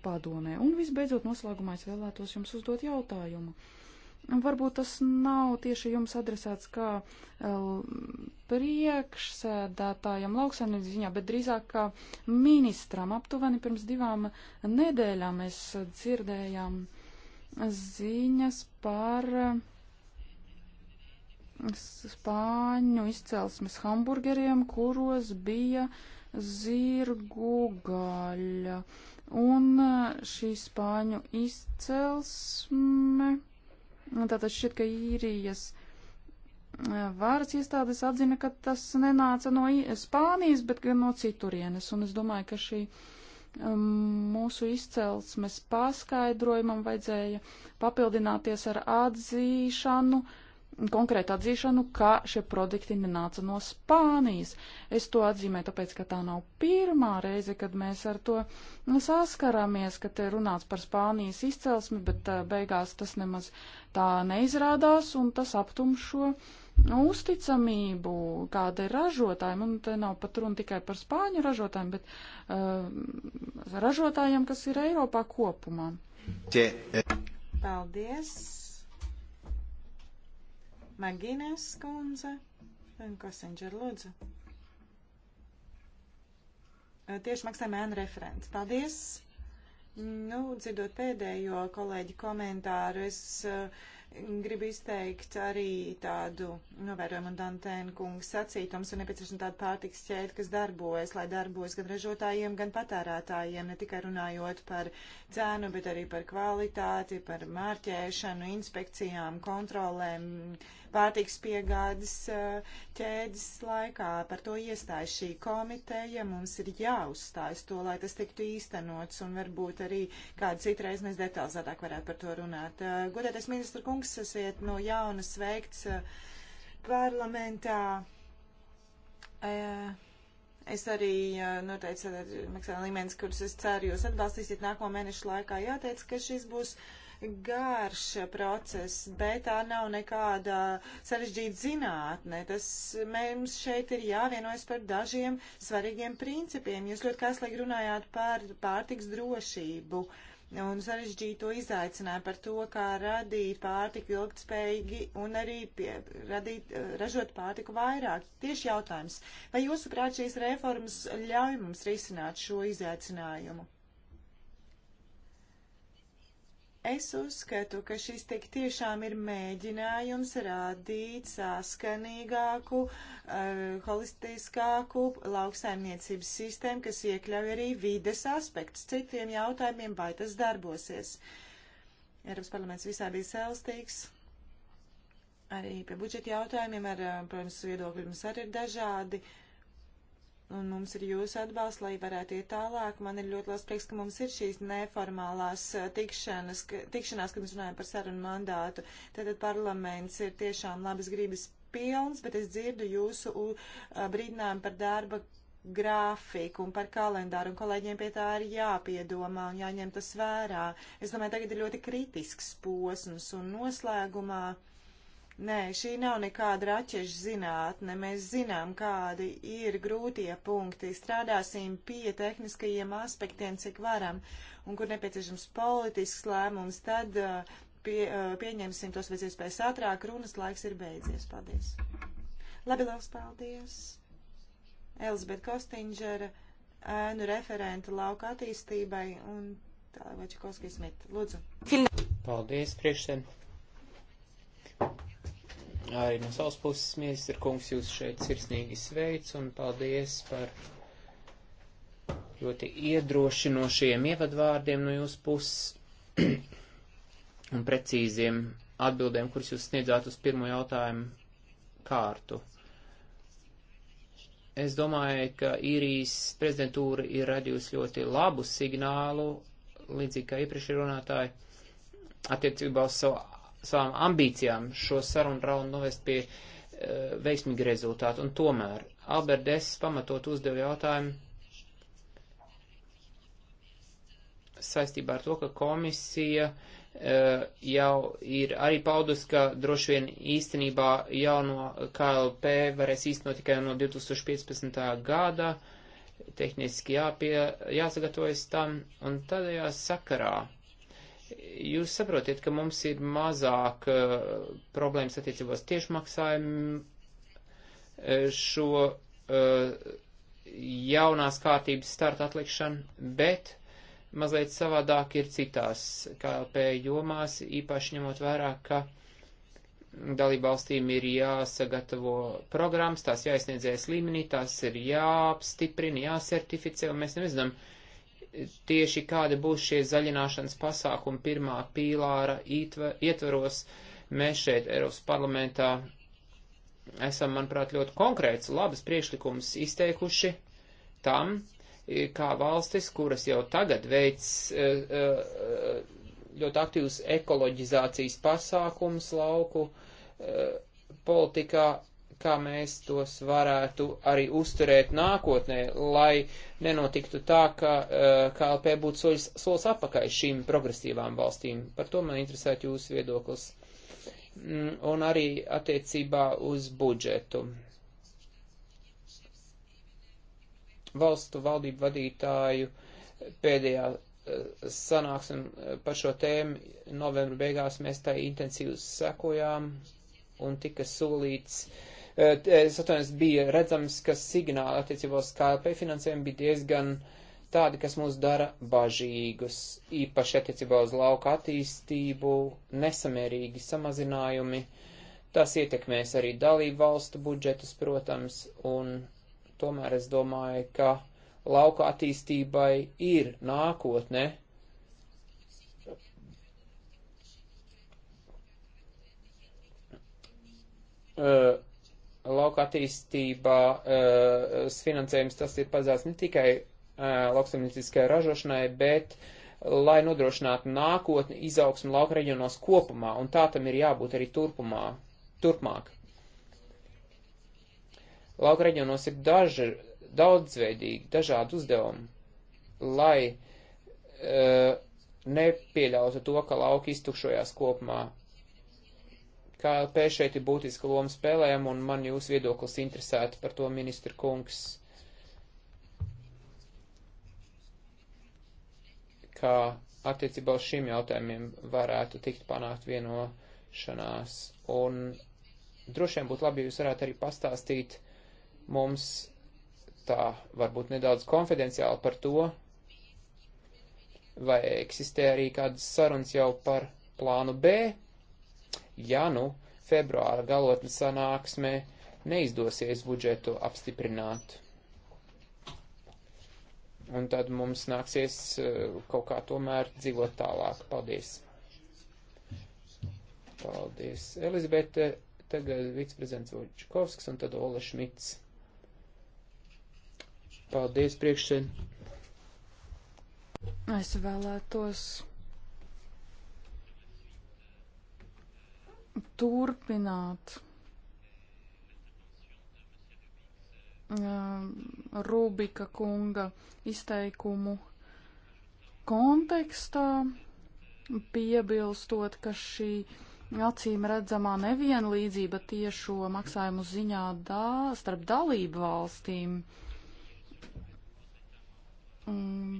padomē. Un visbeidzot, noslēgumā es vēlētos jums uzdot jautājumu. Uh, Varbūt tas nav tieši jums adresēts kā eh, priekšsēdētājam lauksaimniecības ziņā, bet drīzāk kā ministram. Aptuveni pirms divām nedēļām mēs dzirdējām ziņas par eh, spāņu izcelsmes hamburgeriem, kuros bija zirgu gaļa. Un eh, šī spāņu izcelsme Nu, tātad šķiet, ka īrijas e, varas iestādes atzina, ka tas nenāca no Spānijas, bet gan no citurienes. Un es domāju, ka šī e, mūsu izcelsmes paskaidrojumam vajadzēja papildināties ar atzīšanu, uh, konkrētu atzīšanu, ka šie produkti nenāca no Spānijas. Es to atzīmēju, tāpēc, ka tā nav pirmā reize, kad mēs ar to saskaramies, ka te runāts par Spānijas izcelsmi, bet eh, beigās tas nemaz tā neizrādās, un tas aptumšo uzticamību, kāda ir ražotājiem, un te nav pat runa tikai par spāņu ražotājiem, bet uh, ražotājiem, kas ir Eiropā kopumā. Eh, Paldies! Magīnēs skundze, Kosinģer, lūdzu. Tieši maksājuma ēna referents. Paldies! Nu, dzirdot pēdējo kolēģi komentāru, es uh, gribu izteikt arī tādu novērojumu Dantēna kungs sacīt, mums ir nepieciešama tāda pārtiks ķēde, kas darbojas, lai darbojas gan ražotājiem, gan patērētājiem, ne tikai runājot par cēnu, bet arī par kvalitāti, par mārķēšanu, inspekcijām, kontrolēm, pārtiks piegādes eh, ķēdes laikā. Par to iestājas šī komiteja. Mums ir jāuzstājas to, lai tas tiktu īstenots, un varbūt arī kādu citreiz mēs detalizētāk varētu par to runāt. Eh, godētais ministra kungs, esiet no jauna sveikts eh, parlamentā. Uh, es arī noteicu maksājumu līmenis, kurus es ceru jūs atbalstīsiet nākamo mēnešu laikā. Jāteic, ka šis būs garš process, bet tā nav nekāda sarežģīta zinātne. Tas mums šeit ir jāvienojas par dažiem svarīgiem principiem. Jūs ļoti kaislīgi runājāt par pārtiks drošību. Un sarežģīto izaicinājumu par to, kā radīt pārtiku ilgtspējīgi un arī pie, radīt, ražot pārtiku vairāk. Tieši jautājums, vai jūsuprāt šīs reformas ļauj mums risināt šo izaicinājumu? Es uzskatu, ka šis tik tiešām ir mēģinājums radīt saskanīgāku, uh, holistiskāku lauksaimniecības sistēmu, kas iekļauj arī vides aspektus citiem jautājumiem, vai tas darbosies. Eiropas parlaments visā bija selstīgs. Arī pie budžeta jautājumiem, ar, eh, protams, viedokļi mums arī ir dažādi. Uh, un mums ir jūsu atbalsts, lai varētu iet tālāk. Man ir ļoti liels prieks, ka mums ir šīs neformālās eh, tikšanas, ka, tikšanās, kad mēs runājam par sarunu mandātu. Tātad parlaments ir tiešām labas gribas pilns, bet es dzirdu jūsu brīdinājumu par darba grafiku un par kalendāru, un kolēģiem pie tā ir jāpiedomā un jāņem tas vērā. Es domāju, tagad ir ļoti kritisks posms, un noslēgumā Nē, šī nav nekāda raķešu zinātne. Mēs zinām, kādi ir grūtie punkti. Strādāsim pie tehniskajiem aspektiem, cik varam, un kur nepieciešams politisks lēmums, tad uh, pie, uh, pieņemsim tos pēc iespējas ātrāk. Runas laiks ir beidzies. Paldies! Labi, liels paldies! Elizabeth Kostinģera ēnu referenta lauka attīstībai un Tālāk Vačakovskis met. Lūdzu. Paldies, priekšsēdētāj. Arī no savas puses, ministra kungs, jūs šeit sirsnīgi sveic un paldies par ļoti iedrošinošiem ievadvārdiem no jūsu puses un precīziem atbildēm, kuras jūs sniedzāt uz pirmo jautājumu kārtu. Es domāju, ka īrijas prezidentūra ir radījusi ļoti labu signālu, līdzīgi kā iepriekšējie runātāji, attiecībā uz savu savām ambīcijām šo sarunu raundu novest pie uh, veiksmīga rezultāta. Un tomēr Albert Dess pamatot uzdeva jautājumu saistībā ar to, ka komisija uh, jau ir arī paudus, ka droši vien īstenībā jauno KLP varēs īstenot tikai no 2015. gada, tehniski jāpie, jāsagatavojas tam, un tādējā sakarā Jūs saprotiet, ka mums ir mazāk uh, problēmas attiecībos tiešmaksājumu uh, šo uh, jaunās kārtības starta atlikšanu, bet mazliet savādāk ir citās KLP jomās, īpaši ņemot vērā, ka dalībvalstīm ir jāsagatavo programmas, tās jāizniedzējas līmenī, tās ir jāapstiprina, jāsertificē, un mēs nezinām, uh, tieši kādi būs šie zaļināšanas pasākumi pirmā pīlāra ietvaros. Mēs šeit Eiropas parlamentā esam, manuprāt, ļoti konkrēts, labas priekšlikumus izteikuši tam, kā valstis, kuras jau tagad veic e, e, e, ļoti aktīvus ekoloģizācijas pasākums lauku politikā, kā mēs tos varētu arī uzturēt nākotnē, lai nenotiktu tā, ka uh, eh, KLP būtu soļs, solis apakai šīm progresīvām valstīm. Par to man interesētu jūsu viedoklis. Mm, un arī attiecībā uz budžetu. Valstu valdību vadītāju pēdējā eh, sanāksmi eh, par šo tēmu novembra beigās mēs tā intensīvi sekojām un tika solīts uh, Eh, es atvainojos, bija redzams, ka signāli attiecībā uz KLP finansējumu bija diezgan tādi, kas mūs dara bažīgus, īpaši attiecībā uz lauka attīstību, nesamērīgi samazinājumi. Tas ietekmēs arī dalību valstu budžetus, protams, un tomēr es domāju, ka lauka attīstībai ir nākotne. Uh, lauka attīstībā eh, finansējums tas ir paredzēts ne tikai eh, lauksaimnieciskai ražošanai, bet lai nodrošinātu nākotni izaugsmu lauka reģionos kopumā, un tā tam ir jābūt arī turpumā, turpmāk. Lauka reģionos ir daži, daudzveidīgi, dažādi uzdevumi, lai uh, nepieļautu to, ka lauki iztukšojās kopumā. KLP šeit ir būtiska loma spēlējama, un man jūs viedoklis interesētu par to, ministra kungs. Kā attiecībā uz šiem jautājumiem varētu tikt panākt vienošanās. Un droši vien būtu labi, ja jūs varētu arī pastāstīt mums tā varbūt nedaudz konfidenciāli par to, vai eksistē arī kādas sarunas jau par plānu B ja nu februāra galotnes sanāksmē neizdosies budžetu apstiprināt. Un tad mums nāksies eh, kaut kā tomēr dzīvot tālāk. Paldies! Paldies, Elizabete! Tagad viceprezidents Vočkovskis un tad Ola Šmits. Paldies, priekšsēdētāji! Es vēlētos turpināt um, Rūbika kunga izteikumu kontekstā, piebilstot, ka šī acīm redzamā nevienlīdzība tiešo maksājumu ziņā dā, starp dalību valstīm um,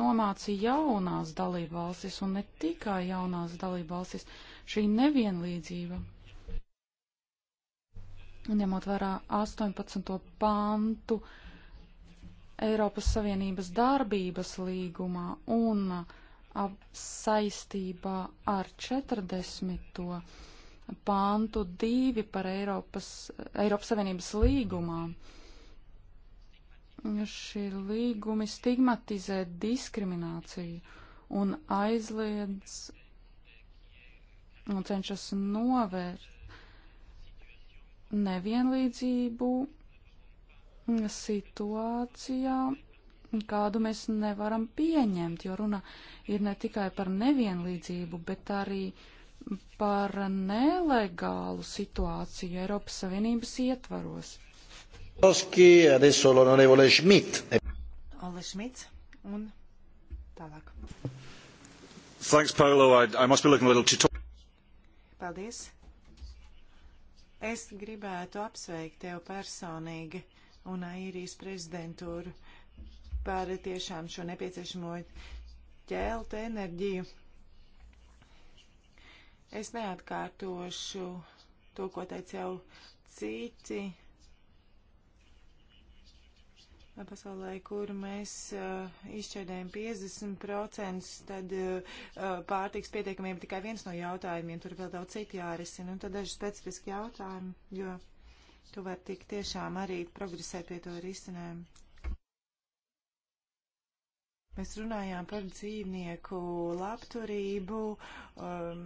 nomāca jaunās dalību valstis un ne tikai jaunās dalību valstis. Uh, šī nevienlīdzība. Ņemot vērā 18. pantu Eiropas Savienības darbības līgumā un saistībā ar 40. pantu 2 par Eiropas, Eiropas Savienības līgumām. Šie līgumi stigmatizē diskrimināciju un aizliedz un cenšas novērt nevienlīdzību situācijā, kādu mēs nevaram pieņemt, jo runa ir ne tikai par nevienlīdzību, bet arī par nelegālu situāciju Eiropas Savienības ietvaros. Olle Šmits un tālāk. Thanks, Paolo. I, I must be looking a little too Paldies! Es gribētu apsveikt tev personīgi un Airijas prezidentūru par tiešām šo nepieciešamo ķēlta enerģiju. Es neatkārtošu to, ko teica jau citi pasaulē, kur mēs uh, izšķērdējam 50%, tad uh, pārtiks pietiekamība tikai viens no jautājumiem, tur vēl daudz citu jārisina, un tad daži specifiski jautājumi, jo tu vari tik tiešām arī progresēt pie to risinājumu. Mēs runājām par dzīvnieku labturību. Um,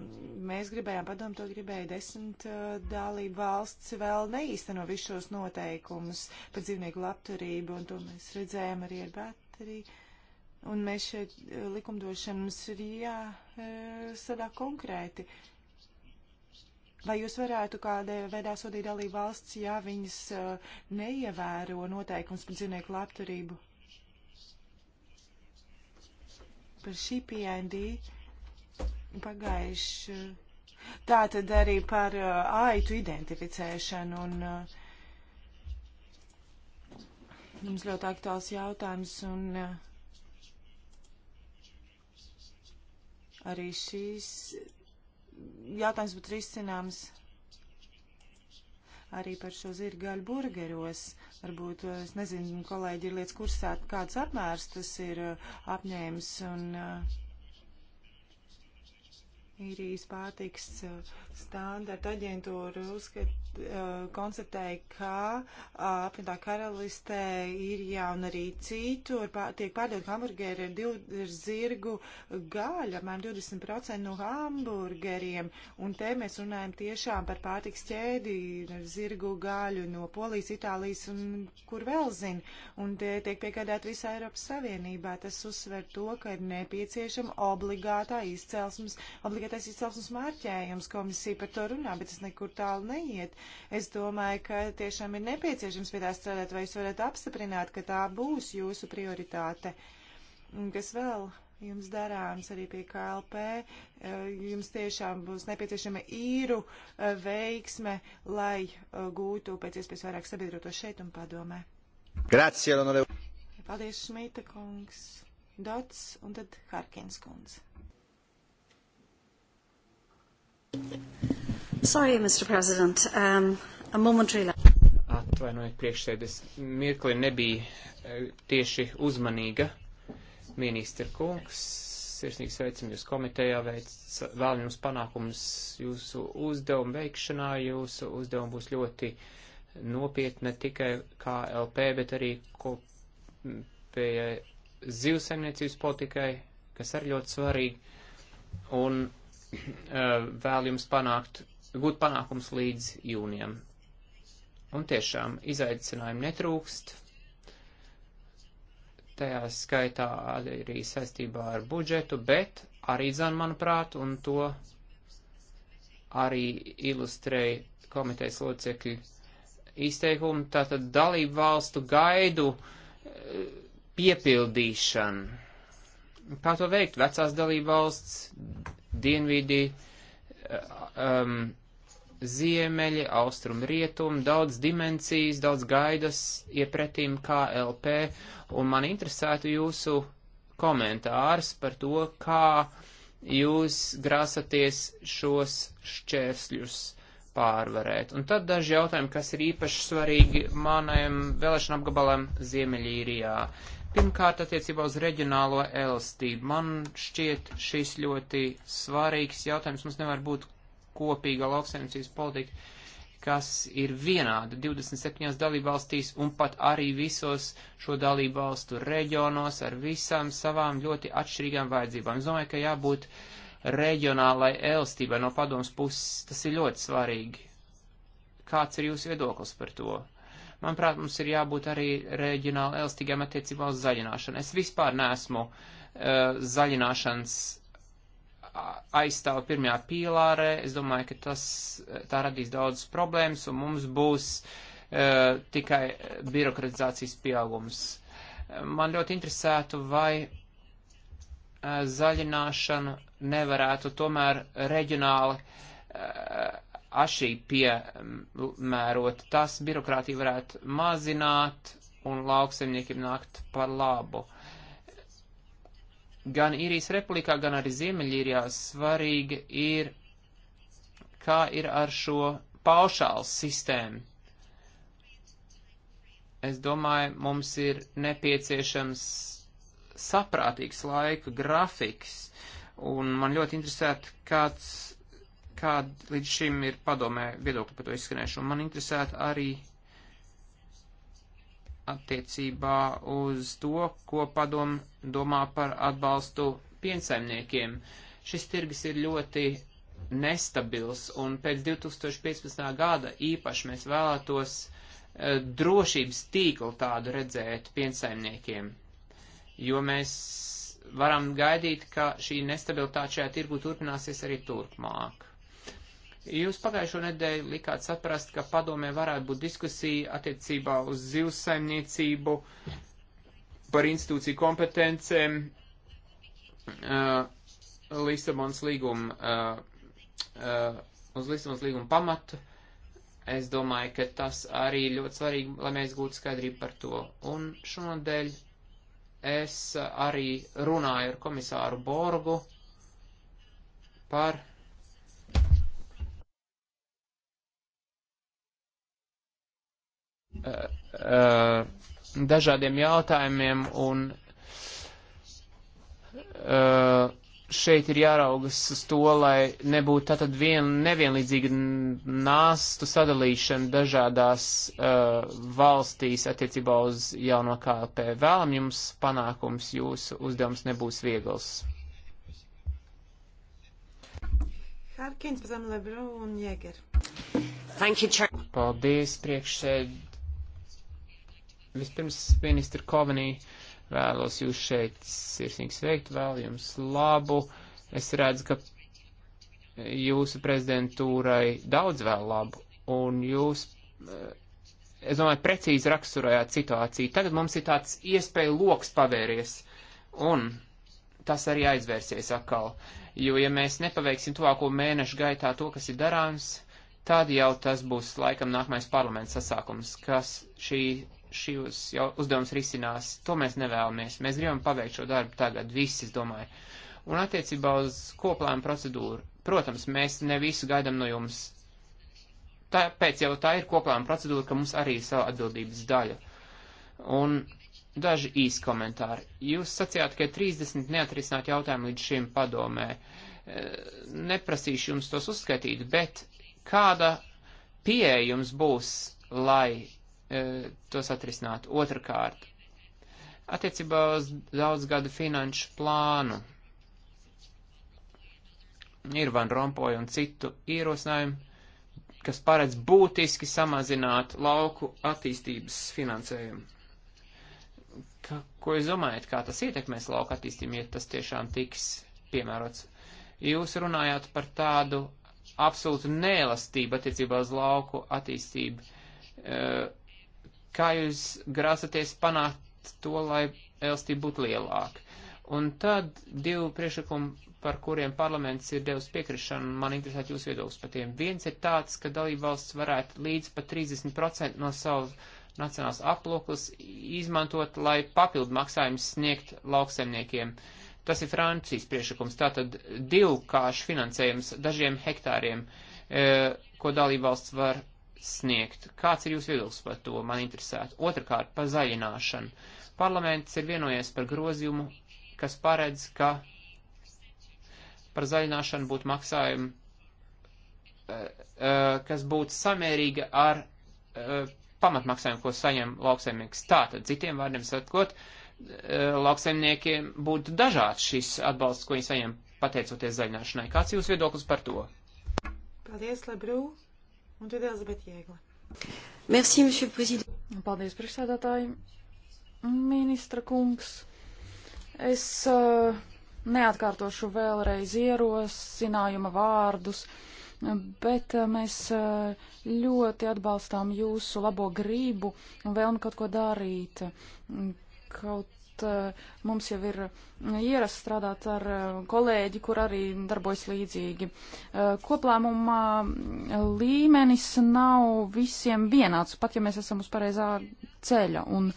mēs gribējām padomu, to gribēja desmit uh, dalību valsts vēl neīsteno visus šos noteikumus par dzīvnieku labturību, un to mēs redzējām arī ar bateriju. Un mēs šeit uh, likumdošanu mums ir jāsadā uh, konkrēti. Vai jūs varētu kādā veidā sodīt dalību valsts, ja viņas uh, neievēro noteikums par dzīvnieku labturību? par šī PID pagājuši. Tā tad arī par uh, aitu identificēšanu un uh, mums ļoti aktuāls jautājums un uh, arī šīs jautājums būtu risināms arī par šo zirgaļu burgeros. Varbūt, eh, es nezinu, kolēģi ir lietas kursā, kāds apmērs tas ir eh, apņēmis un uh, īrijas pārtiks eh, standarta aģentūra uzskat, eh, konstatēja, ka eh, apvienotā karalistē īrijā un arī citur pār, tiek pārdot hamburgeri ar, div, ar zirgu gaļu, apmēram 20% no hamburgeriem. Un te mēs runājam tiešām par pārtiks ķēdi ar zirgu gaļu no Polijas, Itālijas un kur vēl zin. Un te tiek piegādāt visā Eiropas Savienībā. Tas uzsver to, ka ir nepieciešama obligātā izcelsmes, obligātā vietējais izcelsmes mārķējums. Komisija par to runā, bet tas nekur tālu neiet. Es domāju, ka tiešām ir nepieciešams pie tā strādāt, vai jūs varat apstiprināt, ka tā būs jūsu prioritāte. Kas vēl? jums darāms arī pie KLP. Eh, jums tiešām būs nepieciešama īru eh, veiksme, lai eh, gūtu pēc iespējas vairāk sabiedroto šeit un padomē. Grazie, Lonore. Paldies, Šmita kungs, Dots un tad Harkins kungs. Sorry, Mr. President. Um, a momentary... Atvainojiet priekšsēdes. Mirkli nebija eh, tieši uzmanīga. Ministra kungs, sirsnīgi sveicam jūs komitejā, veic, vēl jums panākums jūsu uzdevumu veikšanā. Jūsu uzdevumi būs ļoti nopietni ne tikai KLP, bet arī kopējai zivsaimniecības politikai, kas arī ļoti svarīgi. Un Eh, vēl jums panākt, gūt panākums līdz jūnijam. Un tiešām izaicinājumi netrūkst. Tajā skaitā arī saistībā ar budžetu, bet arī dzan, manuprāt, un to arī ilustrēja komitejas locekļi izteikumu, tātad dalību valstu gaidu eh, piepildīšanu. Kā to veikt? Vecās dalību valsts, dienvidi, eh, um, ziemeļi, austrumi, rietumi, daudz dimensijas, daudz gaidas iepretīm KLP, un man interesētu jūsu komentārs par to, kā jūs grāsaties šos šķērsļus pārvarēt. Un tad daži jautājumi, kas ir īpaši svarīgi manajam vēlēšana apgabalam Ziemeļīrijā. Pirmkārt, attiecībā uz reģionālo elastību. Man šķiet šis ļoti svarīgs jautājums. Mums nevar būt kopīga lauksaimniecības politika, kas ir vienāda 27 dalībvalstīs un pat arī visos šo dalībvalstu reģionos ar visām savām ļoti atšķirīgām vajadzībām. Es domāju, ka jābūt reģionālai elastībai no padomas puses. Tas ir ļoti svarīgi. Kāds ir jūsu viedoklis par to? Manuprāt, mums ir jābūt arī reģionāli elastīgiem attiecībā uz zaļināšanu. Es vispār neesmu uh, zaļināšanas aizstāvu pirmajā pīlārē. Es domāju, ka tas eh, tā radīs daudz problēmas un mums būs uh, tikai birokratizācijas pieaugums. Man ļoti interesētu, vai uh, zaļināšanu nevarētu tomēr reģionāli uh, ašī piemērot, tas birokrātiju varētu mazināt un lauksemniekiem nākt par labu. Gan īrijas republikā, gan arī Ziemeļīrijā svarīgi ir, kā ir ar šo paušālu sistēmu. Es domāju, mums ir nepieciešams saprātīgs laika grafiks, un man ļoti interesētu, kāds kāda līdz šim ir padomē viedokļa par to izskanējuši. Un man interesētu arī attiecībā uz to, ko padom domā par atbalstu piensaimniekiem. Šis tirgus ir ļoti nestabils, un pēc 2015. gada īpaši mēs vēlētos uh, drošības tīklu tādu redzēt piensaimniekiem, jo mēs varam gaidīt, ka šī nestabilitāte šajā tirgu turpināsies arī turpmāk. Jūs pagājušo nedēļu likāt saprast, ka padomē varētu būt diskusija attiecībā uz zivs saimniecību, par institūciju kompetencēm, uh, Lisabons līguma, uh, uh, uz Lisabons līguma pamatu. Es domāju, ka tas arī ļoti svarīgi, lai mēs gūtu skaidrību par to. Un šonadēļ es arī runāju ar komisāru Borgu par Uh, dažādiem jautājumiem, un uh, šeit ir jāraugas uz to, lai nebūtu tātad vien, nevienlīdzīga nāstu sadalīšana dažādās uh, valstīs attiecībā uz jauno KLP. Vēlam jums panākums, jūsu uzdevums nebūs viegls. Harkins, Pazemle, Brun, Jēger. Paldies, priekšsēdētāji Vispirms, ministri Kovanī, vēlos jūs šeit sirsnīgi sveikt, vēl jums labu. Es redzu, ka jūsu prezidentūrai daudz vēl labu, un jūs, eh, es domāju, precīzi raksturojāt situāciju. Tagad mums ir tāds iespēja loks pavērties, un tas arī aizvērsies atkal. Jo, ja mēs nepaveiksim tuvāko mēnešu gaitā to, kas ir darāms, tad jau tas būs laikam nākamais parlaments sasākums, kas šī šīs uzdevums risinās. To mēs nevēlamies. Mēs gribam paveikt šo darbu tagad, visi, es domāju. Un attiecībā uz koplēm procedūru, protams, mēs ne visu gaidām no jums. Tāpēc jau tā ir koplēm procedūra, ka mums arī ir sava atbildības daļa. Un daži īsi komentāri. Jūs sacījāt, ka 30 neatrisināt jautājumu līdz šim padomē. E, neprasīšu jums tos uzskaitīt, bet kāda pieeja jums būs, lai E, tos atrisināt. Otrakārt, attiecībā uz daudzgadu finanšu plānu ir Van Rompoja un citu ierosinājumu, kas paredz būtiski samazināt lauku attīstības finansējumu. Ka, ko jūs domājat, kā tas ietekmēs lauka attīstību, ja tas tiešām tiks piemērots? Jūs runājāt par tādu absolūtu nēlastību attiecībā uz lauku attīstību. Uh, kā jūs grāsaties panākt to, lai elstība būtu lielāka. Un tad divi priekšlikumi, par kuriem parlaments ir devis piekrišanu, man interesētu jūs viedoklis par tiem. Viens ir tāds, ka dalībvalsts varētu līdz pat 30% no savas nacionālas aplokas izmantot, lai papildu maksājumus sniegt lauksaimniekiem. Tas ir Francijas priešakums, tātad divkāršu finansējums dažiem hektāriem, e, ko dalībvalsts var sniegt. Kāds ir jūsu viedoklis par to? Man interesētu. Otrakārt, par zaļināšanu. Parlaments ir vienojies par grozījumu, kas paredz, ka par zaļināšanu būtu maksājumi, eh, eh, kas būtu samērīga ar eh, pamatmaksājumu, ko saņem lauksaimnieks. Tātad, citiem vārdiem sakot, lauksaimniekiem būtu dažāds šis atbalsts, ko viņi saņem pateicoties zaļināšanai. Kāds jūs viedoklis par to? Paldies, Lebrū! Un tad Elizabete Jēgle. Merci, monsieur prezident. Paldies, priekšsēdētāji. Ministra kungs, es uh, neatkārtošu vēlreiz ierosinājuma vārdus, bet uh, mēs uh, ļoti atbalstām jūsu labo grību un vēlmi kaut ko darīt. Kaut Eh, mums jau ir mm, ierasts strādāt ar eh, kolēģi, kur arī darbojas līdzīgi. Eh, Koplēmumā mm, līmenis nav visiem vienāds, pat ja mēs esam uz pareizā ceļa, un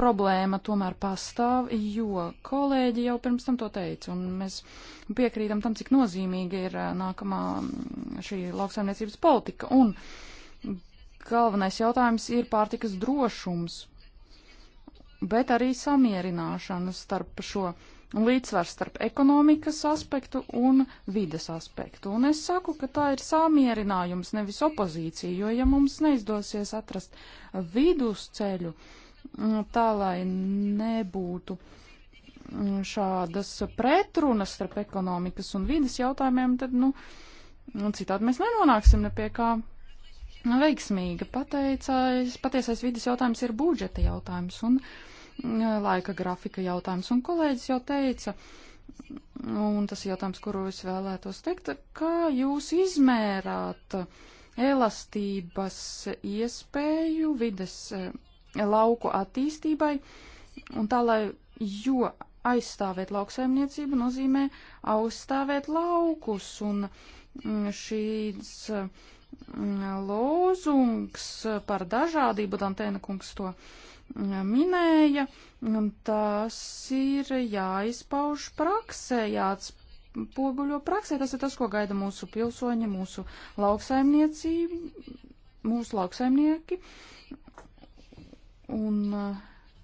problēma tomēr pastāv, jo kolēģi jau pirms tam to teica, un mēs piekrītam tam, cik nozīmīga ir nākamā mm, šī lauksaimniecības politika. Un galvenais jautājums ir pārtikas drošums bet arī samierināšanu starp šo līdzsvaru starp ekonomikas aspektu un vides aspektu. Un es saku, ka tā ir samierinājums, nevis opozīcija, jo ja mums neizdosies atrast vidusceļu, mm, tā lai nebūtu mm, šādas pretrunas starp ekonomikas un vides jautājumiem, tad, nu, citādi mēs nenonāksim ne pie kā Nu, veiksmīga. Pateicais, patiesais vidas jautājums ir budžeta jautājums un mm, laika grafika jautājums. Un kolēģis jau teica, un tas ir jautājums, kuru es vēlētos teikt, kā jūs izmērāt elastības iespēju vides eh, lauku attīstībai, un tā, lai, jo aizstāvēt lauksaimniecību nozīmē aizstāvēt laukus, un mm, šīs uh, lozungs par dažādību, Dantēna kungs to minēja, un tas ir jāizpauž praksē, jāatspoguļo praksē. Tas ir tas, ko gaida mūsu pilsoņi, mūsu lauksaimniecība, mūsu lauksaimnieki, un uh,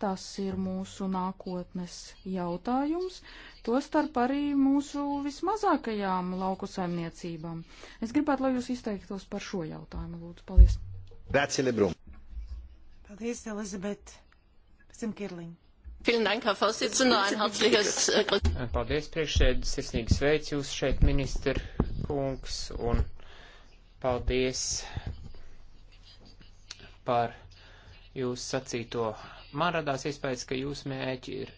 tas ir mūsu nākotnes jautājums tostarp arī mūsu vismazākajām lauku saimniecībām. Es gribētu, lai jūs izteiktos par šo jautājumu, lūdzu. Paldies. Grācija Lebrum. Paldies, Elizabete. Pēc tam Kirliņa. Paldies, priekšsēdus, sirsnīgi sveicu jūs šeit, ministra kungs, un paldies par jūsu sacīto. Man radās iespējas, ka jūsu mēķi ir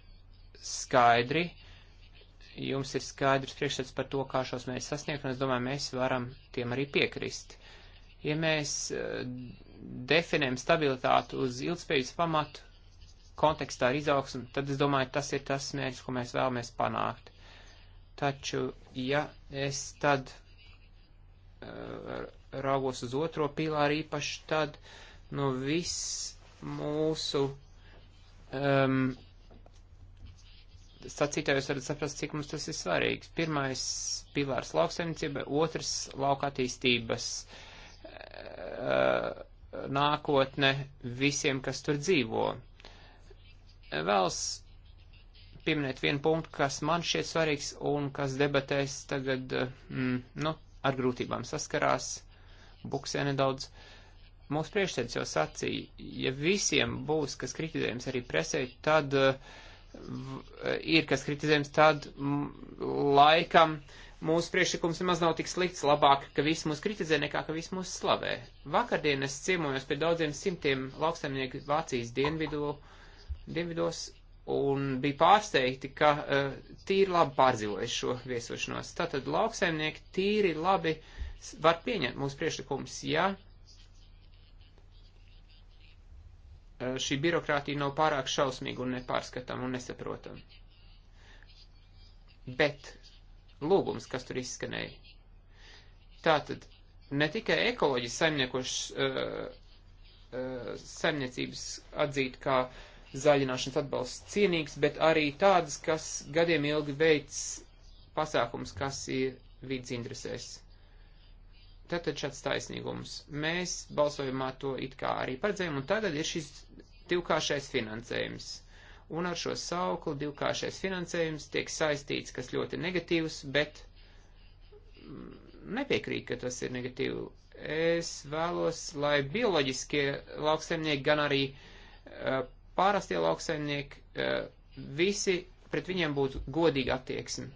skaidri, jums ir skaidrs priekšstats par to, kā šos mēs sasniegt, un es domāju, mēs varam tiem arī piekrist. Ja mēs eh, definējam stabilitāti uz ilgspējas pamatu, kontekstā ar izaugsmu, tad es domāju, tas ir tas mērķis, ko mēs vēlamies panākt. Taču, ja es tad eh, raugos uz otro pīlāru īpaši, tad, nu, viss mūsu um, sacītā jūs varat saprast, cik mums tas ir svarīgs. Pirmais pilārs lauksaimniecība, otrs lauka attīstības eh, nākotne visiem, kas tur dzīvo. Vēls pieminēt vienu punktu, kas man šķiet svarīgs un kas debatēs tagad, eh, mm, nu, ar grūtībām saskarās, buksē nedaudz. Mūsu priekšsēdus jau sacīja, ja visiem būs, kas kritizējums arī presē, tad uh, ir, kas kritizējams, tad laikam mūsu priekšlikums nemaz nav tik slikts, labāk, ka visi mūs kritizē, nekā ka visi mūs slavē. Vakardien es ciemojos pie daudziem simtiem lauksaimnieku Vācijas dienvidu, dienvidos un bija pārsteigti, ka uh, tīri labi pārdzīvojuši šo viesošanos. Tātad lauksaimnieki tīri labi var pieņemt mūsu priekšlikumus, ja Eh, šī birokrātija nav pārāk šausmīga un nepārskatām un nesaprotam. Bet lūgums, kas tur izskanēja. Tātad ne tikai ekoloģiski saimniekošs uh, uh, saimniecības atzīt kā zaļināšanas atbalsts cienīgs, bet arī tādas, kas gadiem ilgi veids pasākums, kas ir vidas interesēs. Tad taču šāds taisnīgums. Mēs balsojumā to it kā arī paredzējām, un tagad ir šis divkāršais finansējums. Un ar šo sauklu divkāršais finansējums tiek saistīts, kas ļoti negatīvs, bet mm, nepiekrīt, ka tas ir negatīvi. Es vēlos, lai bioloģiskie lauksaimnieki, gan arī uh, pārastie lauksaimnieki, uh, visi pret viņiem būtu godīga attieksme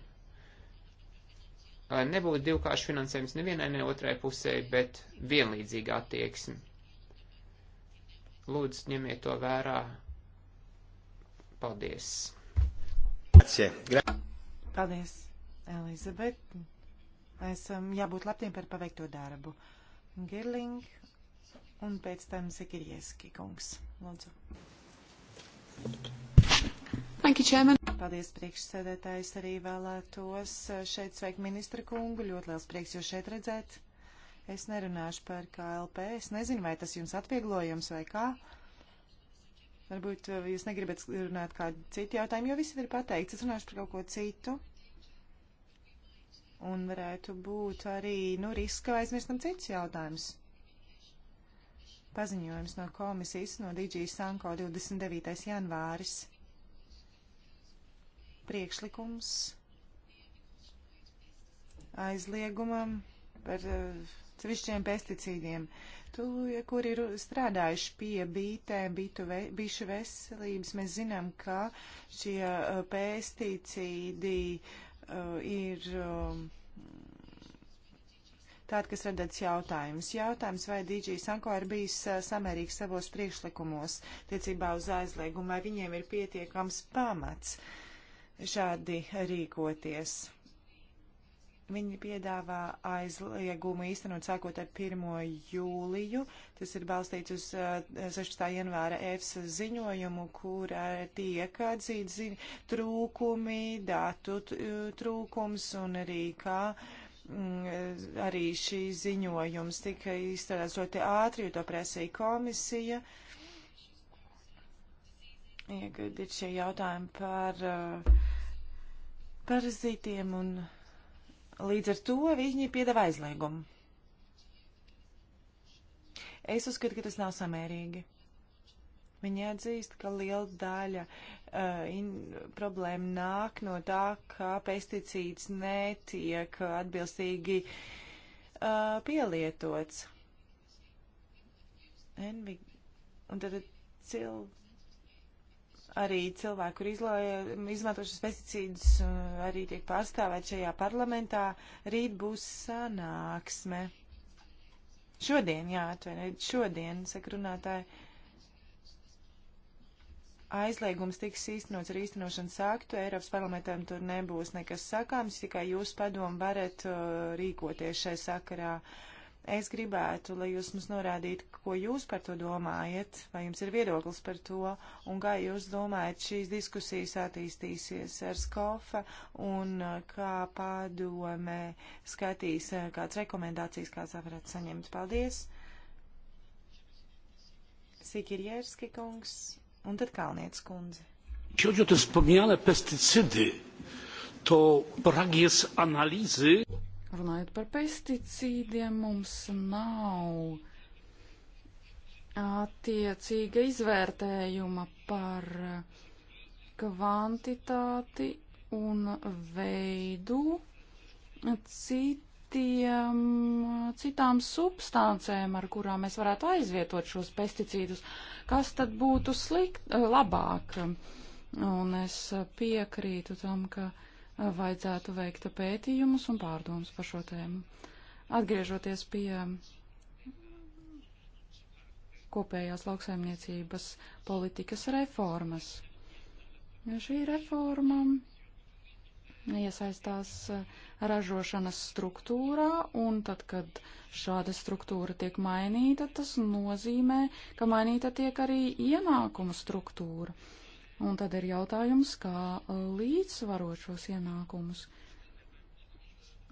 lai nebūtu divkārši finansējums nevienai, ne otrai pusē, bet vienlīdzīga attieksme. Lūdzu, ņemiet to vērā. Paldies! Paldies, Elizabet! Esam jābūt labtiem par paveikto darbu. Girling un pēc tam Zikirieski kungs. Lūdzu. Thank you, Chairman. Paldies, priekšsēdētājs. Arī vēlētos eh, šeit sveikt ministra kungu. Ļoti liels prieks jūs šeit redzēt. Es nerunāšu par KLP. Es nezinu, vai tas jums atvieglojums vai kā. Varbūt eh, jūs negribat runāt kādu citu jautājumu, jo viss ir pateikts. Es runāšu par kaut ko citu. Un varētu būt arī, nu, risks, ka aizmirstam cits jautājums. Paziņojums no komisijas no DG Sanko 29. janvāris priekšlikums aizliegumam par eh, sevišķiem pesticīdiem. Tu, kur ir strādājuši pie bītēm, ve, bišu veselības, mēs zinām, ka šie uh, pesticīdi uh, ir uh, tādi, kas radats jautājums. Jautājums, vai DJ Sanko ir bijis uh, samērīgs savos priekšlikumos tiecībā uz aizliegumu, vai viņiem ir pietiekams pamats. Uh, šādi rīkoties. Viņi piedāvā aizliegumu īstenot sākot ar 1. jūliju. Tas ir balstīts uz 16. Eh, janvāra EFSA ziņojumu, kur eh, tiek atzīts zi, trūkumi, datu trūkums un arī kā m, mm, eh, arī šī ziņojums tika izstrādāts ļoti ātri, jo to prasīja komisija. Iegad ir šie jautājumi par uh, parazītiem, un līdz ar to viņi piedāvā aizliegumu. Es uzskatu, ka tas nav samērīgi. Viņi atzīst, ka liela daļa uh, in, problēma nāk no tā, ka pesticīds netiek atbilstīgi uh, pielietots. Envi, un tad cilvēks arī cilvēku, kur izmantošas pesticīdus, uh, arī tiek pārstāvēt šajā parlamentā. Rīt būs sanāksme. Šodien, jā, atvainojiet, šodien, saka runātāji, aizliegums tiks īstenots ar īstenošanas aktu. Eiropas parlamentam tur nebūs nekas sakāms, tikai jūs padomu varat uh, rīkoties šai sakarā. Uh, Es gribētu, lai jūs mums norādītu, ko jūs par to domājat, vai jums ir viedoklis par to, un kā jūs domājat, šīs diskusijas attīstīsies ar skofa, un uh, kā padome skatīs, uh, kādas rekomendācijas kāds varētu saņemt. Paldies! Sikirjerski kungs, un tad Kalniec kundze. Jeśli chodzi o te wspomniane pestycydy, to brak jest analizy. Runājot par pesticīdiem, mums nav attiecīga izvērtējuma par kvantitāti un veidu citiem, citām substancēm, ar kurām mēs varētu aizvietot šos pesticīdus. Kas tad būtu slikt, labāk? Un es piekrītu tam, ka uh, vajadzētu veikt pētījumus un pārdomus par šo tēmu. Atgriežoties pie kopējās lauksaimniecības politikas reformas. Ja šī reforma iesaistās ražošanas struktūrā, un tad, kad šāda struktūra tiek mainīta, tas nozīmē, ka mainīta tiek arī ienākumu struktūra. Uh, Un tad ir jautājums, kā uh, līdzsvarot šos ienākumus.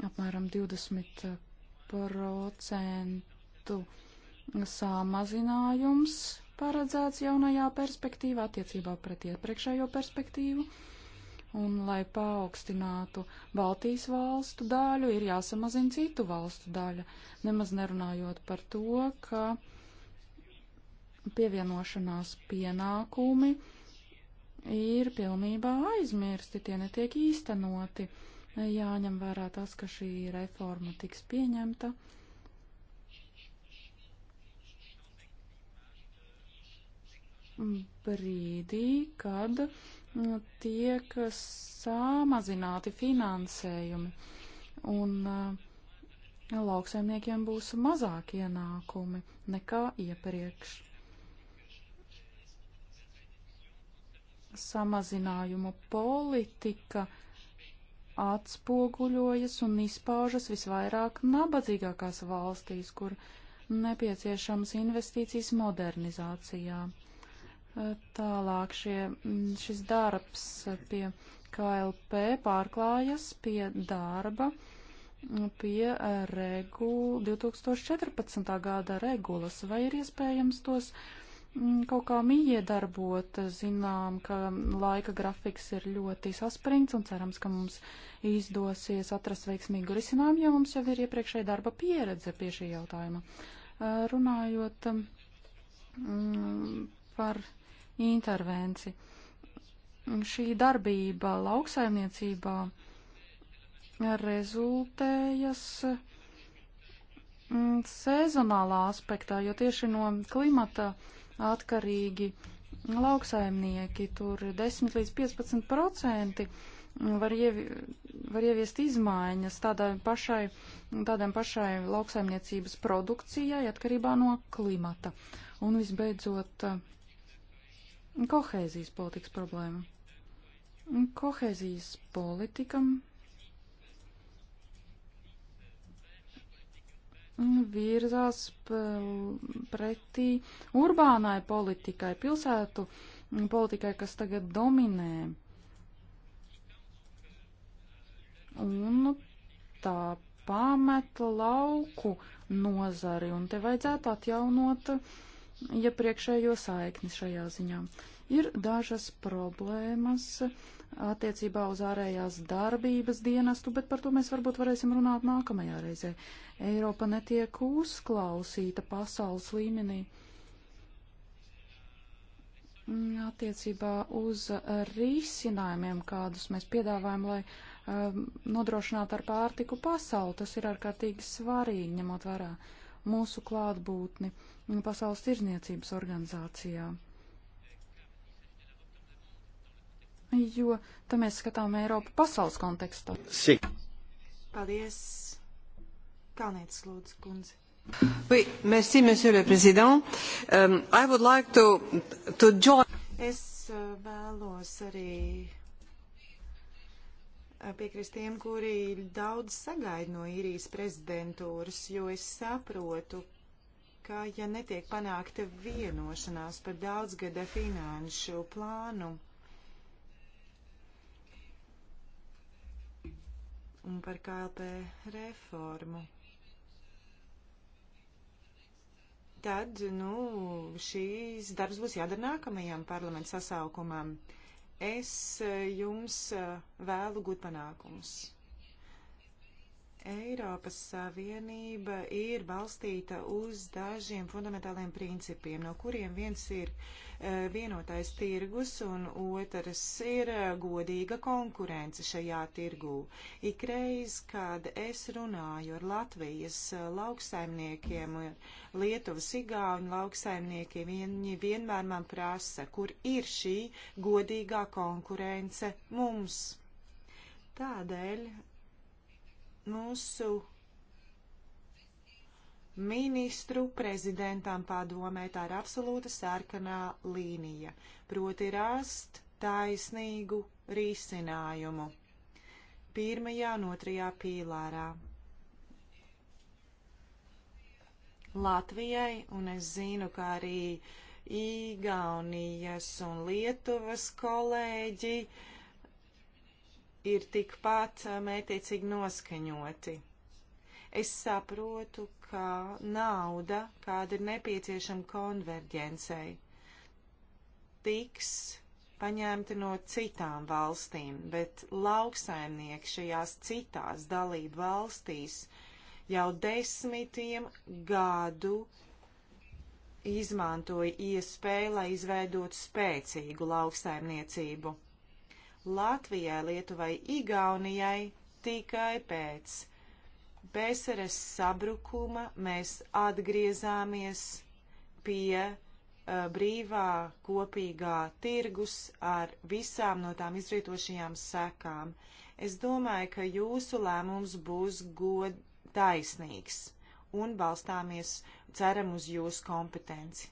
Apmēram 20% samazinājums paredzēts jaunajā perspektīvā attiecībā pret iepriekšējo perspektīvu. Un, lai paaugstinātu Baltijas valstu daļu, ir jāsamazina citu valstu daļa, nemaz nerunājot par to, ka pievienošanās pienākumi uh, ir pilnībā aizmirsti, tie netiek īstenoti. Jāņem vērā tas, ka šī reforma tiks pieņemta. Brīdī, kad tiek samazināti finansējumi un lauksaimniekiem būs mazāk ienākumi nekā iepriekš. samazinājumu politika atspoguļojas un izpaužas visvairāk nabadzīgākās valstīs, kur nepieciešams investīcijas modernizācijā. Eh, tālāk šie, mm, šis darbs pie KLP pārklājas pie darba mm, pie eh, regula 2014. gada regulas, vai ir iespējams tos uh, Mm, kaut kā miedarbot. Zinām, ka laika grafiks ir ļoti saspringts un cerams, ka mums izdosies atrast veiksmīgu risinājumu, jo mums jau ir iepriekšēja darba pieredze pie šī jautājuma. Runājot mm, par intervenci. Šī darbība lauksaimniecībā rezultējas mm, sezonālā aspektā, jo tieši no klimata uh, atkarīgi lauksaimnieki. Tur 10 līdz 15 procenti var, ievi, var ieviest izmaiņas tādai pašai, tādām pašai lauksaimniecības produkcijai atkarībā no klimata. Un visbeidzot, kohēzijas politikas problēma. Kohēzijas politikam virzās pretī urbānai politikai, pilsētu politikai, kas tagad dominē. Un tā pameta lauku nozari, un te vajadzētu atjaunot iepriekšējo ja saikni šajā ziņā. Ir dažas problēmas, uh, attiecībā uz ārējās darbības dienestu, bet par to mēs varbūt varēsim runāt nākamajā reizē. Eiropa netiek uzklausīta pasaules līmenī mm, attiecībā uz risinājumiem, kādus mēs piedāvājam, lai um, nodrošinātu ar pārtiku pasauli. Tas ir ārkārtīgi svarīgi, ņemot vērā mūsu klātbūtni Pasaules tirzniecības organizācijā. jo te mēs skatām Eiropu pasaules kontekstā. Si. Paldies. Kalnietis lūdzu, kundze. Oui, merci, monsieur le président. Um, I would like to, to join. Es uh, vēlos arī uh, piekrist tiem, kuri daudz sagaida no īrijas prezidentūras, jo es saprotu, ka ja netiek panākta vienošanās par daudzgada finanšu plānu, un par KLP reformu. Tad, nu, šīs darbs būs jādara nākamajam parlamentu sasaukumam. Es eh, jums eh, vēlu gūt panākumus. Eiropas Savienība ir balstīta uz dažiem fundamentāliem principiem, no kuriem viens ir e, vienotais tirgus un otrs ir e, godīga konkurence šajā tirgū. Ikreiz, kad es runāju ar Latvijas lauksaimniekiem, Lietuvas igauņu lauksaimniekiem, viņi vienmēr man prasa, kur ir šī godīgā konkurence mums. Tādēļ mūsu ministru prezidentam padomē. Tā ir absolūta sarkanā līnija. Proti rast taisnīgu risinājumu. Pirmajā un otrajā pīlārā. Latvijai, un es zinu, ka arī Igaunijas un Lietuvas kolēģi uh, ir tikpat mētiecīgi noskaņoti. Es saprotu, ka nauda, kāda ir nepieciešama konverģencei, tiks paņemta no citām valstīm, bet lauksaimnieki šajās citās dalību valstīs jau desmitiem gadu izmantoja iespēju, lai izveidotu spēcīgu lauksaimniecību Latvijai, Lietuvai, Igaunijai tikai pēc PSRS sabrukuma mēs atgriezāmies pie uh, brīvā kopīgā tirgus ar visām no tām izrietošajām sekām. Es domāju, ka jūsu lēmums būs god taisnīgs un balstāmies ceram uz jūsu kompetenci.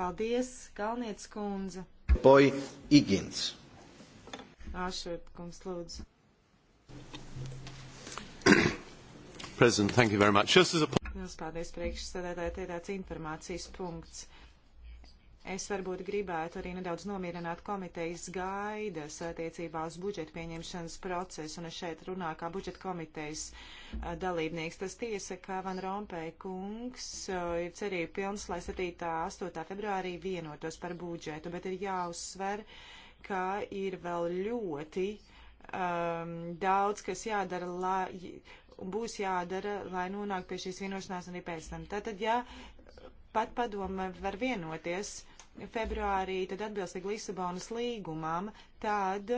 Paldies, Kalniec kundze! Poi Igins. Ašvert, kungs, lūdzu. President, thank you very much. Just as a... Jūs paldies priekšsēdētāji, tie tāds informācijas punkts. Es varbūt gribētu arī nedaudz nomierināt komitejas gaidas attiecībā uz budžeta pieņemšanas procesu, un es šeit runāju kā budžeta komitejas dalībnieks. Tas tiesa, ka Van Rompēja kungs ir cerība pilns, lai 7. 8. februārī vienotos par budžetu, bet ir jāuzsver, uh, ka ir vēl ļoti um, daudz, kas jādara, lai, un būs jādara, lai nonāktu pie šīs vienošanās arī pēc tam. Tātad, ja pat padoma var vienoties februārī, tad atbilstīgi Lisabonas līgumam, tad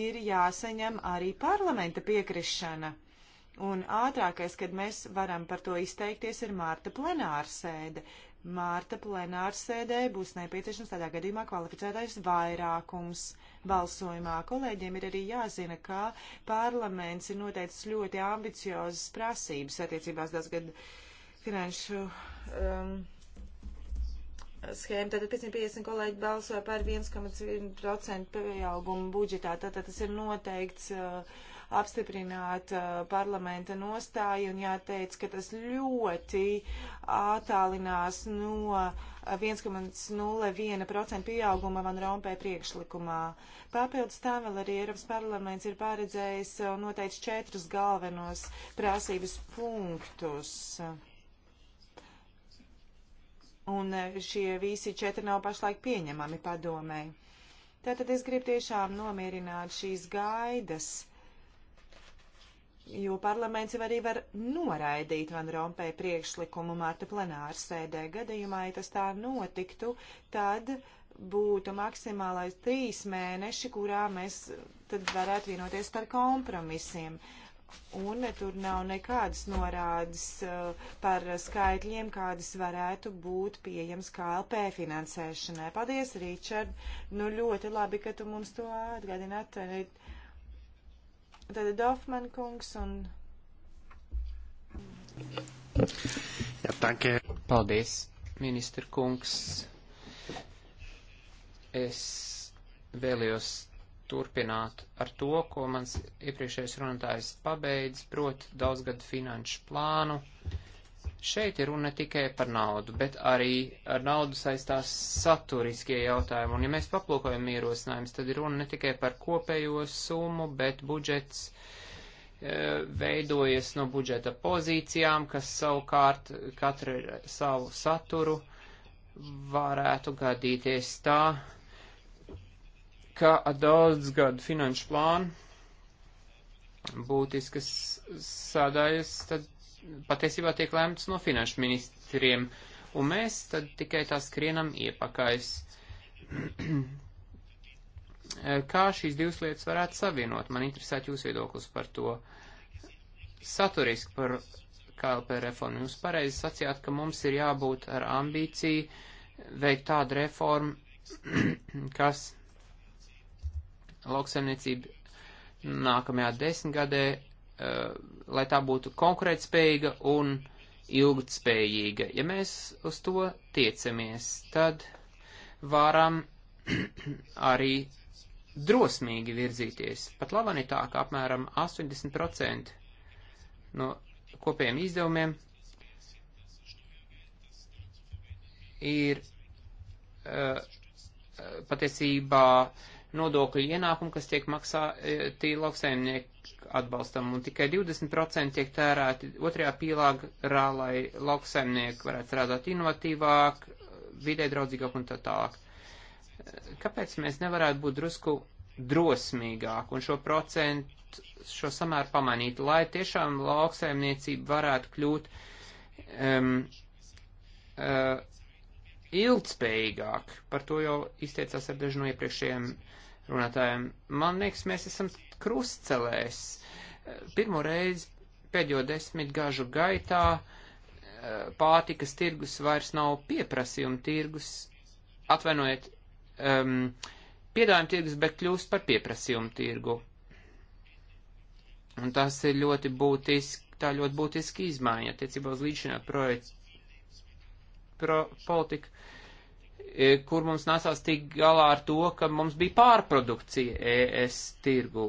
ir jāsaņem arī parlamenta piekrišana. Un ātrākais, kad mēs varam par to izteikties, ir mārta plenārsēde. Uh, Mārta plenārsēdē būs nepieciešams tādā gadījumā kvalificētais vairākums balsojumā. Kolēģiem ir arī jāzina, ka parlaments ir noteicis ļoti ambiciozas prasības attiecībās tas gadu finanšu um, schēmu. Tātad 550 kolēģi balsoja par 1,1% pieaugumu budžetā. Tātad tas ir noteikts. Uh, apstiprināta uh, parlamenta nostāja, un jāteic, ka tas ļoti attālinās no 1,01% uh, pieauguma Van Rompē priekšlikumā. Papildus tam vēl arī Eiropas parlaments ir paredzējis uh, noteikti četrus galvenos prasības punktus. Un šie visi četri nav pašlaik pieņemami padomē. Tātad es gribu tiešām nomierināt šīs gaidas jo parlaments jau arī var noraidīt Van Rompē priekšlikumu Marta plenāra sēdē. Gadījumā, ja tas tā notiktu, tad būtu maksimālais trīs mēneši, kurā mēs tad varētu vienoties par kompromisiem. Un ne, tur nav nekādas norādes uh, par skaitļiem, kādas varētu būt pieejams KLP finansēšanai. Paldies, Ričard! Nu, ļoti labi, ka tu mums to atgādināji Tad ir Dofman kungs un. Jā, tankie. Paldies, ministra kungs. Es vēlējos turpināt ar to, ko mans iepriekšējais runātājs pabeidz, proti daudzgadu finanšu plānu. Uh, Šeit ir runa ne tikai par naudu, bet arī ar naudu saistās saturiskie jautājumi. Un ja mēs paplūkojam ierosinājumus, tad ir runa ne tikai par kopējo summu, bet budžets e, veidojas no budžeta pozīcijām, kas savukārt katra ar savu saturu varētu gadīties tā, ka daudz gadu finanšu plānu būtiskas sadaļas tad patiesībā tiek lēmts no finanšu ministriem, un mēs tad tikai tā skrienam iepakais. Kā šīs divas lietas varētu savienot? Man interesētu jūs viedoklis par to. Saturiski par KLP reformu. Jūs pareizi sacījāt, ka mums ir jābūt ar ambīciju veikt tādu reformu, kas lauksaimniecību nākamajā desmitgadē Eh, lai tā būtu konkurētspējīga un ilgtspējīga. Ja mēs uz to tiecamies, tad varam arī drosmīgi virzīties. Pat labam ir tā, ka apmēram 80% no kopējiem izdevumiem ir uh, patiesībā uh, nodokļu ienākumu, kas tiek maksāti e, lauksaimnieku atbalstam, un tikai 20% tiek tērēti otrajā pīlāgrā, lai lauksaimnieki varētu strādāt inovatīvāk, vidē draudzīgāk un tā tālāk. E, kāpēc mēs nevarētu būt drusku drosmīgāk un šo procentu, šo samēru pamanīt, lai tiešām lauksaimniecība varētu kļūt um, uh, ilgspējīgāk? Par to jau izteicās ar daži no iepriekšējiem uh, runātājiem. Man liekas, mēs esam krustcelēs. Pirmo reizi pēdējo desmit gažu gaitā eh, pārtikas tirgus vairs nav pieprasījuma tirgus, atvainojiet, um, piedāvājuma tirgus, bet kļūst par pieprasījuma tirgu. Un tas ir ļoti būtiski, tā ļoti būtiski izmaiņa attiecībā uz līdzinā projektu pro, politiku. Uh, E, kur mums nāsās tik galā ar to, ka mums bija pārprodukcija ES tirgū.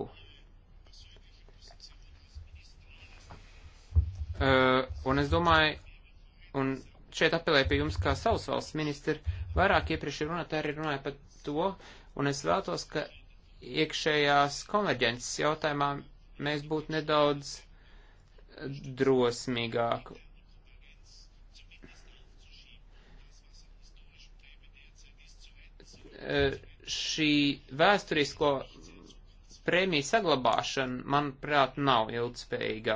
E, un es domāju, un šeit apelēju pie jums kā savas valsts ministri, vairāk iepriekš runāt arī runāja par to, un es vēlos, ka iekšējās konverģences jautājumā mēs būtu nedaudz drosmīgāk. Eh, šī vēsturisko prēmiju saglabāšana, manuprāt, nav ilgspējīga.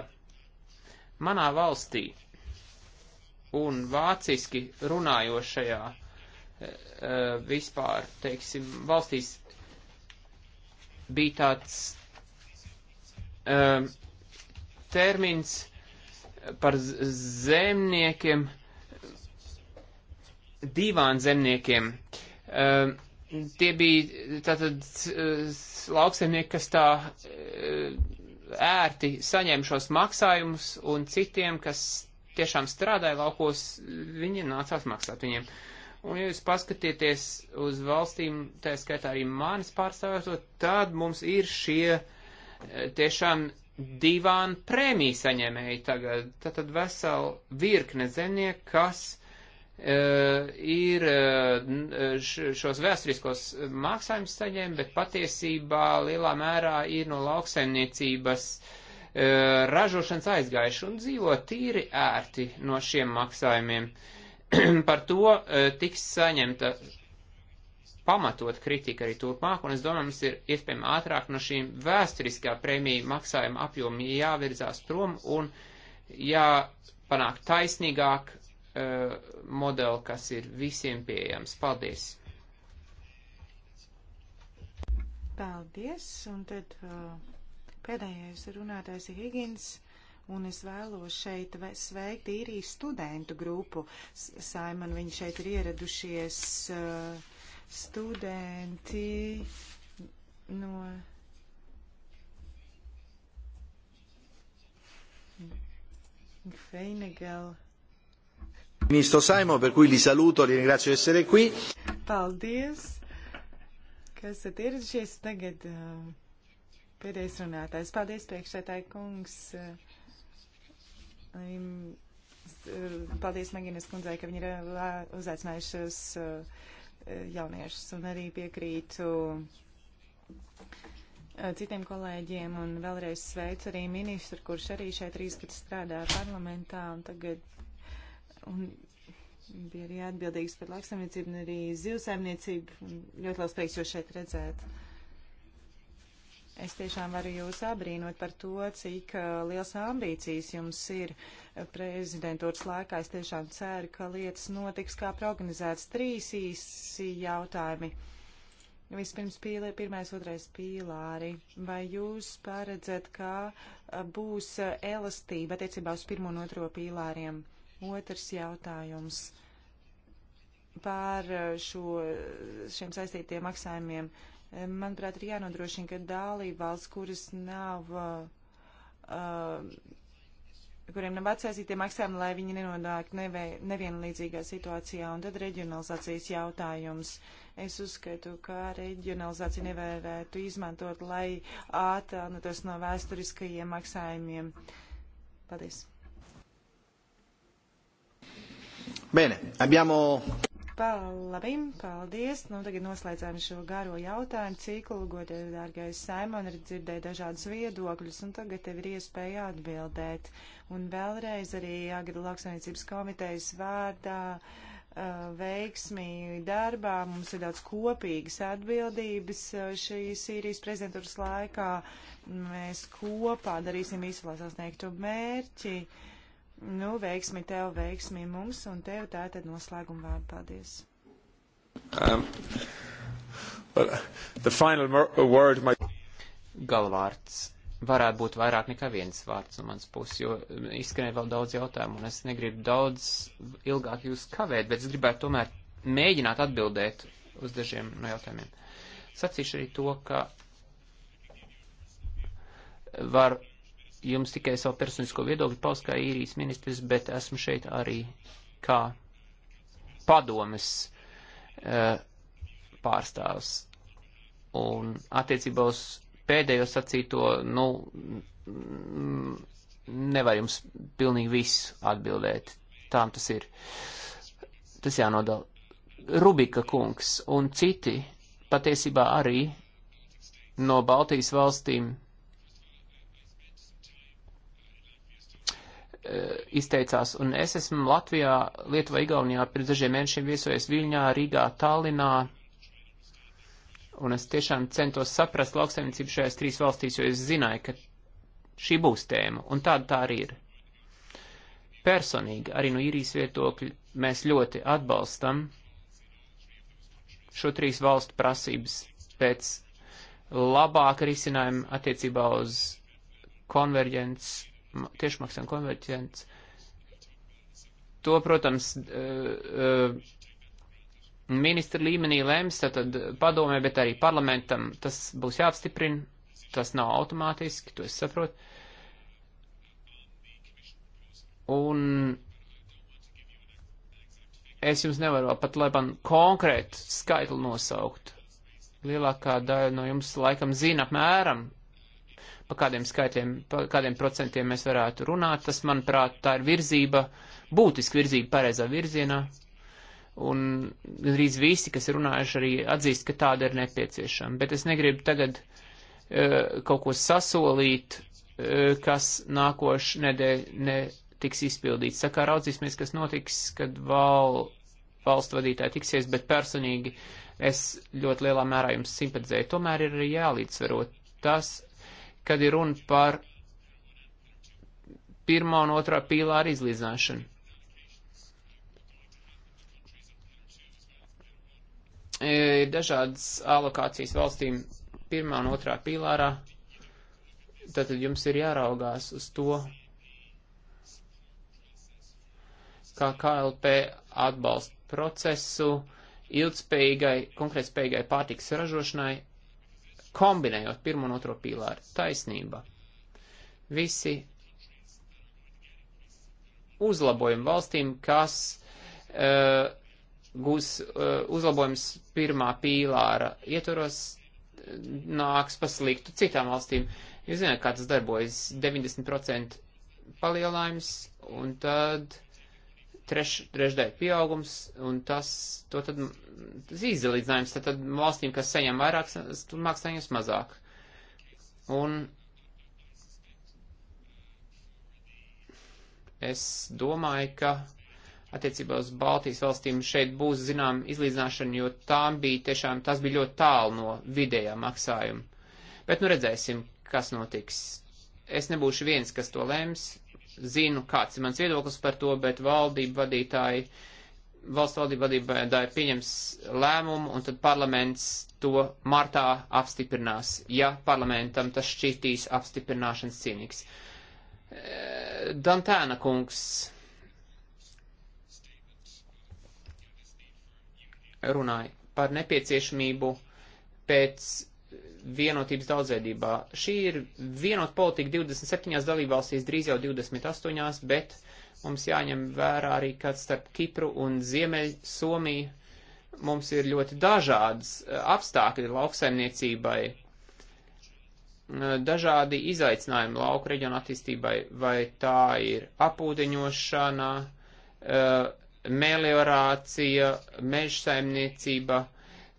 Manā valstī un vāciski runājošajā eh, vispār, teiksim, valstīs bija tāds um, termins par zemniekiem, divām zemniekiem. Um, tie bija tātad lauksaimnieki, kas tā e, ērti saņēma šos maksājumus, un citiem, kas tiešām strādāja laukos, viņi nācās maksāt viņiem. Un, ja jūs paskatieties uz valstīm, tā skaitā arī manis pārstāvjot, tad mums ir šie e, tiešām divāni prēmiju saņēmēji tagad. Tātad vesela virkne zemnieku, kas E, ir e, e, šos vēsturiskos maksājumus saņēma, bet patiesībā lielā mērā ir no lauksaimniecības ražošanas aizgājuši un dzīvo tīri ērti no šiem maksājumiem. Par to tiks saņemta pamatot kritika arī turpmāk, un es domāju, mums ir iespējami ātrāk no šīm vēsturiskā prēmija maksājuma apjomiem jāvirzās prom un jāpanāk taisnīgāk Eh, modeli, kas ir visiem pieejams. Paldies! Paldies! Un tad uh, pēdējais runātājs ir Higgins, un es vēlos šeit sveikt īrijas studentu grupu. Saimon, viņi šeit ir ieradušies uh, studenti no. Feinigal Ministro Saimo, par cui li saluto, li ringrazio essere qui. Paldies, ka esat ieradušies tagad eh, pēdējais runātājs. Paldies, priekšētāji kungs. Eh, eh, paldies Maginas kundzei, ka viņi ir uzaicinājušas jauniešus un arī piekrītu citiem kolēģiem un vēlreiz sveicu arī ministru, kurš arī šeit trīs gadus strādā parlamentā un tagad un bija arī atbildīgs par lauksaimniecību un arī zivsaimniecību. Ļoti liels prieks jūs šeit redzēt. Es tiešām varu jūs abrīnot par to, cik uh, liels ambīcijas jums ir uh, prezidentūras laikā. Es tiešām ceru, ka lietas notiks kā prognozēts. Trīs īsi jautājumi. Vispirms pīlē, pirmais, otrais pīlāri. Vai jūs paredzat, ka uh, būs uh, elastība attiecībā uz pirmo un otro pīlāriem? Uh, Otrs jautājums par uh, šo, šiem saistītiem maksājumiem. Eh, manuprāt, ir jānodrošina, ka dalībvalsts, kuras nav, uh, uh, kuriem nav atsaistītie maksājumi, lai viņi nenonāktu nevienlīdzīgā situācijā, un tad reģionalizācijas jautājums. Es uzskatu, ka reģionalizācija nevarētu izmantot, lai ātrinātos no vēsturiskajiem maksājumiem. Paldies! Bene, abbiamo... Labi, paldies. Nu, tagad noslēdzām šo garo jautājumu ciklu, godēju dārgais Saimon, arī dzirdēju dažādus viedokļus, un tagad tev ir iespēja atbildēt. Un vēlreiz arī Agri lauksaimniecības komitejas vārdā veiksmī darbā. Mums ir daudz kopīgas atbildības šīs īrijas prezidentūras laikā. Mēs kopā darīsim visu, lai sasniegtu mērķi. Uh, Nu, veiksmi tev, veiksmi mums, un tev tā tad noslēguma vārdu. Paldies! Um, word, my... Galvārds varētu būt vairāk nekā viens vārds no manas puses, jo um, izskanēja vēl daudz jautājumu, un es negribu daudz ilgāk jūs kavēt, bet es gribētu tomēr mēģināt atbildēt uz dažiem no jautājumiem. Sacīšu arī to, ka var jums tikai savu personisko viedokli paust kā īrijas ministrs, bet esmu šeit arī kā padomes uh, pārstāvs. Un attiecībā uz pēdējo sacīto, nu, nevar jums pilnīgi viss atbildēt. Tām tas ir. Tas jānodala. Rubika kungs un citi patiesībā arī no Baltijas valstīm Eh, izteicās, un es esmu Latvijā, Lietuvā, Igaunijā pirms dažiem mēnešiem viesojies Viļņā, Rīgā, Tallinā, un es tiešām centos saprast lauksaimniecību šajās trīs valstīs, jo es zināju, ka šī būs tēma, un tāda tā arī ir. Personīgi, arī no īrijas vietokļa, mēs ļoti atbalstam šo trīs valstu prasības pēc labāka risinājuma attiecībā uz konverģents tiešmaksām konverģents. To, protams, e, e, ministra līmenī lems, tad padomē, bet arī parlamentam tas būs jāapstiprina. Tas nav automātiski, to es saprotu. Un es jums nevaru pat labam konkrētu skaitli nosaukt. Lielākā daļa no jums laikam zina apmēram, pa kādiem skaitļiem, pa kādiem procentiem mēs varētu runāt. Tas, manuprāt, tā ir virzība, būtiska virzība pareizā virzienā. Un drīz visi, kas ir runājuši, arī atzīst, ka tāda ir nepieciešama. Bet es negribu tagad e, kaut ko sasolīt, e, kas nākošu nedēļu netiks izpildīts. Sakā raudzīsimies, kas notiks, kad val, valstu vadītāji tiksies, bet personīgi es ļoti lielā mērā jums simpatizēju. Tomēr ir arī jālīdzsverot tas kad ir runa par pirmā un otrā pīlāra izlīdzināšanu. E, ir dažādas alokācijas valstīm pirmā un otrā pīlārā, tad jums ir jāraugās uz to, kā KLP atbalsta procesu ilgspējīgai, konkrētspējīgai pārtiks ražošanai kombinējot pirmo un otro pīlāru. Taisnība. Visi uzlabojumi valstīm, kas uh, gūs uh, uzlabojums pirmā pīlāra ietvaros, nāks pasliktu citām valstīm. Jūs zināt, kā tas darbojas - 90% palielinājums, un tad treš, trešdaļa pieaugums, un tas, to tad, tas izlīdzinājums, tad, tad valstīm, kas saņem vairāk, turmāk saņems mazāk. Un es domāju, ka attiecībā uz Baltijas valstīm šeit būs, zinām, izlīdzināšana, jo tām bija tiešām, tas bija ļoti tālu no vidējā maksājuma. Bet nu redzēsim, kas notiks. Es nebūšu viens, kas to lems, zinu, kāds ir mans viedoklis par to, bet valdība vadītāji, valsts valdība vadītāji pieņems lēmumu, un tad parlaments to martā apstiprinās, ja parlamentam tas šķitīs apstiprināšanas cienīgs. Eh, Dantēna kungs runāja par nepieciešamību pēc vienotības daudzveidībā. Šī ir vienot politika 27 dalībvalstīs, drīz jau 28, bet mums jāņem vērā arī, ka starp Kipru un Ziemeļ Somiju mums ir ļoti dažādas eh, apstākļi lauksaimniecībai, eh, dažādi izaicinājumi lauku reģionu attīstībai, vai tā ir apūdeņošana, eh, meliorācija, mežsaimniecība.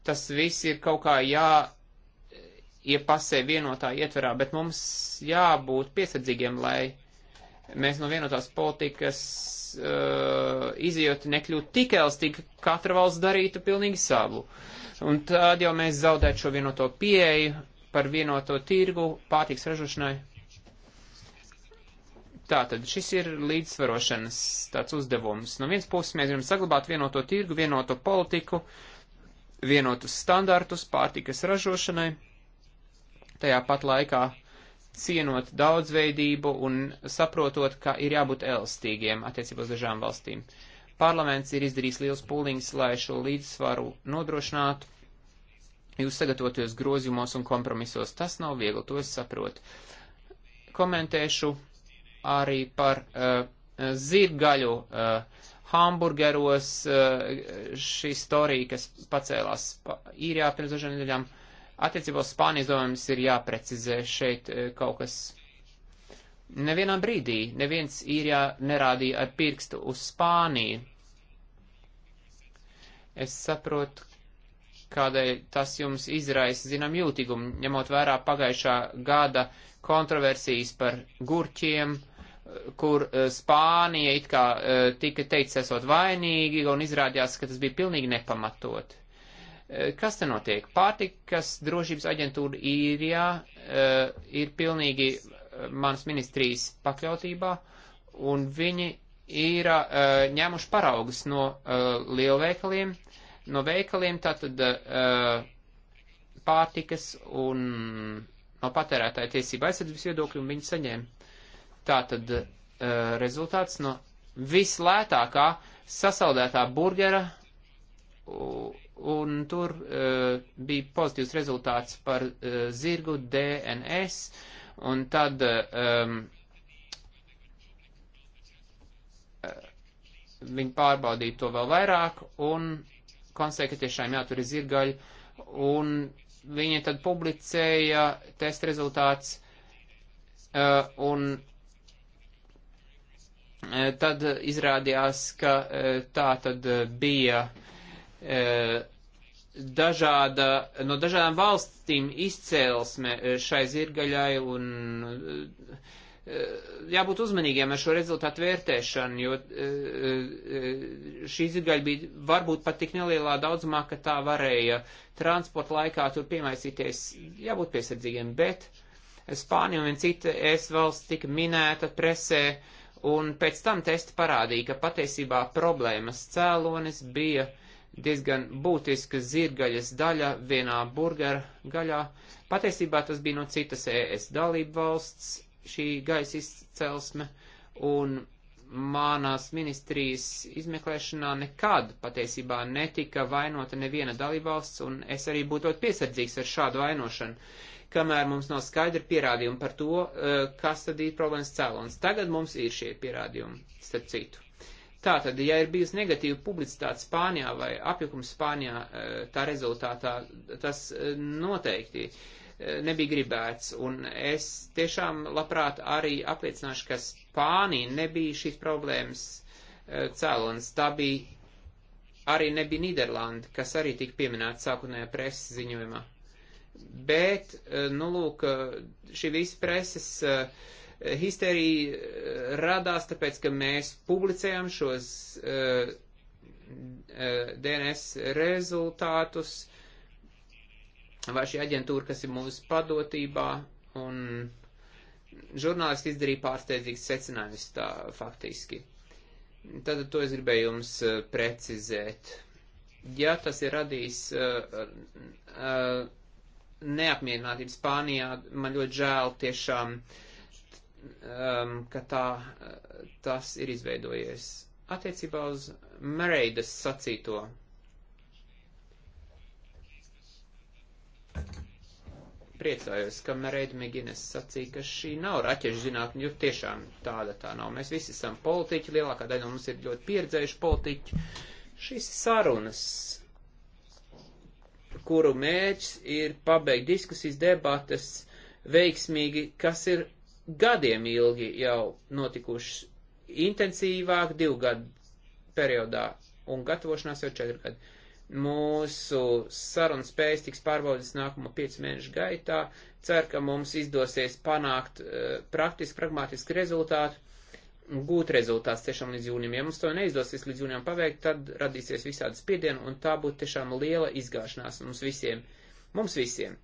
Tas viss ir kaut kā jā iepasē vienotā ietverā, bet mums jābūt piesardzīgiem, lai mēs no vienotās politikas uh, izjūtu nekļūtu tik elstīgi, ka katra valsts darītu pilnīgi savu. Un tad jau mēs zaudētu šo vienoto pieeju par vienoto tirgu pārtiks ražošanai. Tātad šis ir līdzsvarošanas tāds uzdevums. No vienas puses mēs gribam saglabāt vienoto tirgu, vienoto politiku, vienotus standartus pārtikas ražošanai tajā pat laikā cienot daudzveidību un saprotot, ka ir jābūt elastīgiem attiecībā uz dažām valstīm. Parlaments ir izdarījis liels pūliņus, lai šo līdzsvaru nodrošinātu. Jūs sagatavoties grozījumos un kompromisos, tas nav viegli, to es saprotu. Komentēšu arī par uh, zirgaļu uh, hamburgeros uh, šī storija, kas pacēlās īrijā pirms dažiem nedēļām. Uh, Attiecībā uz Spānijas domājums ir jāprecizē šeit e, kaut kas. Nevienā brīdī neviens īrijā nerādīja ar pirkstu uz Spāniju. Es saprotu, kādēļ tas jums izraisa, zinām, jūtīgumu, ņemot vērā pagājušā gada kontroversijas par gurķiem, kur e, Spānija it kā e, tika teikts esot vainīgi un izrādījās, ka tas bija pilnīgi nepamatot. Eh, kas te notiek? Pārtikas drošības aģentūra īrijā eh, ir pilnīgi eh, manas ministrijas pakļautībā, un viņi ir ņēmuši paraugus no lielveikaliem, no veikaliem tātad pārtikas un no patērētāja tiesība aizsardzības viedokļu, un viņi saņēma tātad rezultāts no vislētākā sasaldētā burgera un tur uh, bija pozitīvs rezultāts par uh, zirgu DNS, un tad um, viņi pārbaudīja to vēl vairāk un konstatēja, ka tiešām jātur ir zirgaļi, un viņi tad publicēja testa rezultāts, uh, un uh, tad izrādījās, ka uh, tā tad bija uh, E, dažāda, no dažādām valstīm izcēlsme e, šai zirgaļai un e, jābūt uzmanīgiem ar šo rezultātu vērtēšanu, jo šī zirgaļa bija varbūt pat tik nelielā daudzumā, ka tā varēja transporta laikā tur piemaisīties, jābūt piesardzīgiem, bet Spānija un cita es valsts tika minēta presē, un pēc tam testi parādīja, ka patiesībā problēmas cēlonis bija uh, diezgan būtiska zirgaļas daļa vienā burgera gaļā. Patiesībā tas bija no citas ES dalību valsts šī gaisa izcelsme, un mānās ministrijas izmeklēšanā nekad patiesībā netika vainota neviena dalībvalsts, un es arī būtu piesardzīgs ar šādu vainošanu, kamēr mums nav skaidri pierādījumi par to, eh, kas tad ir problēmas cēlons. Tagad mums ir šie pierādījumi, starp citu. Tātad, ja ir bijusi negatīva publicitāte Spānijā vai apjukums Spānijā, e, tā rezultātā tas e, noteikti e, nebija gribēts. Un es tiešām labprāt arī apliecināšu, ka Spānija nebija šīs problēmas cēlonis. Tā bija arī nebija Nīderlanda, kas arī tika pieminēta sākotnējā preses ziņojumā. Bet, nu lūk, šī visa preses uh, Histērija eh, radās tāpēc, ka mēs publicējam šos uh, eh, eh, DNS rezultātus vai šī aģentūra, kas ir mūsu padotībā, un žurnālisti izdarīja pārsteidzīgs secinājums tā faktiski. Tad to es gribēju jums precizēt. Ja tas ir radījis uh, uh, neapmierinātību Spānijā, man ļoti žēl tiešām uh, um, ka tā, tas ir izveidojies. Attiecībā uz Mareidas sacīto. Priecājos, ka Mareida Megines sacīja, ka šī nav raķešu zinātne, jo tiešām tāda tā nav. Mēs visi esam politiķi, lielākā daļa no mums ir ļoti pieredzējuši politiķi. Šīs sarunas, kuru mērķis ir pabeigt diskusijas debatas veiksmīgi, kas ir gadiem ilgi jau notikušas intensīvāk, divu gadu periodā, un gatavošanās jau četri gadi. Mūsu sarunu spējas tiks pārbaudīts nākamo piecu mēnešu gaitā. Ceru, ka mums izdosies panākt uh, praktiski, pragmatiski rezultātu, gūt rezultāts tiešām līdz jūnijam. Ja mums to neizdosies līdz jūnijam paveikt, tad radīsies visādi spiedieni, un tā būtu tiešām liela izgāšanās mums visiem. Mums visiem.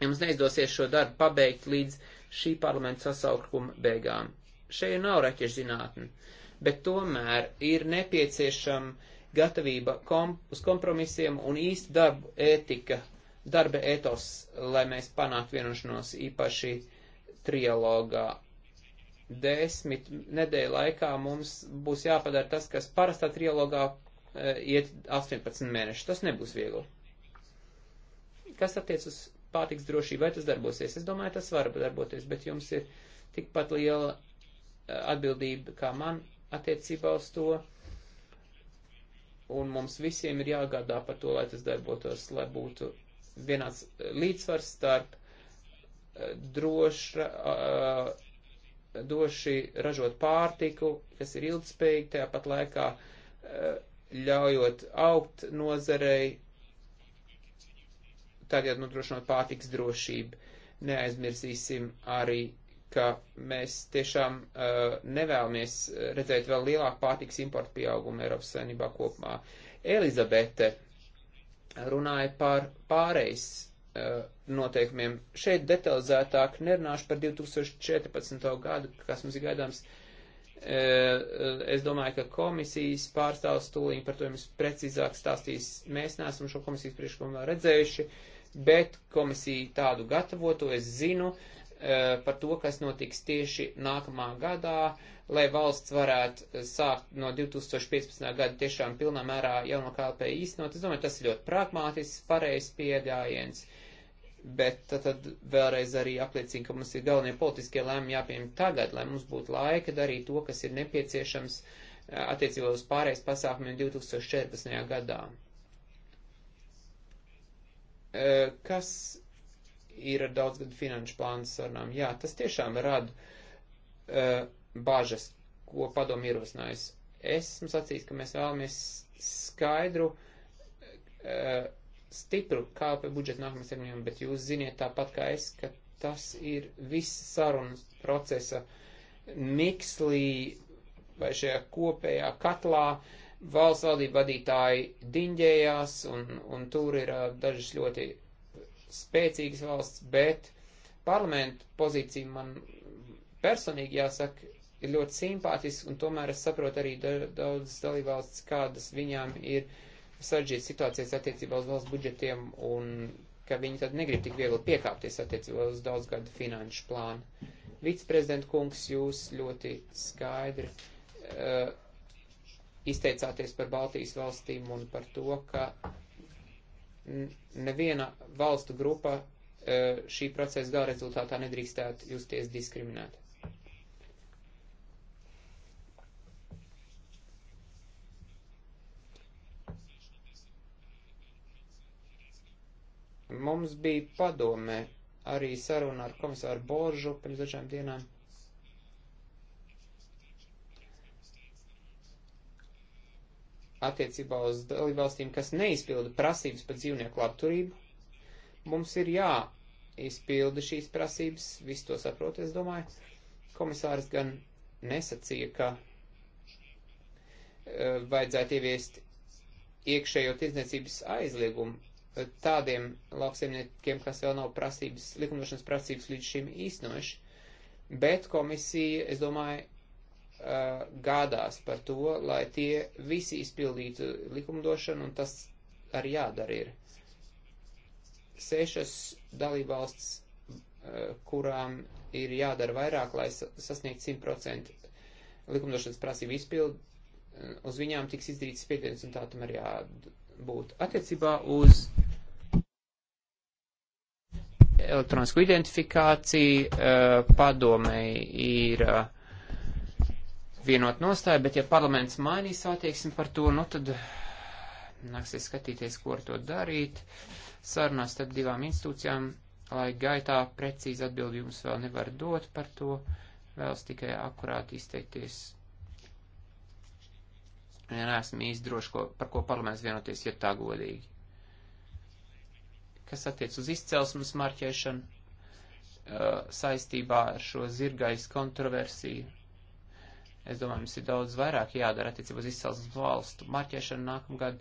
Ja mums neizdosies šo darbu pabeigt līdz uh, šī parlamenta sasaukuma beigām. Šeit nav raķešu zinātne, bet tomēr ir nepieciešama gatavība kom uz kompromisiem un īsta darba ētika, darba ētos, lai mēs panāktu vienošanos īpaši trialogā. Desmit nedēļu laikā mums būs jāpadara tas, kas parastā trialogā eh, iet 18 mēnešus. Tas nebūs viegli. Kas attiec uz pārtiks drošība, vai tas darbosies? Es domāju, tas var darboties, bet jums ir tikpat liela eh, atbildība kā man attiecībā uz to. Un mums visiem ir jāgādā par to, lai tas darbotos, lai būtu vienāds eh, līdzsvars starp eh, droša, droši ražot pārtiku, kas ir ilgspējīgi, tāpat laikā ļaujot augt nozarei tagad nodrošinot pārtiks drošību. Neaizmirsīsim arī, ka mēs tiešām uh, nevēlamies redzēt vēl lielāku pārtiks importu pieaugumu Eiropas saimnībā kopumā. Elizabete runāja par pārejas uh, noteikumiem. Šeit detalizētāk nerunāšu par 2014. gadu, kas mums ir gaidāms. Eh, es domāju, ka komisijas pārstāvs tūlīt par to jums precīzāk stāstīs. Mēs neesam šo komisijas priekšlikumu vēl redzējuši. Uh, bet komisija tādu gatavotu, es zinu eh, par to, kas notiks tieši nākamā gadā, lai valsts varētu eh, sākt no 2015. gada tiešām pilnā mērā jauno KLP īstenot. Es domāju, tas ir ļoti pragmātisks, pareizs pieejājiens, bet tad, tad vēlreiz arī apliecina, ka mums ir galvenie politiskie lēmumi jāpieņem tagad, lai mums būtu laika darīt to, kas ir nepieciešams eh, attiecībā uz pārējais pasākumiem 2014. gadā. Eh, kas ir ar daudzgadu finanšu plānu sarunām? Jā, tas tiešām rada eh, bažas, ko padomu ierosinājis. Esmu sacījis, ka mēs vēlamies skaidru, eh, stipru KLP budžetu nākamajam septiņiem, bet jūs ziniet tāpat kā es, ka tas ir viss sarunas procesa mikslī vai šajā kopējā katlā. Uh, valsts valdību vadītāji diņģējās, un, un tur ir dažas ļoti spēcīgas valsts, bet parlamentu pozīcija man personīgi jāsaka ir ļoti simpātiski, un tomēr es saprotu arī da daudzas dalībvalstis, kādas viņām ir sarežģītas situācijas attiecībā uz valsts budžetiem, un ka viņi tad negrib tik viegli piekāpties attiecībā uz daudzgadu finanšu plānu. Viceprezidenta kungs, jūs ļoti skaidri uh, izteicāties par Baltijas valstīm un par to, ka neviena valstu grupa e, šī procesa gala rezultātā nedrīkstētu justies diskriminēta. Mums bija padome arī saruna ar komisāru Boržu pirms dažām dienām. attiecībā uz dalībvalstīm, kas neizpilda prasības par dzīvnieku labturību. Mums ir jāizpilda šīs prasības, visu to saprot, es domāju. Komisārs gan nesacīja, ka uh, vajadzētu ieviest iekšējo tirdzniecības aizliegumu e, tādiem lauksaimniekiem, kas vēl nav prasības, likumdošanas prasības līdz šim īstenojuši. Bet komisija, es domāju, gādās par to, lai tie visi izpildītu likumdošanu, un tas arī jādara ir. Sešas dalībvalsts, kurām ir jādara vairāk, lai sasniegtu 100% likumdošanas prasību izpildu, uz viņām tiks izdarīts spiediens, un tā tam arī jābūt. Attiecībā uz elektronisku identifikāciju padomēji ir uh, vienot nostāju, bet ja parlaments mainīs attieksmi par to, nu tad eh, nāksies skatīties, ko ar to darīt. Sarunās starp divām institūcijām, lai gaitā precīzi atbildi jums vēl nevar dot par to, vēlas tikai akurāti izteikties. Ja neesmu īsti droši, ko, par ko parlaments vienoties, ja tā godīgi. Kas attiec uz izcelsmes marķēšanu eh, saistībā ar šo zirgais kontroversiju, Es domāju, mums ir daudz vairāk jādara attiecībā uz izcelsmes valstu marķēšanu nākamgad.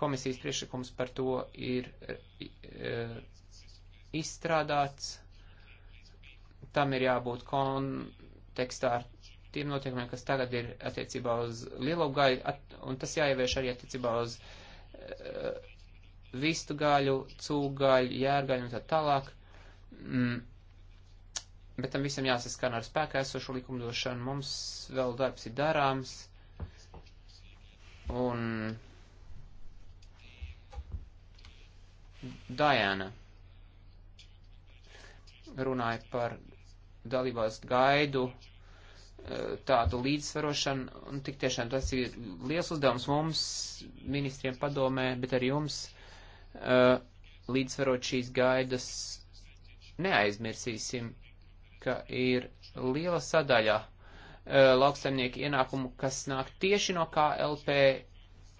Komisijas priekšlikums par to ir e, e, izstrādāts. Tam ir jābūt kontekstā ar tiem notiekumiem, kas tagad ir attiecībā uz lielopgāju, at, un tas jāievieš arī attiecībā uz uh, vistu gaļu, cūgaļu, jērgaļu un tā tālāk. Mm, bet tam visam jāsaskan ar spēkā esošu likumdošanu. Mums vēl darbs ir darāms. Un Dajana runāja par dalībās gaidu eh, tādu līdzsvarošanu, un tik tiešām tas ir liels uzdevums mums, ministriem padomē, bet arī jums eh, līdzsvarot šīs gaidas neaizmirsīsim ka ir liela sadaļa e, lauksaimnieku ienākumu, kas nāk tieši no KLP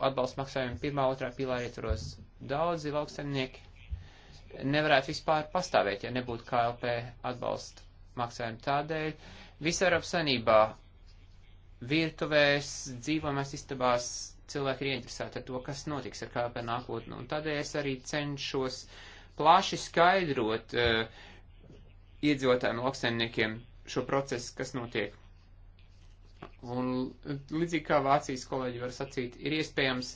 atbalsta maksājumiem pirmā, otrā pilāra ietvaros. Daudzi lauksaimnieki nevarētu vispār pastāvēt, ja nebūtu KLP atbalsta maksājumi tādēļ. Visā Eiropas Sanībā virtuvēs, dzīvojamās istabās cilvēki ir ieinteresēti ar to, kas notiks ar KLP nākotni. Un tādēļ es arī cenšos plaši skaidrot uh, iedzīvotājiem, lauksaimniekiem šo procesu, kas notiek. Un līdzīgi kā Vācijas kolēģi var sacīt, ir iespējams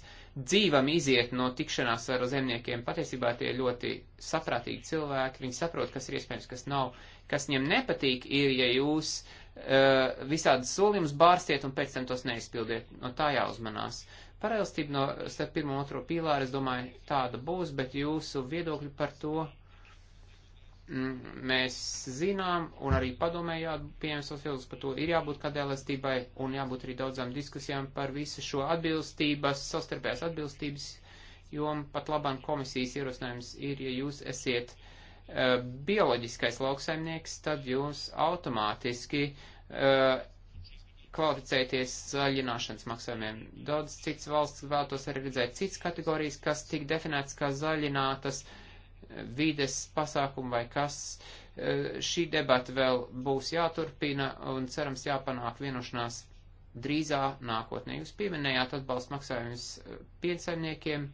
dzīvam iziet no tikšanās ar zemniekiem. Patiesībā tie ir ļoti saprātīgi cilvēki, viņi saprot, kas ir iespējams, kas nav. Kas viņiem nepatīk, ir, ja jūs uh, visādi solījumus bārstiet un pēc tam tos neizpildiet. No tā jāuzmanās. Paralēlstība no starp pirmo un otro pīlāru, es domāju, tāda būs, bet jūsu viedokļi par to Mm, mēs zinām, un arī padomē jāpieņem sociālus par to, ir jābūt kādai elastībai, un jābūt arī daudzām diskusijām par visu šo atbilstības, sastarpējās atbilstības, jo pat labāk komisijas ierosinājums ir, ja jūs esiet uh, bioloģiskais lauksaimnieks, tad jūs automātiski uh, kvalificēties zaļināšanas maksājumiem. Daudz cits valsts vēlētos arī redzēt cits kategorijas, kas tik definēts kā zaļinātas. Uh, vides pasākumu vai kas. Eh, šī debata vēl būs jāturpina un cerams jāpanāk vienošanās drīzā nākotnē. Jūs pieminējāt atbalstu maksājumus eh, piensaimniekiem,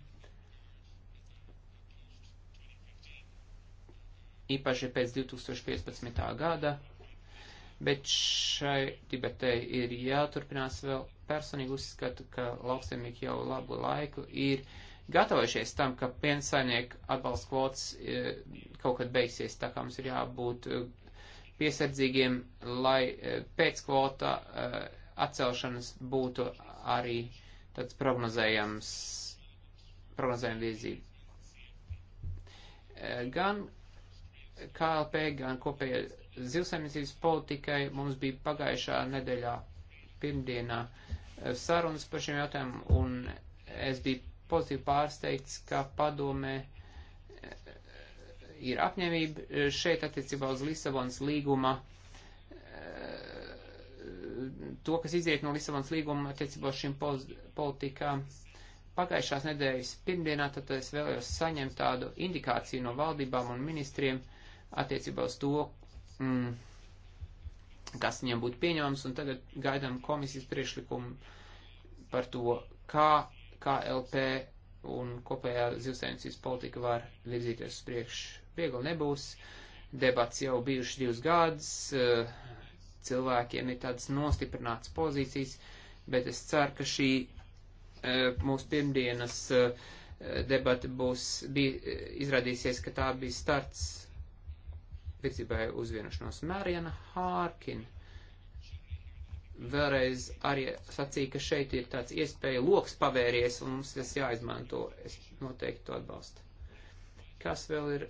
īpaši pēc 2015. gada, bet šai debatei ir jāturpinās vēl personīgi uzskatu, ka lauksaimnieki jau labu laiku ir uh, gatavojušies tam, ka piensaimnieku atbalsta kvotas e, kaut kad beigsies, tā kā mums ir jābūt e, piesardzīgiem, lai e, pēc kvota atcelšanas būtu arī tāds prognozējams, prognozējama virzība. Gan KLP, gan kopējai zivsaimniecības politikai mums bija pagājušā nedēļā pirmdienā sarunas par šiem jautājumiem, un es biju pozitīvi pārsteigts, ka padomē eh, ir apņēmība eh, šeit attiecībā uz Lisabonas līguma. Eh, to, kas iziet no Lisabonas līguma attiecībā uz šīm politikām, pagājušās nedēļas pirmdienā, tad es vēlējos saņemt tādu indikāciju no valdībām un ministriem attiecībā uz to, mm, kas viņiem būtu pieņemams, un tagad gaidām komisijas priešlikumu par to, kā KLP un kopējā zivsainicības politika var virzīties uz priekšu. Viegli nebūs, debats jau bijuši divus gadus, eh, cilvēkiem ir tādas nostiprinātas pozīcijas, bet es ceru, ka šī eh, mūsu pirmdienas eh, debata būs, bija, izrādīsies, ka tā bija starts virzībai uz vienošanos Mērjana Hārkina vēlreiz arī sacīja, ka šeit ir tāds iespēja loks pavēries un mums tas jāizmanto. Es noteikti to atbalstu. Kas vēl ir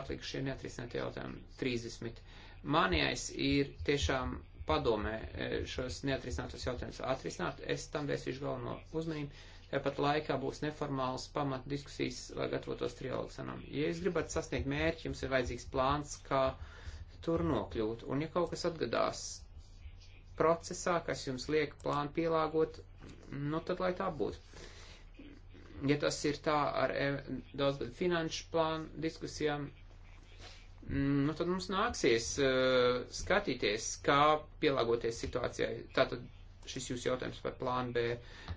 atlikušie neatrisināti jautājumi? 30. Manijais ir tiešām padomē e, šos neatrisinātos jautājumus atrisināt. Es tam vērsīšu galveno uzmanību. Tāpat laikā būs neformāls pamat diskusijas, lai gatavotos trialogu sanām. Ja jūs gribat sasniegt mērķi, jums ir vajadzīgs plāns, kā tur nokļūt. Un ja kaut kas atgadās, procesā, kas jums liek plānu pielāgot, nu tad lai tā būtu. Ja tas ir tā ar e, daudzgad finanšu plānu diskusijām, nu tad mums nāksies uh, skatīties, kā pielāgoties situācijai. Tātad šis jūsu jautājums par plānu B.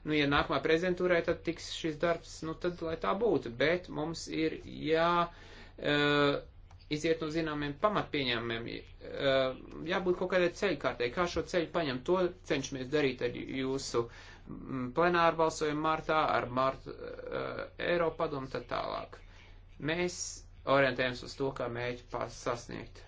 Nu, ja nākamā prezentūrē, tad tiks šis darbs, nu tad lai tā būtu, bet mums ir jā. Uh, iziet no zināmiem pamatpieņēmumiem, eh, jābūt kaut kādai ceļkārtei, kā šo ceļu paņemt, to cenšamies darīt ar jūsu mm, plenāru balsojumu martā, ar martu eh, Eiropa padomu tā tālāk. Mēs orientējamies uz to, kā mēģi sasniegt.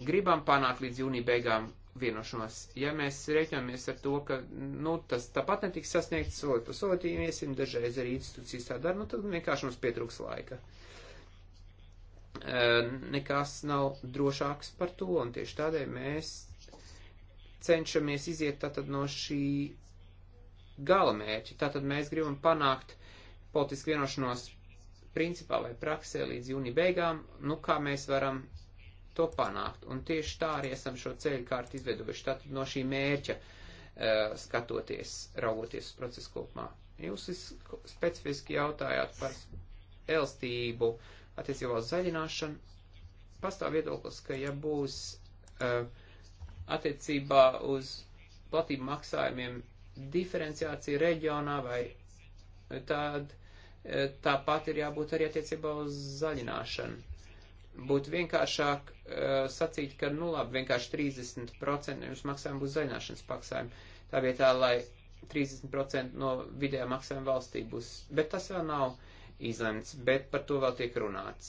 Gribam panākt līdz jūnija beigām vienošanos. Ja mēs rēķinamies ar to, ka nu, tas tāpat netiks sasniegts soli pa soli, ja iesim dažreiz arī institūcijas tā dara, nu, tad vienkārši mums pietrūks laika. Uh, Eh, nekas nav drošāks par to, un tieši tādēļ mēs cenšamies iziet tātad no šī galamērķa. Tātad mēs gribam panākt politisku vienošanos principā vai praksē līdz jūnija beigām, nu kā mēs varam to panākt. Un tieši tā arī esam šo ceļu kārtu izveidojuši, tātad no šī mērķa uh, skatoties, raugoties uz procesu kopumā. Jūs specifiski jautājāt par elstību. Uh, attiecībā uz zaļināšanu. Pastāv viedoklis, ka ja būs uh, attiecībā uz platību maksājumiem diferenciācija reģionā vai eh, tād, uh, eh, tāpat ir jābūt arī attiecībā uz zaļināšanu. Būtu vienkāršāk uh, sacīt, ka nu labi, vienkārši 30% no jums maksājumu būs zaļināšanas maksājumi. Tā vietā, lai 30% no vidējā maksājuma valstī būs. Bet tas vēl nav izlemts, bet par to vēl tiek runāts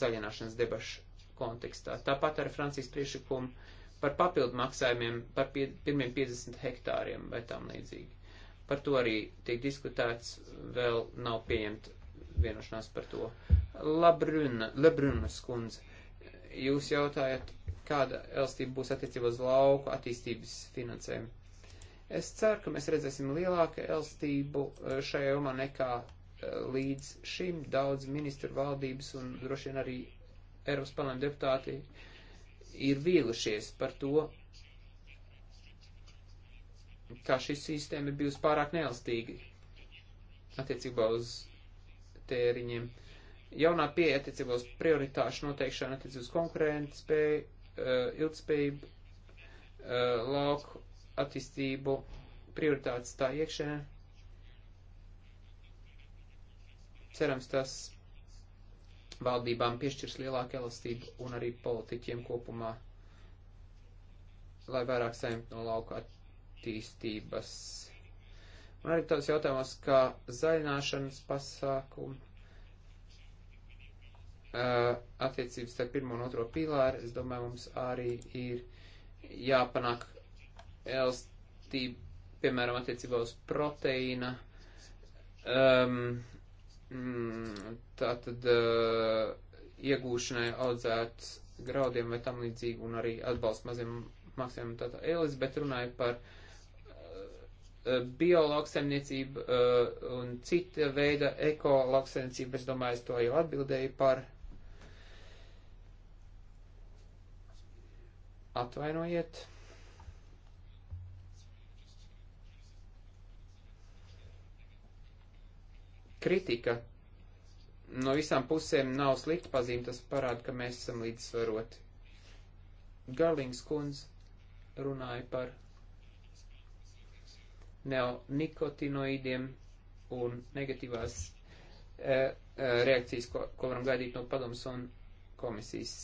zaļināšanas debašu kontekstā. Tāpat ar Francijas priekšlikumu par papildu maksājumiem par pie, pirmiem 50 hektāriem vai tam līdzīgi. Par to arī tiek diskutēts, vēl nav pieņemta vienošanās par to. Labruna, Labruna skundze, jūs jautājat, kāda elstība būs attiecībā uz lauku attīstības finansējumu. Es ceru, ka mēs redzēsim lielāku elstību eh, šajā jomā nekā līdz šim daudz ministru valdības un droši vien arī Eiropas parlamenta deputāti ir vīlušies par to, kā šī sistēma ir bijusi pārāk neelastīga attiecībā uz tēriņiem. Jaunā pieeja attiecībā uz prioritāšu noteikšanu, attiecībā uz konkurentu spēju, eh, ilgspējību, eh, lauku attīstību, prioritātes tā iekšēnē Cerams, tas valdībām piešķirs lielāku elastību un arī politiķiem kopumā, lai vairāk saimtu no lauka attīstības. Un arī tāds jautājums, kā zaļināšanas pasākumi, attiecības starp pirmo un otro pīlāru, es domāju, mums arī ir jāpanāk elastība, piemēram, attiecībā uz proteīna um, Mm, tātad eh, iegūšanai audzēt graudiem vai tam līdzīgi un arī atbalstu maziem māksliem un tātad ēlis, bet runāja par eh, biolauksaimniecību eh, un cita veida ekolauksaimniecību. Es domāju, es to jau atbildēju par. Atvainojiet. kritika no visām pusēm nav slikta pazīme, tas parāda, ka mēs esam līdzsvaroti. Garlings kundz runāja par neonikotinoīdiem un negatīvās e, e reakcijas, ko, ko varam gaidīt no padomus un komisijas.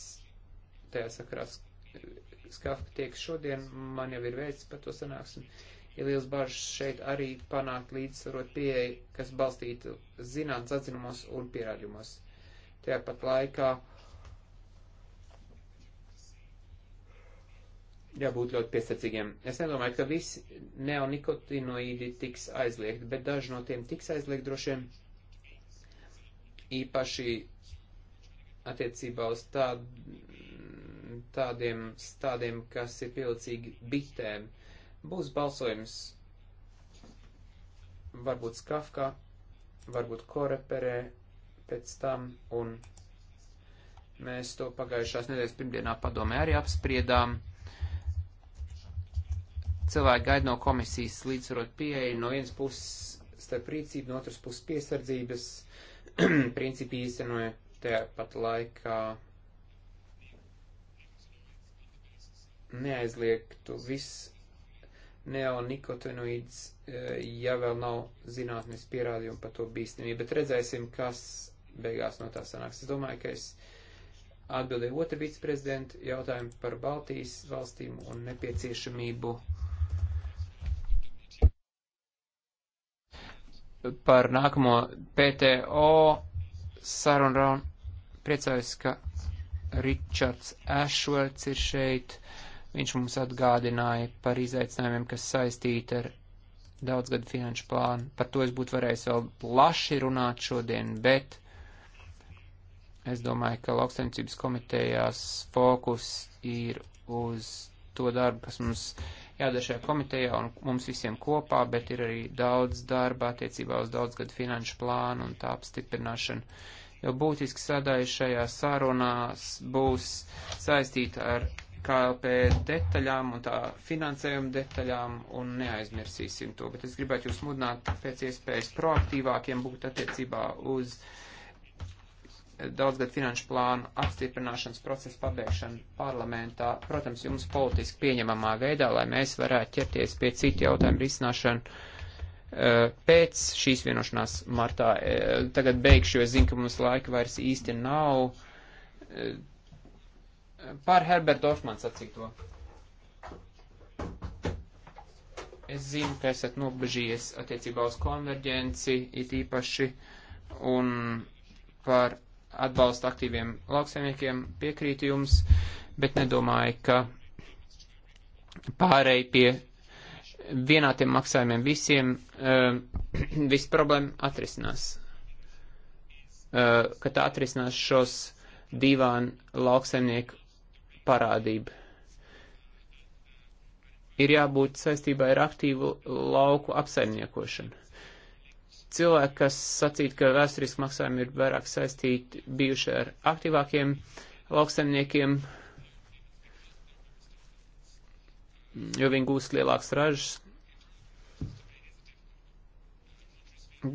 Tajā sakarā skafka tiek šodien, man jau ir veids par to sanāksim. Uh, ir liels bažas šeit arī panākt līdzsvarot pieeju, kas balstītu zinātnes atzinumos un pierādījumos. Tāpat laikā jābūt ļoti piesacīgiem. Es nedomāju, ka visi neonikotinoīdi tiks aizliegt, bet daži no tiem tiks aizliegt droši vien īpaši attiecībā uz tādu tādiem stādiem, kas ir pielicīgi bitēm. Uh, Būs balsojums varbūt Skafka, varbūt Koreperē pēc tam, un mēs to pagājušās nedēļas pirmdienā padomē arī apspriedām. Cilvēki gaida no komisijas līdzsvarot pieeju no vienas puses starp rīcību, no otras puses piesardzības principi īstenoja tajā pat laikā neaizliegtu viss neonikotinoīds, e, ja vēl nav zinātnes pierādījumi par to bīstamību, bet redzēsim, kas beigās no tā sanāks. Es domāju, ka es atbildēju otru viceprezidentu jautājumu par Baltijas valstīm un nepieciešamību par nākamo PTO sarunu raunu. Priecājos, ka Ričards Ashworts ir šeit. Uh, Viņš mums atgādināja par izaicinājumiem, kas saistīti ar daudzgadu finanšu plānu. Par to es būtu varējis vēl plaši runāt šodien, bet es domāju, ka lauksaimniecības komitejās fokus ir uz to darbu, kas mums jādara šajā komitejā un mums visiem kopā, bet ir arī daudz darba attiecībā uz daudzgadu finanšu plānu un tā apstiprināšanu. Jo būtiski sadaļa šajā sarunās būs saistīta ar KLP detaļām un tā finansējuma detaļām un neaizmirsīsim to. Bet es gribētu jūs mudināt pēc iespējas proaktīvākiem būt attiecībā uz daudzgad finanšu plānu apstiprināšanas procesu pabeigšanu parlamentā, protams, jums politiski pieņemamā veidā, lai mēs varētu ķerties pie citu jautājumu risināšanu eh, pēc šīs vienošanās martā. Eh, tagad beigšu, jo es zinu, ka mums laika vairs īsti nav. Eh, Par Herbert Dorfmans sacīto. Es zinu, ka esat nobežījies attiecībā uz konverģenci, it īpaši, un par atbalstu aktīviem lauksaimniekiem piekrītu jums, bet nedomāju, ka pārēj pie vienātiem maksājumiem visiem uh, eh, visu problēmu atrisinās. Uh, ka tā atrisinās šos divānu lauksaimnieku parādība. Ir jābūt saistībā ar aktīvu lauku apsaimniekošanu. Cilvēki, kas sacītu, ka vēsturiski maksājumi ir vairāk saistīti bijuši ar aktīvākiem lauksaimniekiem, jo viņi gūst lielākas ražas.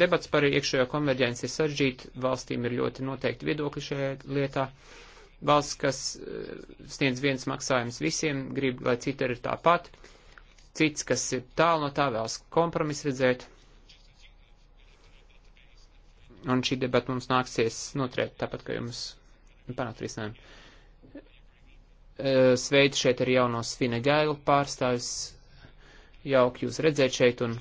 Debats par iekšējo konverģenci ir saržģīti, valstīm ir ļoti noteikti viedokļi šajā lietā. Uh, Valsts, kas eh, sniedz viens maksājums visiem, grib, lai cita ir tāpat. Cits, kas ir tālu no tā, vēlas kompromisu redzēt. Un šī debata mums nāksies noturēt tāpat, ka jums panākt risinājumu. Eh, sveicu šeit ar jaunos Fina Gailu pārstāvis. Jauki jūs redzēt šeit un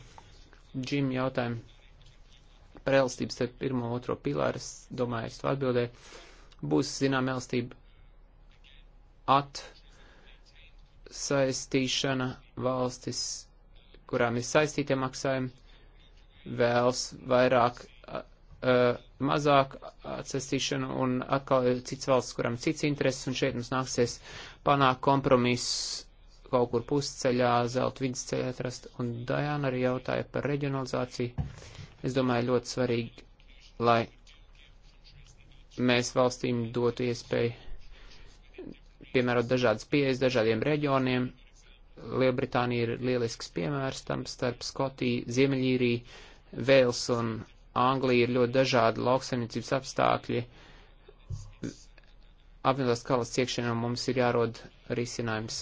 Džim jautājumu par elastības starp pirmo un otro pilāru. Es domāju, es to atbildēju. Būs zinām elstība atsaistīšana valstis, kurām ir saistītie maksājumi, vēls vairāk, uh, mazāk atsaistīšanu un atkal cits valsts, kurām cits intereses, un šeit mums nāksies panākt kompromisu kaut kur pusceļā, zelta vidusceļā atrast, un Dajana arī jautāja par reģionalizāciju. Es domāju, ļoti svarīgi, lai mēs valstīm dotu iespēju piemērot dažādas pieejas dažādiem reģioniem. Lielbritānija ir lielisks piemērs tam starp Skotiju, Ziemeļīriju, Vēls un Anglija ir ļoti dažādi lauksaimniecības apstākļi. Apvienotās kalas ciekšienā mums ir jārod risinājums,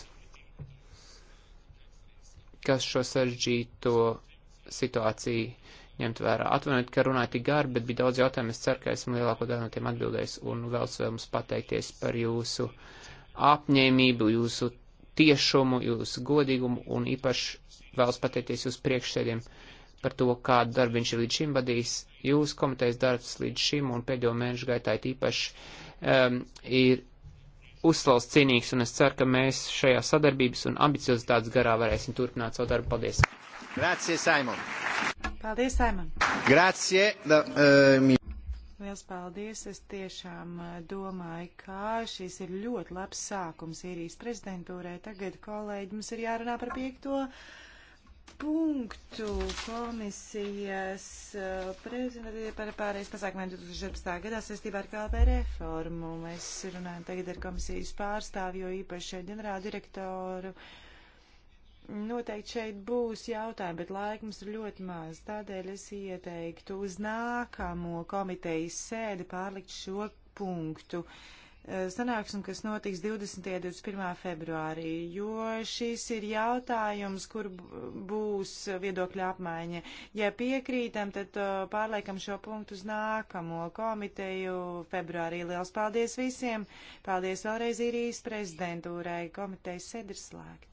kas šo sarežģīto situāciju ņemt vērā. Atvainojiet, ka runāju tik gari, bet bija daudz jautājumu. Es ceru, ka esmu lielāko daļu no tiem atbildējis un vēl svējums pateikties par jūsu apņēmību, jūsu tiešumu, jūsu godīgumu un īpaši vēlas pateikties jūsu priekšsēdiem par to, kādu darbu viņš ir līdz šim vadījis. Jūsu komitejas darbs līdz šim un pēdējo mēnešu gaitā ir īpaši um, ir uzslaus cienīgs, un es ceru, ka mēs šajā sadarbības un ambiciozitātes garā varēsim turpināt savu darbu. Paldies! Grazie, Saimon! Paldies, Saimon. Grazie. Da, uh, Liels paldies. Es tiešām eh, domāju, ka šis ir ļoti labs sākums īrijas prezidentūrai. Tagad, kolēģi, mums ir jārunā par piekto punktu komisijas eh, prezentācija par pārējais pasākumiem 2014. gadā saistībā ar KLP reformu. Mēs runājam tagad ar komisijas pārstāvju, jo īpaši ģenerāldirektoru. direktoru Noteikti šeit būs jautājumi, bet laika mums ir ļoti maz. Tādēļ es ieteiktu uz nākamo komitejas sēdi pārlikt šo punktu. E, sanāksim, kas notiks 20. un 21. februārī, jo šis ir jautājums, kur būs viedokļa apmaiņa. Ja piekrītam, tad e, pārliekam šo punktu uz nākamo komiteju februārī. Liels paldies visiem! Paldies vēlreiz īrijas prezidentūrai. Komitejas sēdi ir slēgta.